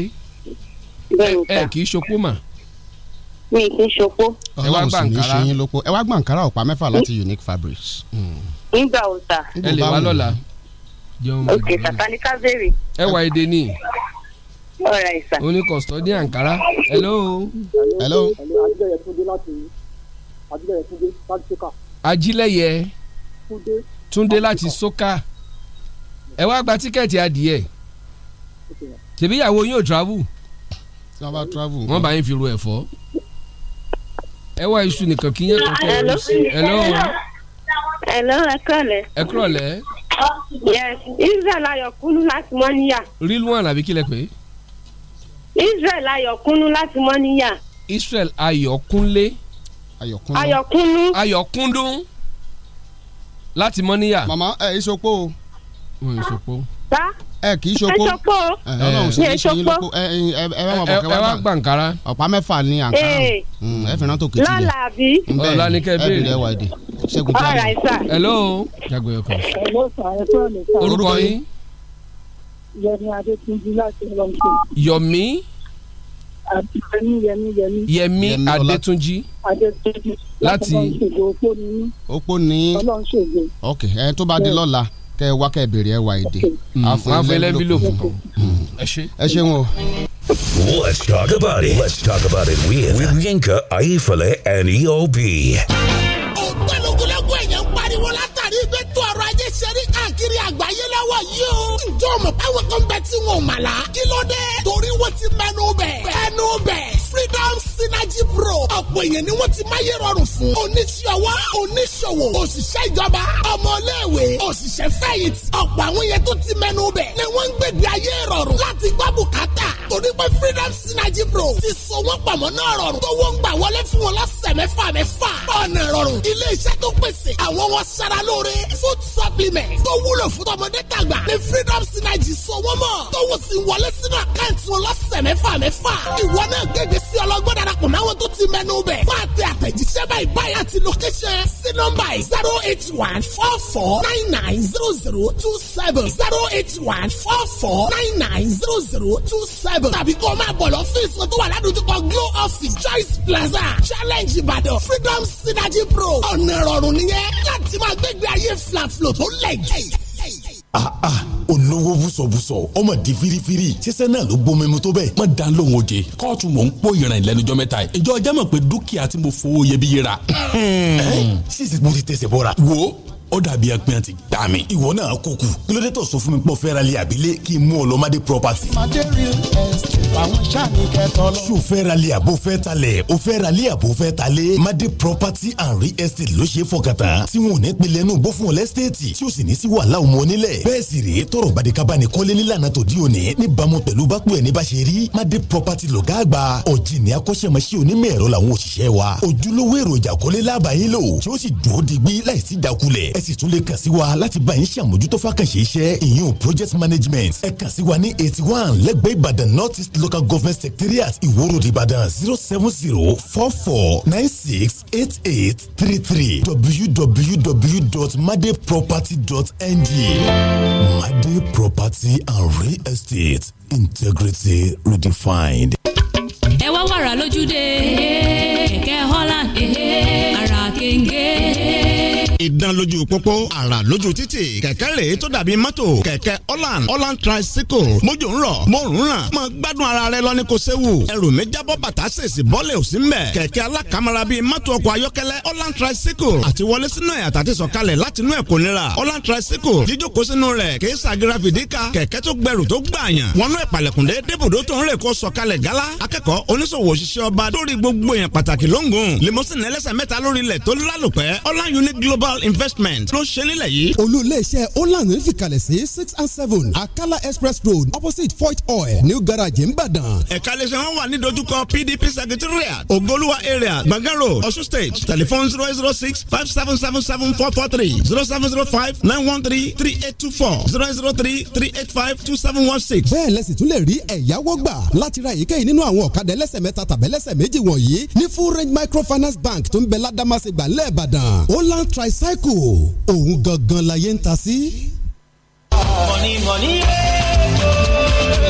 Q: bẹ́ẹ̀ ká ẹ kì í ṣopó mà mi kì í ṣopó. ọlọ́run sì ní í ṣe yín lóko ẹ wá gbàǹkárá ọ̀pá mẹ́fà hmm? láti unique fabrics. Hmm.
M: nígbà wo ta. ẹ lè wá lọ́la.
Q: ok tata ni
M: ká béèrè. ẹ wá èdè ni.
Q: ọ̀rọ̀ ìsà. kọ̀sítọ́dí àǹkárá. hello. hello.
F: ajílẹ̀yẹ túnde láti
Q: ajílẹ̀yẹ túnde láti sókà. ajílẹ̀yẹ túnde láti sókà. ẹ wá gba tíkẹ́ẹ̀tì adìyẹ. tèmi ìyàwó yóò travel. tí wọ́n bá travel. wọ́n bá yín fi ru ẹ̀fọ́ ẹ wá iṣu nìkan kí yẹn kankan wọlé sí i. hello.
M: hello ẹ ẹ kúrọ̀lẹ́. yes Israel ayọ̀kúnú láti mọ́níyà.
Q: real one àbí kílẹ̀
M: Israel ayọ̀kúnú láti mọ́níyà. Israel
Q: ayọ̀kúnlé. ayọ̀kúnú. ayọ̀kúnú. ayọ̀kúndún láti mọ́níyà. màmá ẹ ìsopó o. wọ́n ìsopó. bá ẹ eh, kì í ṣoko ẹ ṣoko eh, eh, ẹ ṣoko ẹ wá bọ̀ kẹ́ wá gbàǹkárá ọ̀pá mẹ́fà ní àǹkárá mm, ẹ fìràn tó kìtì lọ́la
F: àbí ọ̀la ni kẹ́ bẹ́ẹ̀ ẹ bìrẹ̀
Q: wà dé ṣẹ́gun jáde hello jágbe ẹ̀kọ́
F: orúkọ yín. Yẹmi Adétúnjí láti ọlọ́mùsọ. Yọ̀mí. Yẹmi Yẹmi Yẹmi. Yẹmi
Q: Adétúnjí.
F: Adétúnjí láti ọlọ́mùsọ òpó ní. òpó ní. ọlọ́mùsọ ògbó.
Q: ok ẹ tó bá di lọ́la kẹ wá kẹ béèrè ẹwà èdè. àfọ ilé bílòpù ẹ ṣe. ẹ ṣeun o.
H: Let's talk about it. Let's talk about it with, with Yinka Ayefele and EOB.
J: ọ̀pọ̀lọpọ̀ ẹ̀yàn ń pariwo látàrí ìgbẹ́tọ̀ ọrọ̀ ajé ṣẹ́rí káàkiri àgbáyé lọ́wọ́ yìí o. ǹjọ́ mọ̀ káwọn kan bẹ tí wọn ò mà la. kí ló dé? torí wọ́n ti mẹ́nu bẹ̀. mẹ́nu bẹ̀. freedom synergy pro. ọ̀pọ̀ èèyàn ni wọ́n ti máyé rọrùn fún. oníṣòwò oníṣòwò òṣìṣẹ́ ìjọba ọmọléèwé òṣìṣẹ́ fẹ̀yìntì. ọ̀pọ̀ àwọn yẹn tó ti mẹ́nu bẹ̀. ni wọ́n ń gbègbè ayé rọrùn láti gbọ́ bùkátà. torí pé freedom synergy pro ti so wọ́n pàmọ́ náà rọrùn. tó wọ́n gbà wọlé fún wọn lọ́sẹ̀ mẹ́fà mẹ́fà. ọ̀nà rọrùn ilé iṣẹ́ tó pèsè àwọn wọn sara àgbà ní freedom synergy sọ̀wọ́ mọ̀ tówó sì wọlé sínú àkáǹtì wọn lọ́sẹ̀ mẹ́fà mẹ́fà ìwọ náà gègé sí ọlọ́gbọ́n darapọ̀ máwọn tó ti mẹ́nu bẹ̀ fún àtẹ àtẹ̀jíṣẹ́ báyìí báyìí àti location sí nọ́mbà zero eight one four four nine nine zero zero two seven zero eight one four four nine nine zero zero two seven tàbí kó o máa bọ̀ lọ́fíìsì tó wà ládùúgbò glow office choice plaza challenge ìbàdàn freedom synergy pro ọ̀nà ìrọ̀rùn nìyẹn láti máa gbégbé ayé flaflo tó lẹ̀ jẹ́
I: ah ah olówó bùsọ̀bùsọ̀ ọmọ di firifiri ṣiṣẹ́ náà ló gbó mímu tó bẹ́ẹ̀. má da lóhùn oje kóòtù mò ń pò ìrìn lẹ́nujọ́ mẹ́ta yìí ìjọ ọjà mọ̀ pé dúkìá tí mo fowó iyebíye rà. Hmm. ẹ ṣíṣe mo ti tẹsẹ̀ bọ́ra. wo ó dàbí ẹpin àti gbà mí. ìwọ náà kò kù kí ló dé tó sọ fún mi pọ̀ fẹ́rali àbílẹ̀ kí n mú ọ lọ́mọdé property.
J: madé real estate
I: àwọn sáàni kẹtọ lọ. ṣé o fẹ́ rali àbò fẹ́ talẹ̀ o fẹ́ rali àbò fẹ́ talẹ̀ madé property and real estate ló ṣe é fọkàtà tí wọn ò ní pilẹ̀ inú bó fún ọ lẹ́stéètì tí o sì ní sí wàhálà ọmọ onílẹ̀. bẹ́ẹ̀ sì rèé tọrọ bàdìkaba ni kọ́lé nílànà tó di òní níbàámu pẹ̀lú bákú ẹ̀ ní bá ṣe rí madé property lọ̀gá àgbà ọ̀jìnì akọ́ṣẹ́mọṣẹ́ onímọ̀ ẹ̀rọ làwọn òṣìṣẹ́ wa ojúlówó èròjà kọ́lé lábàáyé lò tí ó sì dùn ó digbí láìsí ìjákulẹ̀ ẹ sì tún lè kàn sí wa láti bá yín ṣàmójútó fàkànṣe iṣẹ́ ìyún project management ẹ kàn sí wa ní eighty one lẹ́gbẹ̀ẹ́ ìbàdàn north east local government secretariat ìwòrò ìbàdàn zero seven zero four four nine six eight eight three three www.madeproperty.ng Made Property and Real Estate Integrity Redefined.
L: ẹ wá wàrà lójúde
E: kẹ̀kẹ́ holland ara kéńgé
I: idán lójú pópó
R: àrà lójú títì kẹ̀kẹ́ rèé tó dàbí mọ́tò kẹ̀kẹ́ holland holland tricycle mójú ń rọ̀ mo ń ràn mọ gbádùn ara rẹ lọ ní kò séwu ẹrù mi jábọ́ bàtà sèṣì bọ́lẹ̀ ò sí mbẹ̀ kẹ̀kẹ́ alákàmọ́ra bíi mọ́tò ọkọ̀ ayọ́kẹ́lẹ́ holland tricycle àti wọlé sínú ẹ̀ àtàtì sọ̀kalẹ̀ láti inú ẹ̀ kò nira holland tricycle jíjókòó sínú rẹ̀ kìí sàgìrà fìdíkà kẹ̀kẹ́ tó gbẹrù tó gbààyàn wọnú ẹ̀ pàlẹ̀kùndé débùdó tó ń rè kó sọ̀kalẹ̀ gálá akẹ́kọ̀ọ́ oníṣòwò òṣìṣẹ́ ọba lórí gbogbo èèyàn unique global capital investment ló ń ṣe nílẹ̀ yìí. olú iléeṣẹ́ holland ń fìkàlẹ̀ sí six and seven akala express road opposite fort oil new garage nìbàdàn. ẹ̀ka iléeṣẹ́ wọn wà ní dojúkọ pdp secretariat ogoluwa area gbàngán road osun state telephone zero zero six five seven seven seven four four three zero seven zero five nine one three three eight two four zero zero three three eight five two seven one six. bẹ́ẹ̀ lẹ́sìn tún lè rí ẹ̀yáwó gbà láti ra èyíkéyìí nínú àwọn ọ̀kadà ẹlẹ́sẹ̀ mẹ́ta tàbẹ́lẹ́sẹ̀ méjì wọ̀nyí ní full range microfinance bank tó ń bẹ ládàmásẹ̀gbà lẹ́ẹ̀bàdàn holland tricycle cycle òun gangan la yẹn ń ta sí.
A: mọ̀nìmọ̀nì yẹn kò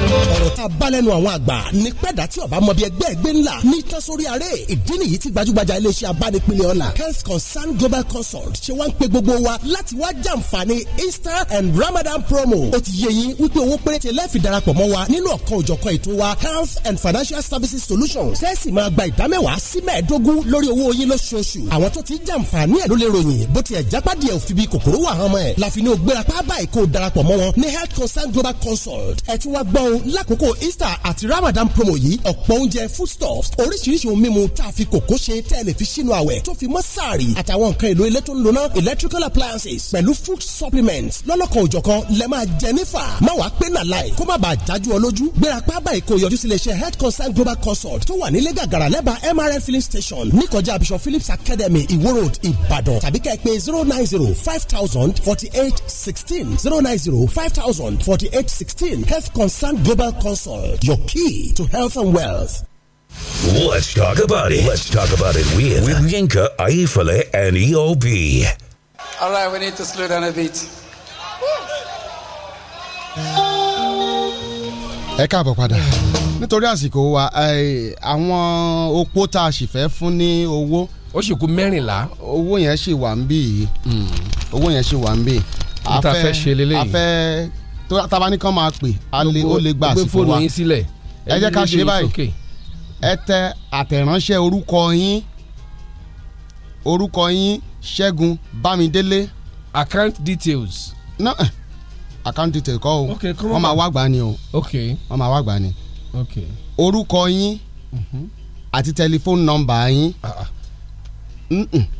R: ọ̀rọ̀ tá a bá lẹ́nu àwọn àgbà ní pẹ́ẹ́dá tí ọba mọ bí ẹgbẹ́ ẹgbẹ́ ńlá ní tán aré ìdí nìyí tí gbajúgbajà iléeṣẹ́ abánipínlẹ̀ ọ̀la health concern global consult ṣe wá ń pe gbogbo wa láti wá jàǹfààní easter and ramadan promo ó ti yẹ yín wípé owó péréte lẹ́ẹ̀fì darapọ̀ mọ́ wa nínú ọ̀kan òjọ̀kan ètò wa health and financial services solutions tẹ́sí máa gba ìdámẹ́wàá sí mẹ́ẹ̀ẹ́dógún lórí owó yín lóṣooṣù àwọn tó ti jàǹfààní ẹ̀ ló lè ròyìn bó ti ẹ̀ jápàdé ẹ̀ òfin bíi kòkòrò wà hàn mọ́ ẹ̀ láfi ní o gbéra pábà ìkó darapọ̀ mọ́ wọn ní health concern global consult ẹ̀ tí wá gbọ́ jẹun lákòókò Easter àti Ramadan promo yìí ọ̀pọ̀ oúnjẹ foodstuffs oríṣiríṣi ohun mímu tá a fi kòkó ṣe tẹ́lẹ̀ fi sínú àwẹ̀ tó fi mọ́ sáàrì àtàwọn nǹkan èlò ilé tó ń lona electrical appliances pẹ̀lú food supplements lọ́lọ́kan òjọ̀kan lẹ máa jẹ nífà má wàá pé nàláì kó má bàa jájú ọ lójú gbéra pábà èkó yọjú sílé iṣẹ́ health concern global consult tó wà nílé gàgàrà lẹ́bàá MRN filling station níkọjá Bishop Phillips Academy Iwo Road Ìbàdàn tàbí kẹ́ ẹ pé zero nine zero five thousand
I: forty eight sixteen zero nine zero five thousand forty eight sixteen health concern Global Consult, your key to health and wealth.
H: Let's talk about it. Let's talk about it with, with Yinka, Aifale, and EOB.
I: All right, we need to slow down
Q: a bit. ẹ káàbọ̀ padà nítorí àsìkò wa àwọn opó tá a sì fẹ́ fún ní owó. ó sì kú mẹ́rìnlá. owó yẹn sì wà ń bí hmm. owó yẹn sì wà ń bí yìí. a fẹ́ a fẹ́ tabani kan máa pè ó lè gba àsìkò wa ẹ jẹ́ ká ṣe báyìí ẹ tẹ àtẹ̀ránṣẹ́ orúkọ yín orúkọ yín ṣẹ́gun bámidélé. account details. no eh, account details kọ́ o wọ́n máa wá gbà ni o wọ́n máa wá gbà ni orúkọ yín mhm. àti tẹlifóònù nọ́mbà yín ah, ah.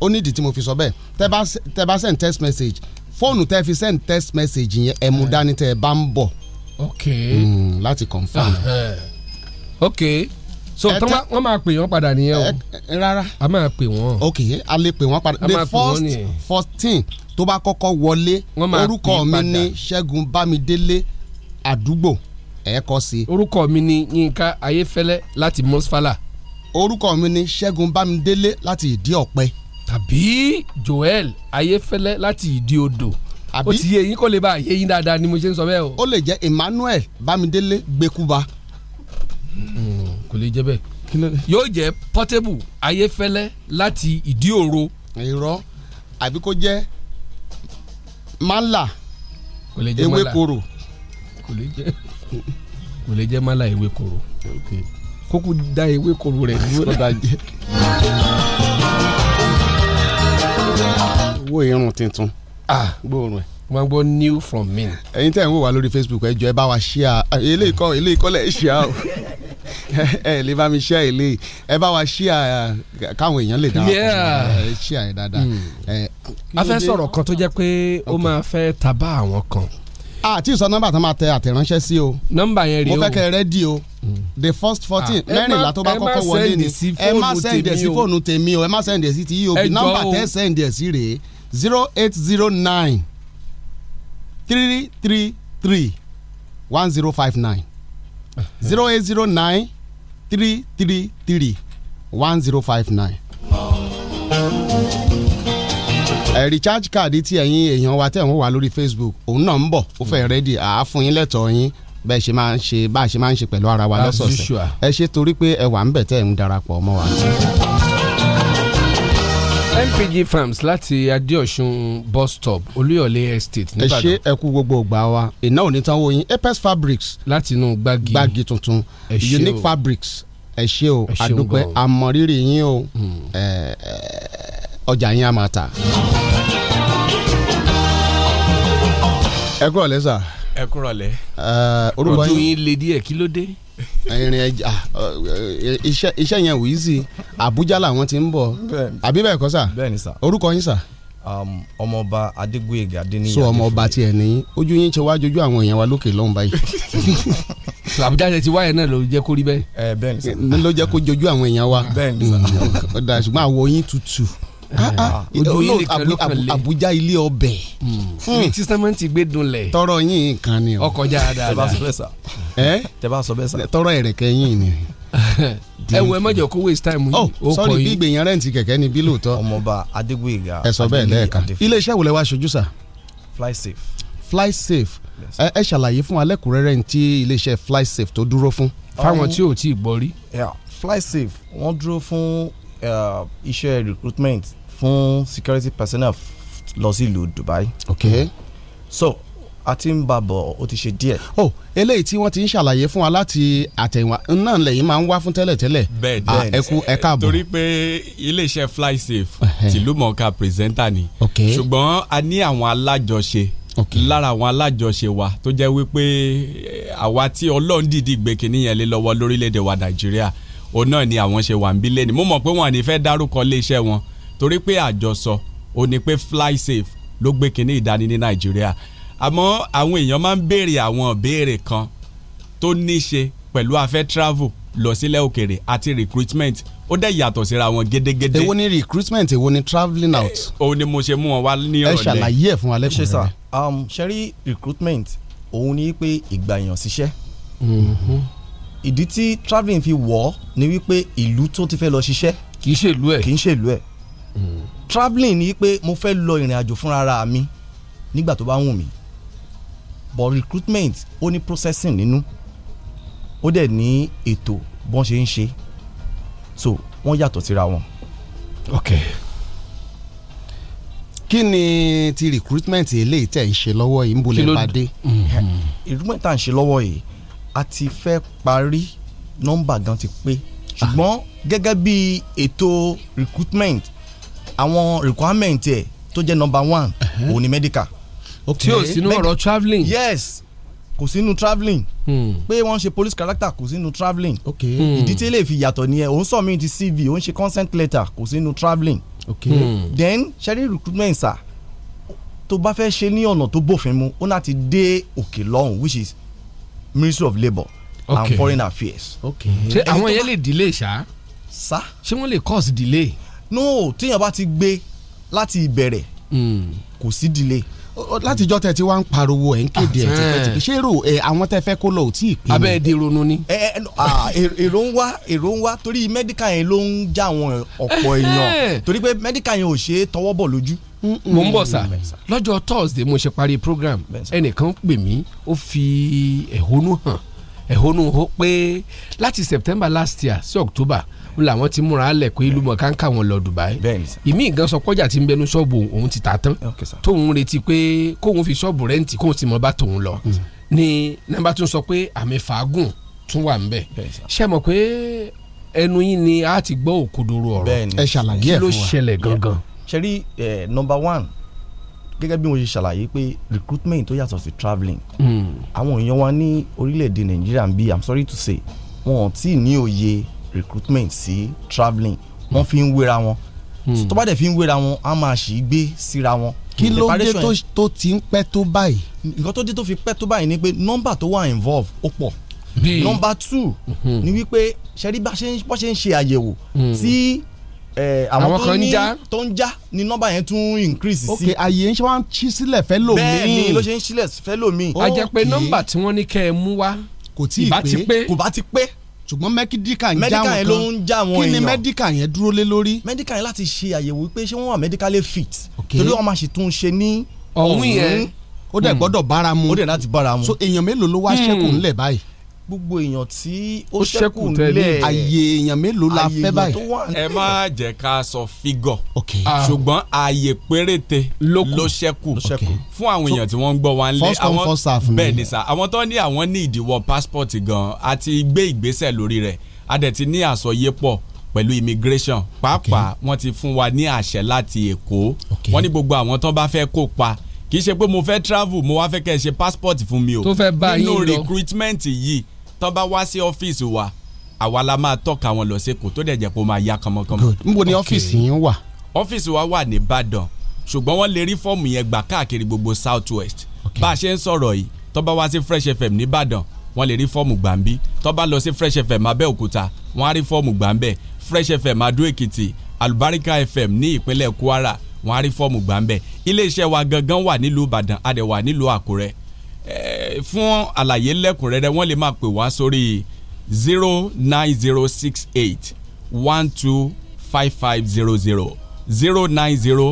Q: ó nídìí tí mo fi sọ bẹ́ẹ̀ tẹ bá send text message fóònù tẹ́ fi send text message yẹn ẹ mú eh. dání tẹ́ ẹ bá ń bọ̀ hmm, láti confirm. ok so wọ́n máa pè wọ́n padà nìyẹn o rárá a máa pè wọ́n. ok a lè pè wọ́n padà the first fourteen tó bá kọ́kọ́ wọlé orúkọ mi ní Ṣẹ́gun Bámidélé àdúgbò ẹ kọ sí. orúkọ mi ni Yínká Ayéfẹ́lẹ́ láti Mọ́sfálà. orúkọ mi ni Ṣẹ́gun Bámidélé láti Ìdí Ọ̀pẹ tàbí Joel Ayéfẹ́lẹ́ láti ìdí odò ó ti yé yín kó lè bá yé yín dáadáa ni mo ṣe ń sọ bẹ́ẹ̀ o. ó lè jẹ́ Emmanuel Bámidélé gbẹkúba. Hmm, kò lè jẹ́ bẹ́ẹ̀ yóò jẹ́ Portable Ayéfẹ́lẹ́ láti ìdí òro. irọ́ àbí kó jẹ́ mala
G: ewé koro.
Q: kò lè jẹ́ mala ewé koro kókó da ewé koro rẹ̀ dúró wo irun tuntun ah gbóòórùn ẹ̀ wọ́n gbọ́ new from me. ẹ̀yin tẹ́ ẹ̀ ń wò wá lórí facebook ẹ jọ ẹ bá wa ṣíà eléyìí kọ́ eléyìí kọ́ lẹ̀ ṣíà o ẹ lè bá mi ṣíà eléyìí ẹ bá wa ṣíà káwọn èèyàn lè dá ẹ ṣíà yẹn dáadáa. Hmm. a fẹ́ sọ̀rọ̀ kan tó jẹ́ pé ó máa fẹ́ tabá àwọn kan. a ti sọ nọ́mbà tó máa tẹ àtẹ̀ránṣẹ́ sí o. nọ́mbà yẹn rí o mo fẹ́ kẹ́ rẹ́dí o the first fourteen ah, mẹ́rìnlá tó bá kọ́kọ́ wọlé ni ẹ má sẹ́ǹdẹ̀ sí fóònù tèmi o ẹ má sẹ́ǹdẹ̀ sí ti zero eight zero nine three three three one zero five nine zero eight zero nine three three three one zero five nine. ẹ recharge card tí ẹ̀yin èèyàn wa tẹ̀ wọ́n wà lórí Facebook òun náà ń bọ̀ ó fẹ́ rẹ́dì àá fún yín lẹ́tọ̀ọ́ yín bẹ́ẹ̀ ṣe máa ń ṣe bá a ṣe máa ń ṣe pẹ̀lú ara wa lọ́sọ̀ọ̀sẹ̀ ẹ ṣe torí pé ẹ wà ń bẹ̀ tẹ́ ẹ̀ ń darapọ̀ mọ́ wa. MPG Farms láti Adéọ̀sùn bus stop Olúyọ̀lé estate nìbàdàn. ẹ ṣe ẹ kú gbogbo ọgbà wa iná ò ní tán wọ̀nyí Apex Fabrics. láti inú gbági gbági tuntun Unique Fabrics ẹ ṣe o àdúpẹ́ àmọ̀rírì yín o hmm. ọjà yín á máa tà. ẹ kúrọ̀lẹ́ sà. ẹ kúrọ̀lẹ́. orúkọ yín le díẹ̀ kí ló dé ìrìn ẹja ah, iṣẹ́ yẹn wò sí làwọn ti ń bọ̀ àbí bẹ́ẹ̀ kọ́ sà orúkọ yín sà. Um, ọmọọba Adégbóyèga Adéníyì so ọmọọba tiẹ̀ ní ojú yín ti wá jojú àwọn èèyàn wa lókè lọ́hùn báyìí. Àbújá ṣe ti wáyé náà ló jẹ́ kó rí bẹ́ẹ̀. Eh, ni sà. ló jẹ́ kó jojú àwọn èèyàn wa. bẹ́ẹ̀ ni mm, yín tutù. Ah, ah. Ah, ojú Abuja ilé ọbẹ̀.
N: ní hmm.
G: hmm.
Q: tísítámẹ́ǹtì gbé dunlẹ̀. tọrọ yín kan ni o. ọkọ̀ já dáadáa. tẹ bá sọ bẹ́ẹ̀ sà. tọrọ ẹ̀rẹ̀kẹ́ yín ni ẹ wọ ẹ má jẹ́ kó waste time yìí. oh sorry bí ìgbìyàn rẹ́ǹtì kẹ̀kẹ́ ni bí lóòótọ́. ọmọọba adégbòyega ẹ sọ bẹ́ẹ̀ lẹ́ẹ̀kan iléeṣẹ́ wo lẹ wá aṣojú sà. flysafe. flysafe ẹ ṣàlàyé fún alẹ́kùnrẹ́rẹ́ ní ti iléeṣẹ́ flysafe tó dúró fún. fáwọn tí ò tí ì gbọ́ rí.
R: safe. wọ́n dúró fún uh, iṣẹ́ recruitment fún security personnel lọ sí ìlú Dubai. ok
Q: so a ti ń ba bọ̀ ó ti ṣe díẹ̀. o oh, eléyìí tí wọ́n ti ń ṣàlàyé fún wa láti àtẹ̀wá náà lẹ́yìn máa ń wá fún tẹ́lẹ̀tẹ́lẹ̀.
S: bẹ́ẹ̀ ah, bẹ́ẹ̀ ẹkú ẹ̀ka àbọ̀. torí pé iléeṣẹ́ flysafe tìlúmọ̀ọ́ká pírẹsẹ́ńtà ni ṣùgbọ́n a ní àwọn alájọṣe lára àwọn alájọṣe wa tó jẹ́ wípé eh, àwa tí ọlọ́run dìdí gbèkè níyẹn lé lọ́wọ́ lórílẹ̀‐èdè wa Nàìjíríà òun náà ni àwọn ṣe wà ń bí lẹ́ni mo mọ̀ pé wọn à ní fẹ́ dárúkọ iléeṣẹ́ wọn torí pé àjọsọ ò ní pé flysafe ló gbé kínní ìdání ní nàìjíríà àmọ́ àwọn èèyàn máa ń béèrè àwọn ìbéèrè kan tó ní ṣe pẹ̀lú afẹ́ travel lọ sílẹ̀ òkèèrè àti recruitment ó dẹ̀ yàtọ̀ síra wọn gédégédé. èwo ni recruitment èwo ni travelling out. Eh, òun ni mo ṣe mú wọn wá ní ọ̀rẹ́. ẹ ṣàlàyé ẹ̀ fún wa lẹ́kùnrin ṣe
R: sà um, ṣẹ́rí recruitment òun ni pé ìgbà èèyàn ṣiṣẹ́ mm-hmm. ìdí tí travelling fi wọ̀ ni wípé ìlú tó ti fẹ́ lọ ṣiṣẹ́. kì í ṣèlú ẹ̀. kì í ṣèlú ẹ̀ Traveling, ni pé mo fẹ́ lọ ìrìn àjò fúnra ra mi nígbà tó bá wù mí but recruitment ó ní processing nínú ó dẹ̀ ní ètò bọ́n ṣe ń ṣe so wọ́n yàtọ̀ síra wọn. ok kí ni ti recruitment eléyìí tẹ̀ ń ṣe lọ́wọ́ yìí ń bolẹ̀ pàdé. recruitment tá à ń ṣe lọ́wọ́ yìí a ti fẹ́ parí nọ́mbà gan ti pé ah. ṣùgbọ́n gẹ́gẹ́ bí ètò recruitment àwọn requirement ẹ̀ tó jẹ́ number one òun ni medical. tí o sínú ọ̀rọ̀ traveling. yes kò sínú traveling. Hmm. pé wọ́n ṣe police character kò sínú travelling. Hmm. ìdí tí hmm. eléyìí fi yàtọ̀ nìyẹn òun sọ̀mí ti CV òun ṣe consent letter kò sínú travelling. then ṣẹ́rí recruitment sir tó bá fẹ́ ṣe ní ọ̀nà tó bófin mu ó náà ti dé òkè lọ́hùn which is ministry of labour okay. and foreign affairs.
Q: ṣé àwọn yẹn lè delay ṣá. ṣá ṣé wọ́n lè cause delay
R: no téèyàn bá ti gbé láti ìbẹ̀rẹ̀ hmm. kò sí delay látijọ́ tẹ ti wá ń pariwo ẹ̀ ń kéde ẹ̀ tipẹ́tipẹ́ ah. ṣé èrò ẹ̀ àwọn tẹ fẹ́ kó lọ ò tí ì pinnu. abẹ́ di ronú ni. èrò ń wá èrò ń wá torí mẹ́díkà yẹn ló ń já àwọn ọ̀pọ̀ eh, èèyàn
Q: eh. torí pé mẹ́díkà yẹn ò ṣe é tọwọ́ bọ̀ lójú. mo ń bọ̀ sá lọ́jọ́ Thursday mo ṣe parí program ẹnìkan pè mí ó fi ẹ̀hónú hàn ẹ̀hónú hó pé láti September last year sí October làwọn ti múra lẹ̀ pé ìlú mọ̀ká ń kà lọ Dubai ìmí nǹkan sọ pọ́jà tí ń bẹnu ṣọ́ọ̀bù òun ti tà tán tóun retí pé kóun fi ṣọ́ọ̀bù rẹ́ǹtì kóun ti mọ bá tòun lọ mm. ni nàbà tún sọ pé àmì fàágùn tún wà ńbẹ̀ ṣé mọ̀ pé ẹnu yín ni a ti gbọ́ òkodoro ọ̀rọ̀ ẹ ṣàlàyé ẹ̀ fún wa kí ló ṣẹlẹ̀ gangan. ṣe rí number one gẹ́gẹ́ bí mo ṣe ṣàlàyé
R: pé recruitment tó yàtọ̀ sí travelling mm. àwọn èèyàn wa ní orílẹ̀-èdè Nàìjíríà ń bí I'm sorry to say wọn ò tí ì ní òye recruitment sí travelling wọ́n fi ń wéra wọn hmm. tó bá dẹ̀ fi ń wéra wọn á máa ṣì í gbé síra wọn. kí ló dé tó ti ń pẹ́ tó báyìí. nǹkan tó dé tó fi pẹ́ tó báyìí ni pé nọ́mbà tó wà involve ó pọ̀ nọ́mbà two hmm. ni wípé ṣẹ́rí bá ṣe ń ṣe àyẹ̀wò hmm. tí àwọn tó ní tó ń já ni nọ́mbà yẹn tún increase sí. ok àyè ń ṣe wá ń ṣí sílẹ̀ fẹ́ lò mí. bẹ́ẹ̀ ni ló ṣe
Q: ń ṣílẹ̀ fẹ́ lò mí. a jẹ́ pé nọ́mbà tí wọ́n ní kẹ́ ẹ mú wá kò tí ì pé kò bá ti pé ṣùgbọ́n mẹ́díkà ń já wọn kan kí ni mẹ́díkà yẹn dúró lé lórí.
R: mẹ́díkà yẹn láti ṣe àyẹ̀wò pé ṣé wọ́n wà medically fit torí wọ́n máa ṣe tún ṣe ní ọ̀hún yẹn ó dẹ̀ hmm. gbọ́dọ̀ bára mu ó dẹ̀ láti bára mu so èèyàn mélòó ló wá hmm. ṣẹ́kù ńlẹ̀ báyìí gbogbo èèyàn tí ó ṣẹ́kù nílẹ̀ àyè èèyàn mélòó la fẹ́ báyìí.
S: ẹ má jẹ́ ká sọ fígọ̀ ah. ṣùgbọ́n àyè péréte ló ṣẹ́kù fún àwọn èèyàn tí wọ́n ń gbọ́ wa lé àwọn bẹ́ẹ̀ ni sà àwọn tó ní àwọn ní ìdíwọ́ passport gan àti gbé ìgbésẹ̀ lórí rẹ̀ a dẹ̀ ti ní pẹ̀lú immigration pàápàá wọ́n ti fún wa ní àṣẹ láti Èkó wọ́n ní gbogbo àwọn tó bá fẹ́ pa. kì í ṣe pé mo fẹ́ travel mo wá fẹ́ kẹ́ ẹ ṣe passport fún mi o nínú recruitment yìí tán bá wá sí ọ́fíìsì wa àwa la máa tọ́ka wọn lọ sí kò tó dẹ̀ jẹ́ kó máa ya kọmọkọmọ. níbo ni ọ́fíìsì yín wà. ọ́fíìsì wa wà ní Ìbàdàn ṣùgbọ́n wọ́n lè rí fọ́ọ̀mù yẹn gbà káàkiri gbogbo South West bá a ṣe ń sọ̀rọ̀ yìí tó bá wá sí Fresh FM nìbàdàn wọ́n lè rí fọ́ọ̀mù gbàǹbí tó bá lọ sí Fresh FM Abẹ́òkúta wọ́n á rí fọ́ọ̀mù gbàǹbẹ̀ Fresh FM Adó Èkìtì Àlùbáríkà FM ní ìpínlẹ̀ Kwara wọ́n á rí fọ́ọ̀mù gbàǹbẹ̀ iléeṣẹ́ wa gangan wà nílùú Ìbàdàn adẹ̀ wà nílùú Àkúrẹ́ Eh, fún àlàyé lẹ́kùnrẹ́rẹ́ wọ́n lè máa pè wá sórí zero nine zero six eight one two five five zero zero zero nine zero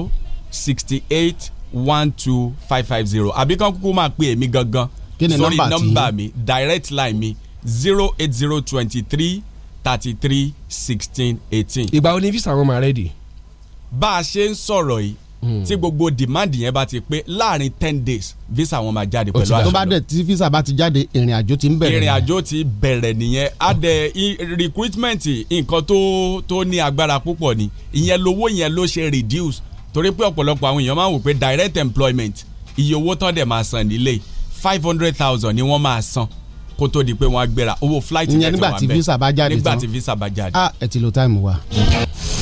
S: sixty eight one two five five zero àbí kàn kúkú máa pè èmi gangan sórí nọ́mbà mi direct line mi zero eight zero twenty three thirty three sixteen eighteen. ìgbà wo ni visa wọn máa rẹ́ẹ̀dì. bá a ṣe ń sọ̀rọ̀ yìí Hmm. tí gbogbo demand yẹn bá ti pé láàrin ten days visa wọn máa jáde pẹ̀lú aṣọ lọ. tó bá
Q: dẹ̀ tí visa bá ti jáde ìrìn àjò ti ń bẹ̀rẹ̀. ìrìn
S: àjò ti bẹ̀rẹ̀ nìyẹn a dẹ̀ recruitment nǹkan tó tó ní agbára púpọ̀ ni ìyẹn lówó yẹn ló ṣe reduce torí pé ọ̀pọ̀lọpọ̀ àwọn èèyàn máa wò pé direct employment iye owó tán dẹ̀ máa san nílé five hundred thousand ni wọ́n máa san kó tó di pé wọ́n á gbéra owó flight ticket wà bẹ́ẹ̀ nígbà tí visa bá jáde tán nígbà tí visa bá jáde.
Q: ah ẹ ti lo táìmù wa.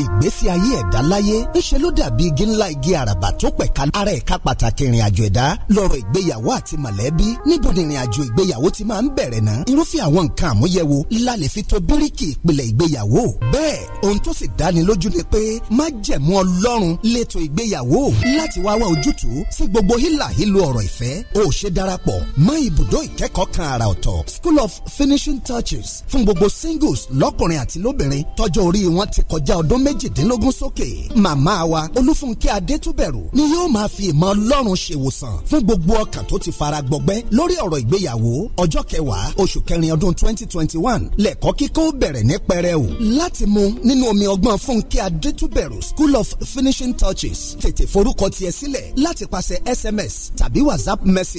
J: ìgbésí ayé ẹ̀dá láyé ńṣe ló dàbí igi ńlá igi àràbà tó pẹ̀ka ara ẹ̀ka pàtàkì ìrìn àjò ẹ̀dá lọ́rọ̀ ìgbéyàwó àti mọ̀lẹ́bí níbo ni ìrìn àjò ìgbéyàwó ti máa ń bẹ̀rẹ̀ ná irúfẹ́ àwọn nǹkan àmúyẹ̀wò la fi to bíríkì ìpìlẹ̀ ìgbéyàwó bẹ́ẹ̀ ohun tó sì dáni lójú ni pé májẹ̀mú ọlọ́run létò ìgbéyàwó láti wá wá ojútùú sí gbogbo hílà hílo ọ̀rọ̀ ìfẹ́ ó ṣe darapọ̀ mọ́ ibùdó ìkẹ́kọ̀ọ́ kan àrà ọ̀tọ̀ school of finishing touches fún gbogbo singles lọ́kùnrin àti lóbìnrin tọ́jọ́
R: orí wọn ti kọjá ọdún m méjìdínlógún sókè màmá wa olúfúnkẹ́ adétúbẹ̀rù ni yóò máa fi ìmọ̀ ọlọ́run ṣèwòsàn fún gbogbo ọkàn tó ti fara gbọgbẹ́ lórí ọ̀rọ̀ ìgbéyàwó ọjọ́ kẹwàá oṣù kẹrin ọdún twenty twenty one lẹ́kọ́ kíkọ́ bẹ̀rẹ̀ ní pẹrẹu láti mu nínú omi ọgbọ́n fúnkẹ́ adétúbẹ̀rù school of finishing touches tètè forúkọ tiẹ̀ sílẹ̀ láti pàṣẹ sms tàbí whatsapp message